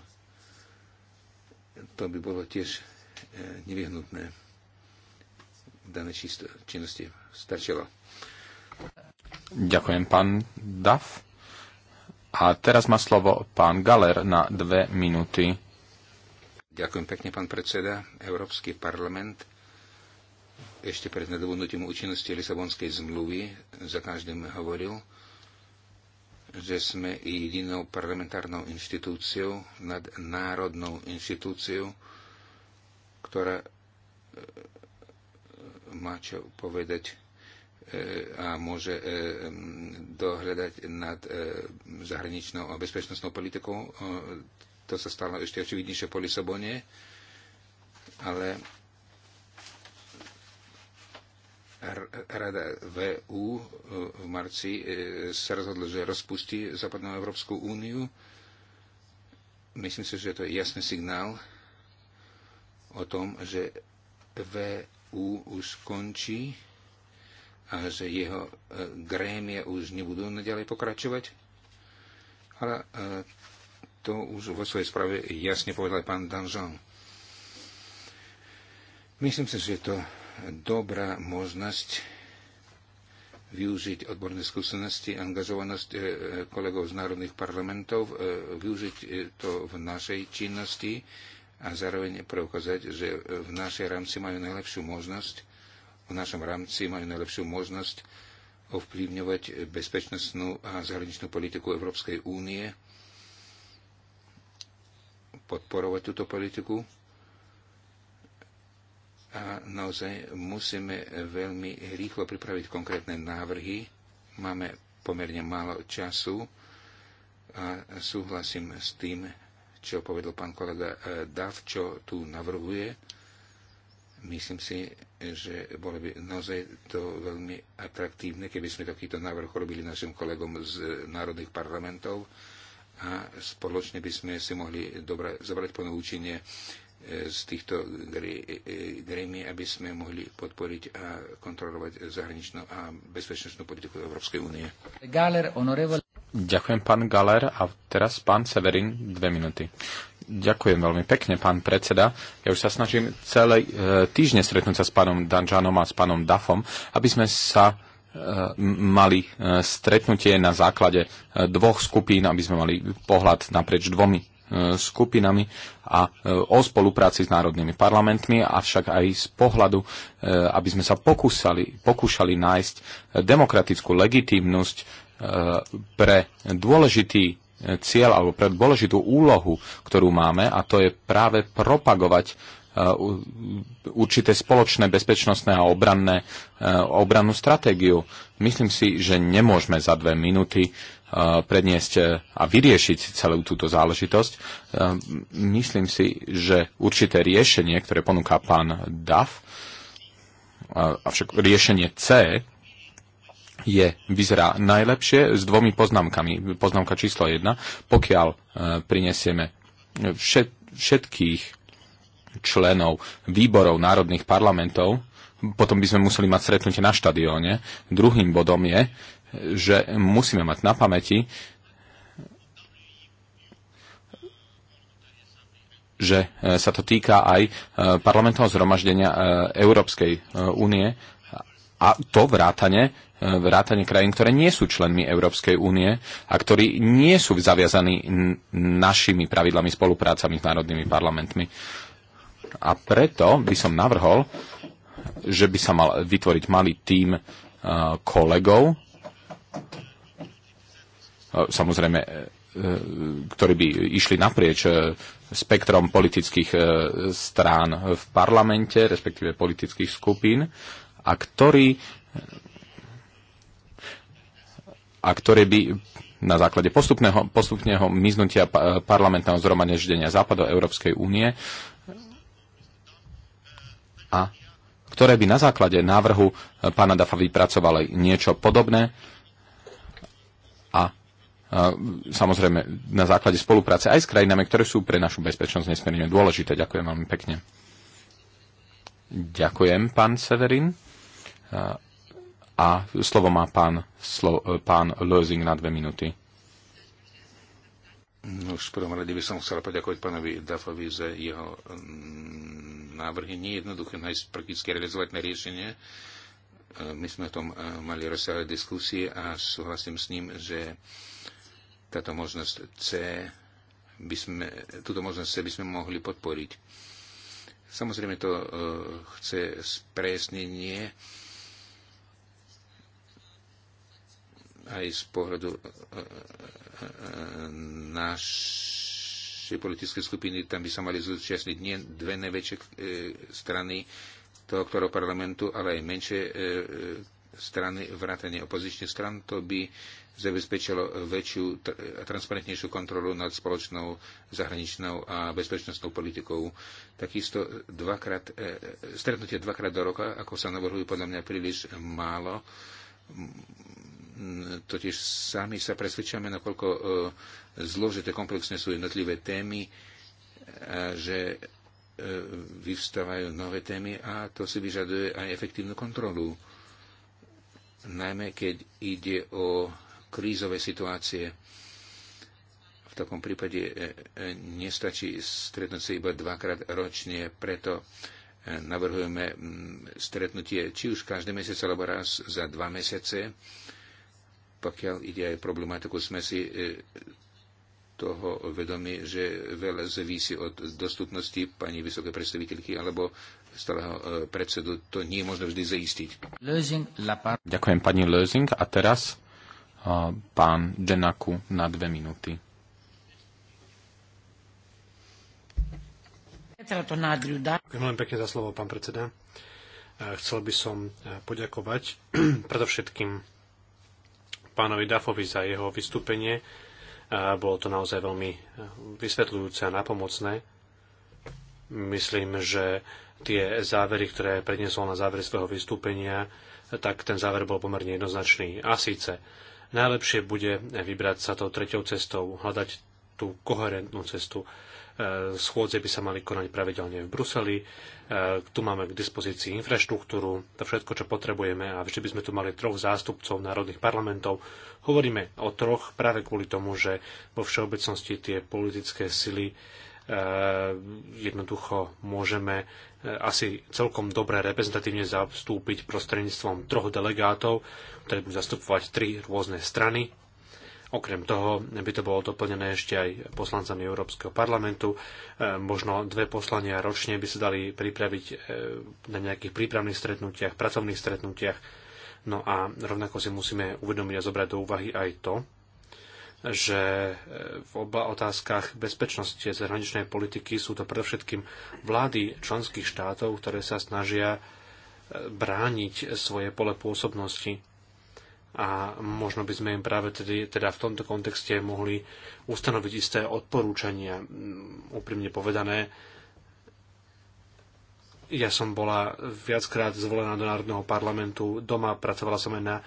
to by bolo tiež e, nevyhnutné v danej činnosti stačilo. Ďakujem, pán Daf. A teraz má slovo pán Galer na dve minúty. Ďakujem pekne, pán predseda. Európsky parlament ešte pred nadobudnutím účinnosti Lisabonskej zmluvy za každým hovoril, že sme jedinou parlamentárnou inštitúciou, národnou inštitúciou, ktorá e, e, má čo povedať e, a môže dohľadať nad zahraničnou a bezpečnostnou politikou. To sa stalo ešte očividnejšie po Lisabone, ale Rada VU eh, v marci eh, sa rozhodla, že rozpustí Západnú Európsku úniu. Myslím si, že to je jasný signál o tom, že VU už končí a že jeho eh, grémie už nebudú naďalej pokračovať. Ale to už vo svojej správe jasne povedal pán Danžan. Myslím si, že to dobrá možnosť využiť odborné skúsenosti, angažovanosť e, e, kolegov z národných parlamentov, e, využiť to v našej činnosti a zároveň preukázať, že v našej rámci majú najlepšiu možnosť, v našom rámci majú najlepšiu možnosť ovplyvňovať bezpečnostnú a zahraničnú politiku Európskej únie, podporovať túto politiku a naozaj musíme veľmi rýchlo pripraviť konkrétne návrhy. Máme pomerne málo času a súhlasím s tým, čo povedal pán kolega e, Dav, čo tu navrhuje. Myslím si, že bolo by naozaj to veľmi atraktívne, keby sme takýto návrh robili našim kolegom z národných parlamentov a spoločne by sme si mohli dobra, zobrať ponaučenie z týchto e, gremií, aby sme mohli podporiť a kontrolovať zahraničnú a bezpečnostnú politiku Európskej únie. Ďakujem, pán Galer. A teraz pán Severin, dve minúty. Ďakujem veľmi pekne, pán predseda. Ja už sa snažím celé e, týždne stretnúť sa s pánom Danžanom a s pánom Dafom, aby sme sa e, mali stretnutie na základe dvoch skupín, aby sme mali pohľad naprieč dvomi E, skupinami a e, o spolupráci s národnými parlamentmi, avšak aj z pohľadu, e, aby sme sa pokúsali, pokúšali nájsť demokratickú legitímnosť pre dôležitý cieľ alebo pre dôležitú úlohu, ktorú máme, a to je práve propagovať určité spoločné bezpečnostné a obranné, obrannú stratégiu. Myslím si, že nemôžeme za dve minúty predniesť e, a vyriešiť celú túto záležitosť. E, myslím si, že určité riešenie, ktoré ponúka pán Duff, e, avšak riešenie C je, vyzerá najlepšie s dvomi poznámkami. Poznámka číslo 1, pokiaľ prinesieme všet, všetkých členov výborov národných parlamentov, potom by sme museli mať stretnutie na štadióne. Druhým bodom je, že musíme mať na pamäti, že e, sa to týka aj e, parlamentného zhromaždenia e, Európskej únie a to vrátane, vrátane krajín, ktoré nie sú členmi Európskej únie a ktorí nie sú zaviazaní našimi pravidlami spoluprácami s národnými parlamentmi. A preto by som navrhol, že by sa mal vytvoriť malý tím kolegov, samozrejme, e, e, ktorí by išli naprieč e, spektrom politických strán v parlamente, respektíve politických skupín, a ktorí, a ktorí by na základe postupného, postupného miznutia parlamentného zhromaždenia západov Európskej únie a ktoré by na základe návrhu pána Dafa vypracovali niečo podobné, a samozrejme na základe spolupráce aj s krajinami, ktoré sú pre našu bezpečnosť nesmierne dôležité. Ďakujem veľmi pekne. Ďakujem, pán Severin. A slovo má pán, slo, pán Lozing na dve minúty. No, už v prvom rade by som chcel poďakovať pánovi Dafovi za jeho mm, návrhy. Nie je jednoduché nájsť prakticky realizovateľné riešenie my sme o tom eh, mali rozsiahle diskusie a súhlasím s ním, že táto možnosť C by sme, túto možnosť C by sme mohli podporiť. Samozrejme to eh, chce spresnenie aj z pohľadu eh, našej politickej skupiny. Tam by sa mali zúčastniť nie dve najväčšie strany tohto parlamentu, ale aj menšie e, e, strany, vrátanie opozičných stran, to by zabezpečilo väčšiu a transparentnejšiu kontrolu nad spoločnou zahraničnou a bezpečnostnou politikou. Takisto dvakrát, e, stretnutie dvakrát do roka, ako sa navrhujú, podľa mňa príliš málo. Mm, totiž sami sa presvedčame, nakoľko zložité komplexné sú jednotlivé témy, že E, vyvstávajú nové témy a to si vyžaduje aj efektívnu kontrolu. Najmä keď ide o krízové situácie. V takom prípade e, e, nestačí stretnúť sa iba dvakrát ročne, preto navrhujeme stretnutie či už každý mesiac alebo raz za dva mesiace. Pokiaľ ide aj problematiku, sme si toho vedomí, že veľa závisí od dostupnosti pani vysokej predstaviteľky alebo stáleho e, predsedu. To nie je možné vždy zaistiť. Ďakujem pani Lözing a teraz uh, pán Denaku na dve minúty. Ďakujem veľmi pekne za slovo, pán predseda. E, chcel by som poďakovať *clears throat* predovšetkým pánovi Dafovi za jeho vystúpenie a bolo to naozaj veľmi eh, vysvetľujúce a napomocné. Myslím, že tie závery, ktoré predniesol na záver svojho vystúpenia, tak ten záver bol pomerne jednoznačný. A síce, najlepšie bude vybrať sa tou treťou cestou, hľadať tú koherentnú cestu, E, schôdze by sa mali konať pravidelne v Bruseli. E, tu máme k dispozícii infraštruktúru, to všetko, čo potrebujeme a vždy by sme tu mali troch zástupcov národných parlamentov. Hovoríme o troch práve kvôli tomu, že vo všeobecnosti tie politické sily e, jednoducho môžeme asi celkom dobre reprezentatívne zastúpiť prostredníctvom troch delegátov, ktorí budú zastupovať tri rôzne strany Okrem toho by to bolo doplnené ešte aj poslancami Európskeho parlamentu. E, možno dve poslania ročne by sa dali pripraviť e, na nejakých prípravných stretnutiach, pracovných stretnutiach. No a rovnako si musíme uvedomiť a zobrať do úvahy aj to, že e, v oba otázkach bezpečnosti a zahraničnej politiky sú to predovšetkým vlády členských štátov, ktoré sa snažia brániť svoje pole pôsobnosti a možno by sme im práve tedy, teda v tomto kontexte mohli ustanoviť isté odporúčania, mm, úprimne povedané, ja som bola viackrát zvolená do Národného parlamentu doma, pracovala som aj na e,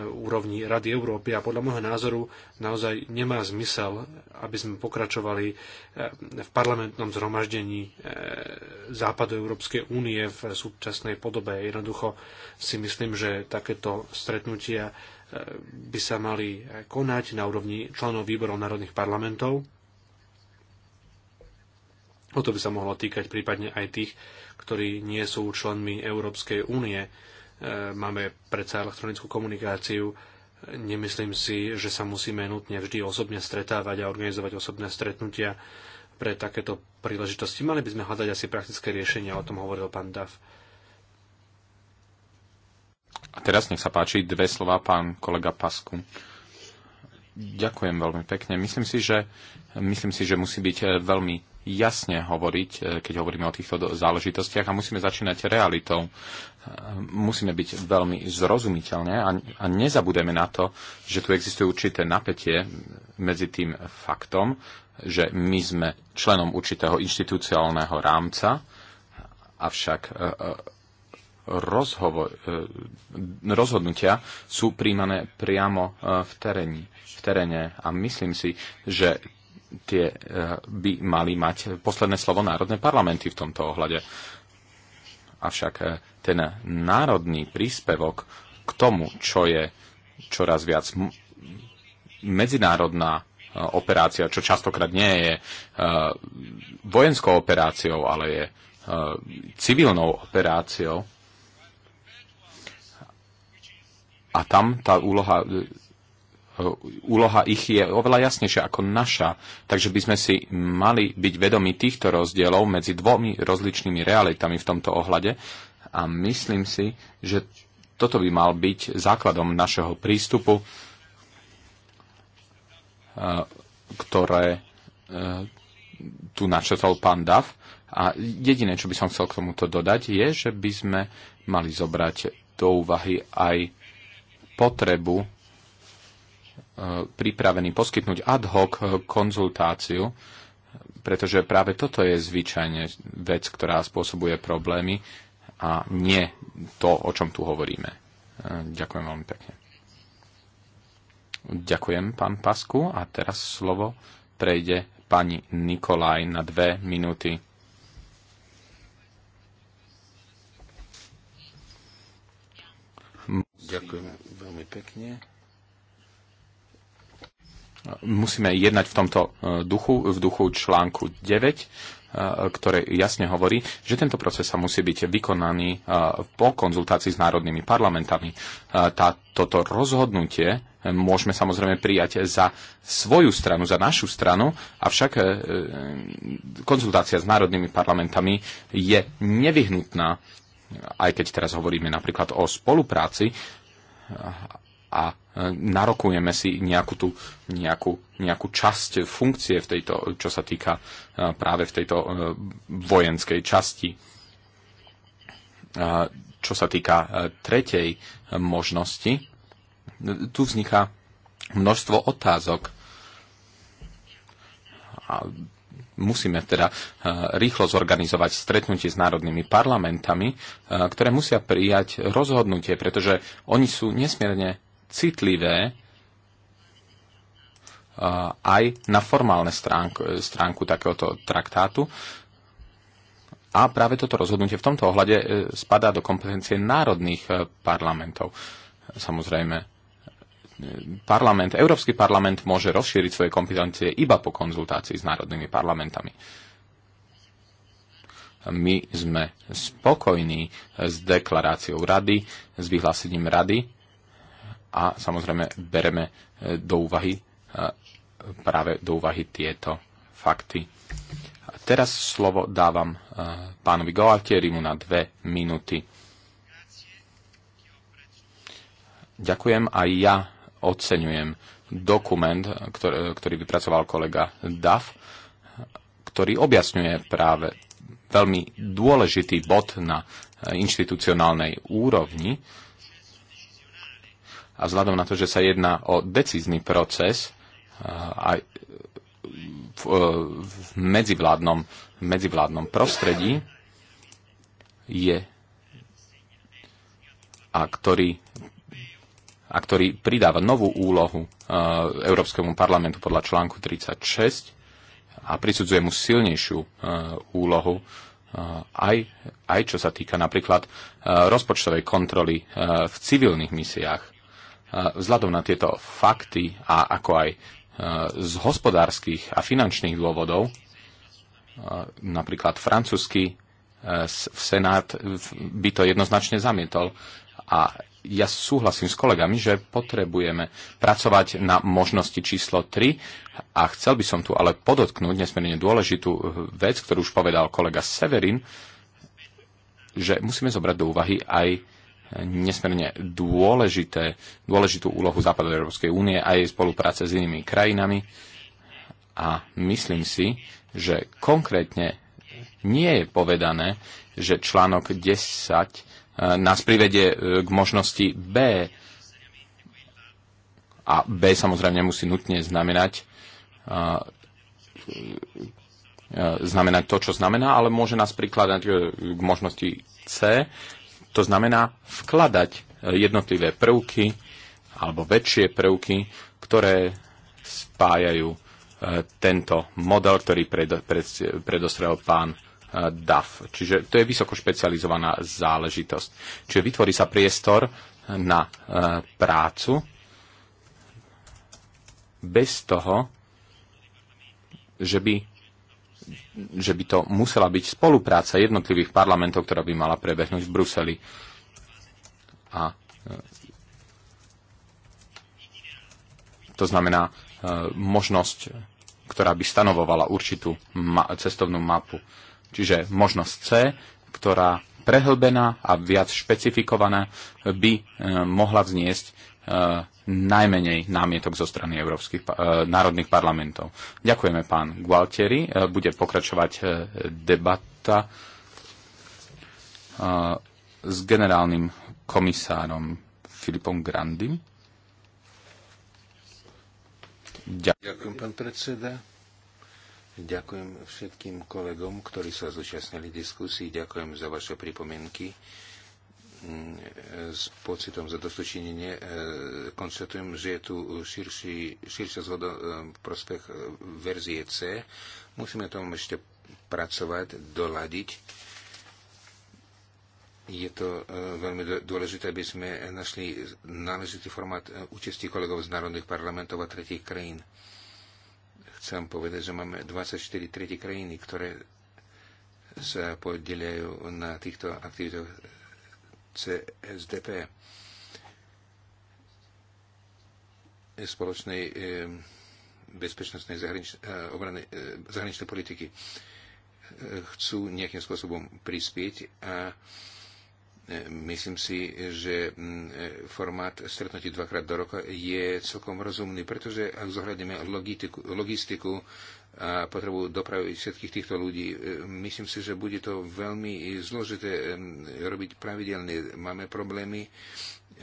úrovni Rady Európy a podľa môjho názoru naozaj nemá zmysel, aby sme pokračovali e, v parlamentnom zhromaždení e, Západu Európskej únie v súčasnej podobe. Jednoducho si myslím, že takéto stretnutia by sa mali konať na úrovni členov výborov národných parlamentov. O to by sa mohlo týkať prípadne aj tých, ktorí nie sú členmi Európskej únie. E, máme predsa elektronickú komunikáciu. Nemyslím si, že sa musíme nutne vždy osobne stretávať a organizovať osobné stretnutia pre takéto príležitosti. Mali by sme hľadať asi praktické riešenia, o tom hovoril pán Dav. A teraz nech sa páči dve slova pán kolega Pasku. Ďakujem veľmi pekne. Myslím si, že, myslím si, že musí byť e, veľmi jasne hovoriť, e, keď hovoríme o týchto záležitostiach a musíme začínať realitou. E, musíme byť veľmi zrozumiteľné a nezabudeme na to, že tu existuje určité napätie medzi tým faktom, že my sme členom určitého inštitúciálneho rámca, avšak e, rozhovo- rozhodnutia sú príjmané priamo v, v teréne a myslím si, že tie eh, by mali mať posledné slovo národné parlamenty v tomto ohľade. Avšak eh, ten národný príspevok k tomu, čo je čoraz viac medzinárodná eh, operácia, čo častokrát nie je vojenskou operáciou, ale je civilnou operáciou. A tam tá úloha Eh, úloha ich je oveľa jasnejšia ako naša, takže by sme si mali byť vedomi týchto rozdielov medzi dvomi rozličnými realitami v tomto ohľade a myslím si, že toto by mal byť základom našeho prístupu, eh, ktoré eh, tu načetol pán Dav. A jediné, čo by som chcel k tomuto dodať, je, že by sme mali zobrať do úvahy aj potrebu pripravení poskytnúť ad hoc eh, konzultáciu, pretože práve toto je zvyčajne vec, ktorá spôsobuje problémy a nie to, o čom tu hovoríme. Eh, ďakujem veľmi pekne. Ďakujem, pán Pasku. A teraz slovo prejde pani Nikolaj na dve minúty. Ďakujem veľmi pekne musíme jednať v tomto e, duchu, v duchu článku 9, e, ktoré jasne hovorí, že tento proces sa musí byť vykonaný e, po konzultácii s národnými parlamentami. Tá, toto rozhodnutie môžeme samozrejme prijať za svoju stranu, za našu stranu, avšak konzultácia s národnými parlamentami je nevyhnutná, aj keď teraz hovoríme napríklad o spolupráci, a e, narokujeme si nejakú, tú, nejakú, nejakú časť funkcie, v tejto, čo sa týka e, práve v tejto e, vojenskej časti. Čo sa týka tretej možnosti, tu vzniká množstvo otázok. A musíme teda rýchlo zorganizovať stretnutie s národnými parlamentami, ktoré musia prijať rozhodnutie, pretože oni sú nesmierne citlivé aj na formálne stránku, stránku takéhoto traktátu. A práve toto rozhodnutie v tomto ohľade e, spadá do kompetencie národných e, parlamentov. Samozrejme, e, parlament, Európsky parlament môže rozšíriť svoje kompetencie iba po konzultácii s národnými parlamentami. My sme spokojní s deklaráciou rady, s vyhlásením rady a samozrejme bereme e, do úvahy e, práve do úvahy tieto fakty. A teraz slovo dávam e, pánovi mu na dve minúty. Ďakujem a ja oceňujem dokument, ktorý, ktorý vypracoval kolega Duff, ktorý objasňuje práve veľmi dôležitý bod na inštitucionálnej úrovni, a vzhľadom na to, že sa jedná o decízny proces a e, v, medzivládnom, medzivládnom prostredí, je a ktorý, a ktorý pridáva novú úlohu e, Európskemu parlamentu podľa článku 36 a prisudzuje mu silnejšiu e, úlohu aj, aj čo sa týka napríklad rozpočtovej kontroly v civilných misiách vzhľadom na tieto fakty a ako aj e, z hospodárskych a finančných dôvodov, e, napríklad francúzsky e, v Senát by to jednoznačne zamietol. A ja súhlasím s kolegami, že potrebujeme pracovať na možnosti číslo 3 a chcel by som tu ale podotknúť nesmierne dôležitú vec, ktorú už povedal kolega Severin, že musíme zobrať do úvahy aj nesmierne dôležité, dôležitú úlohu Západu Európskej únie a jej spolupráce s inými krajinami. A myslím si, že konkrétne nie je povedané, že článok 10 e, nás privedie e, k možnosti B. A B samozrejme musí nutne znamenať e, znamenať to, čo znamená, ale môže nás prikladať k možnosti C to znamená vkladať e, jednotlivé prvky alebo väčšie prvky, ktoré spájajú e, tento model, ktorý pred, pred, predostrel pán e, DAF. Čiže to je vysoko špecializovaná záležitosť. Čiže vytvorí sa priestor na prácu bez toho, že by že by to musela byť spolupráca jednotlivých parlamentov, ktorá by mala prebehnúť v Bruseli. A e, to znamená e, možnosť, ktorá by stanovovala určitú ma cestovnú mapu. Čiže možnosť C, ktorá prehlbená a viac špecifikovaná by e, mohla vzniesť najmenej námietok zo strany európskych eh, národných parlamentov. Ďakujeme pán Gualtieri. Eh, bude pokračovať eh, debata s generálnym komisárom Filipom Grandim. Ďakujem. Ďakujem, pán predseda. Ďakujem všetkým kolegom, ktorí sa zúčastnili diskusii. Ďakujem za vaše pripomienky s pocitom za dostočinenie konštatujem, že je tu širší, širšia zhoda e, v prospech e, verzie C. Musíme tomu ešte pracovať, doladiť. Je to e, veľmi dôležité, aby sme našli náležitý formát účasti kolegov z národných parlamentov a tretich krajín. Chcem povedať, že máme 24 tretí krajiny, ktoré sa podielajú na týchto aktivitách CSDP spoločnej eh, bezpečnostnej zahranič- eh, obrany, eh, zahraničnej politiky chcú nejakým spôsobom prispieť a myslím si, že mm, formát stretnutí dvakrát do roka je celkom rozumný, pretože ak zohľadneme logistiku, logistiku a potrebu dopravy všetkých týchto ľudí. E, myslím si, že bude to veľmi zložité e, robiť pravidelne. Máme problémy,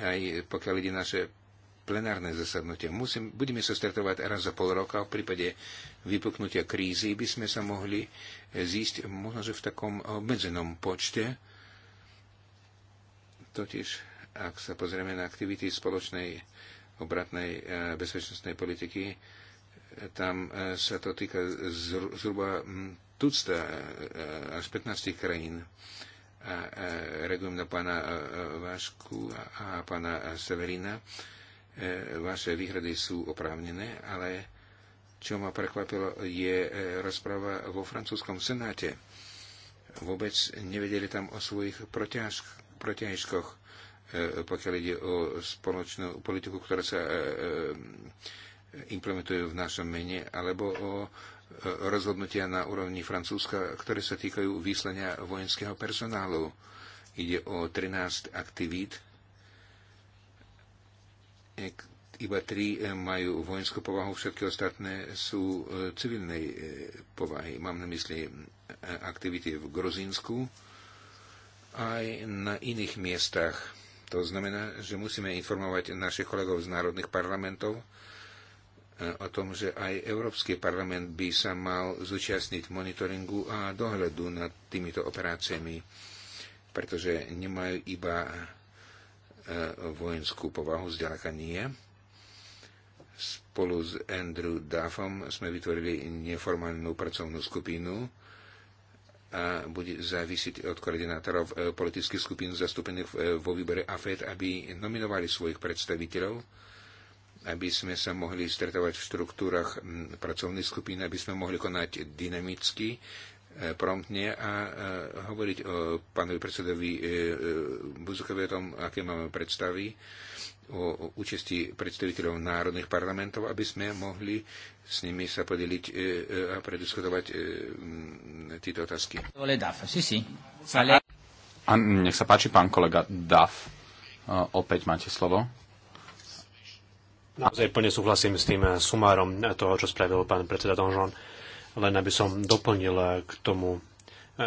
aj pokiaľ ide naše plenárne zasadnutie. Musím, budeme sa stretovať raz za pol roka. V prípade vypuknutia krízy by sme sa mohli zísť možno, že v takom obmedzenom počte. Totiž, ak sa pozrieme na aktivity spoločnej obratnej e, bezpečnostnej politiky, tam e, sa to týka zhruba tucta e, e, až 15 krajín. A reagujem na pána Vášku a pána Severina. Vaše výhrady sú oprávnené, ale čo ma prekvapilo, je rozpráva vo francúzskom senáte. Vôbec nevedeli tam o svojich protiažkoch, pokiaľ ide o spoločnú politiku, ktorá sa implementujú v našom mene, alebo o e, rozhodnutia na úrovni Francúzska, ktoré sa týkajú vyslania vojenského personálu. Ide o 13 aktivít. E, iba 3 e, majú vojenskú povahu, všetky ostatné sú civilnej povahy. Mám na mysli aktivity v Grozinsku aj na iných miestach. To znamená, že musíme informovať našich kolegov z národných parlamentov, E, o tom, že aj Európsky parlament by sa mal zúčastniť monitoringu a dohľadu nad týmito operáciami, pretože nemajú iba e, vojenskú povahu, zďaleka nie. Spolu s Andrew Duffom sme vytvorili neformálnu pracovnú skupinu a bude závisiť od koordinátorov e, politických skupín zastúpených vo výbere AFED, aby nominovali svojich predstaviteľov aby sme sa mohli stretávať v štruktúrach pracovných skupín, aby sme mohli konať dynamicky, e, promptne a e, hovoriť o pánovi predsedovi e, Buzukovi o tom, aké máme predstavy o účasti predstaviteľov národných parlamentov, aby sme mohli s nimi sa podeliť a prediskutovať tieto otázky. A nech sa páči, pán kolega Daf, opäť máte slovo. Naozaj plne súhlasím s tým sumárom toho, čo spravil pán predseda Donžon. Len aby som doplnil k tomu,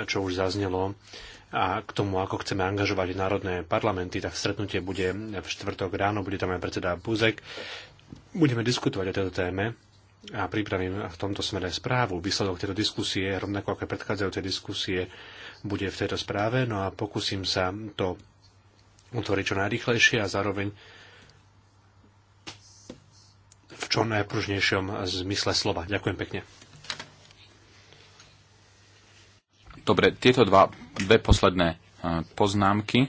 čo už zaznelo a k tomu, ako chceme angažovať národné parlamenty, tak stretnutie bude v štvrtok ráno, bude tam aj predseda Buzek. Budeme diskutovať o tejto téme a pripravím v tomto smere správu. Výsledok tejto diskusie, rovnako ako predchádzajúce diskusie, bude v tejto správe, no a pokúsim sa to utvoriť čo najrychlejšie a zároveň čo najpružnejšom zmysle slova. Ďakujem pekne. Dobre, tieto dva, dve posledné e, poznámky e,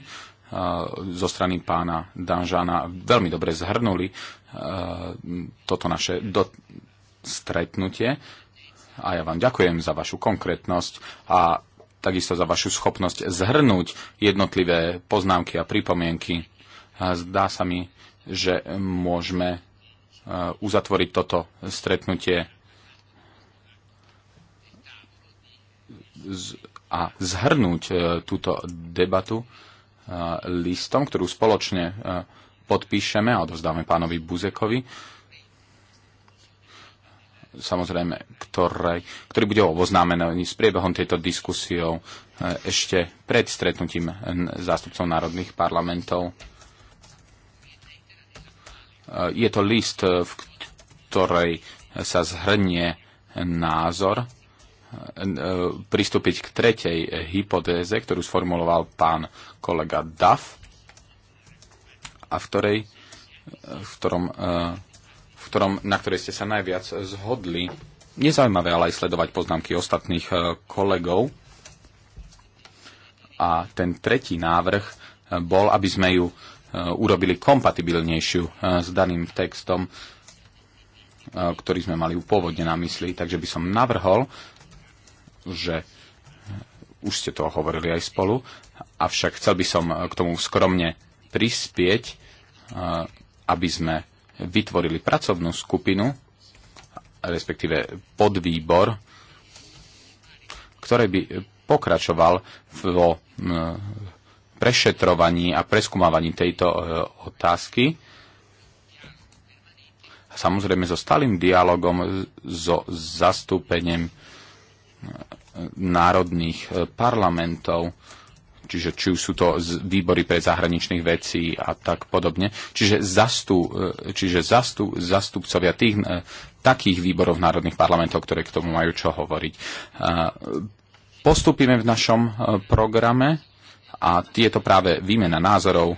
zo strany pána Danžana veľmi dobre zhrnuli e, toto naše do stretnutie a ja vám ďakujem za vašu konkrétnosť a takisto za vašu schopnosť zhrnúť jednotlivé poznámky a pripomienky. Zdá sa mi, že môžeme E, uzatvoriť toto stretnutie a zhrnúť e, túto debatu e, listom, ktorú spoločne podpíšeme a odovzdáme pánovi Buzekovi, samozrejme, ktoré, ktorý bude oboznámený s priebehom tejto diskusiou ešte pred stretnutím zástupcov národných parlamentov je to list, e, v ktorej sa zhrnie názor e, e, pristúpiť k tretej hypotéze, ktorú sformuloval pán kolega Duff a v ktorej, v ktorom, v ktorom, na ktorej ste sa najviac zhodli. Nezaujímavé ale aj sledovať poznámky ostatných kolegov. A ten tretí návrh bol, aby sme ju Eh, urobili kompatibilnejšiu eh, s daným textom, eh, ktorý sme mali pôvodne na mysli. Takže by som navrhol, že už ste to hovorili aj spolu, avšak chcel by som k tomu skromne prispieť, aby sme vytvorili pracovnú skupinu, respektíve podvýbor, ktorý by pokračoval vo prešetrovaní a preskúmavaní tejto e, otázky. Samozrejme so stálym dialogom so zastúpením e, národných e, parlamentov, čiže či sú to výbory pre zahraničných vecí a tak podobne. Čiže, zastú, čiže zastú, zastupcovia tých takých výborov národných parlamentov, ktoré k tomu majú čo hovoriť. Postupíme v našom programe a tieto práve výmena názorov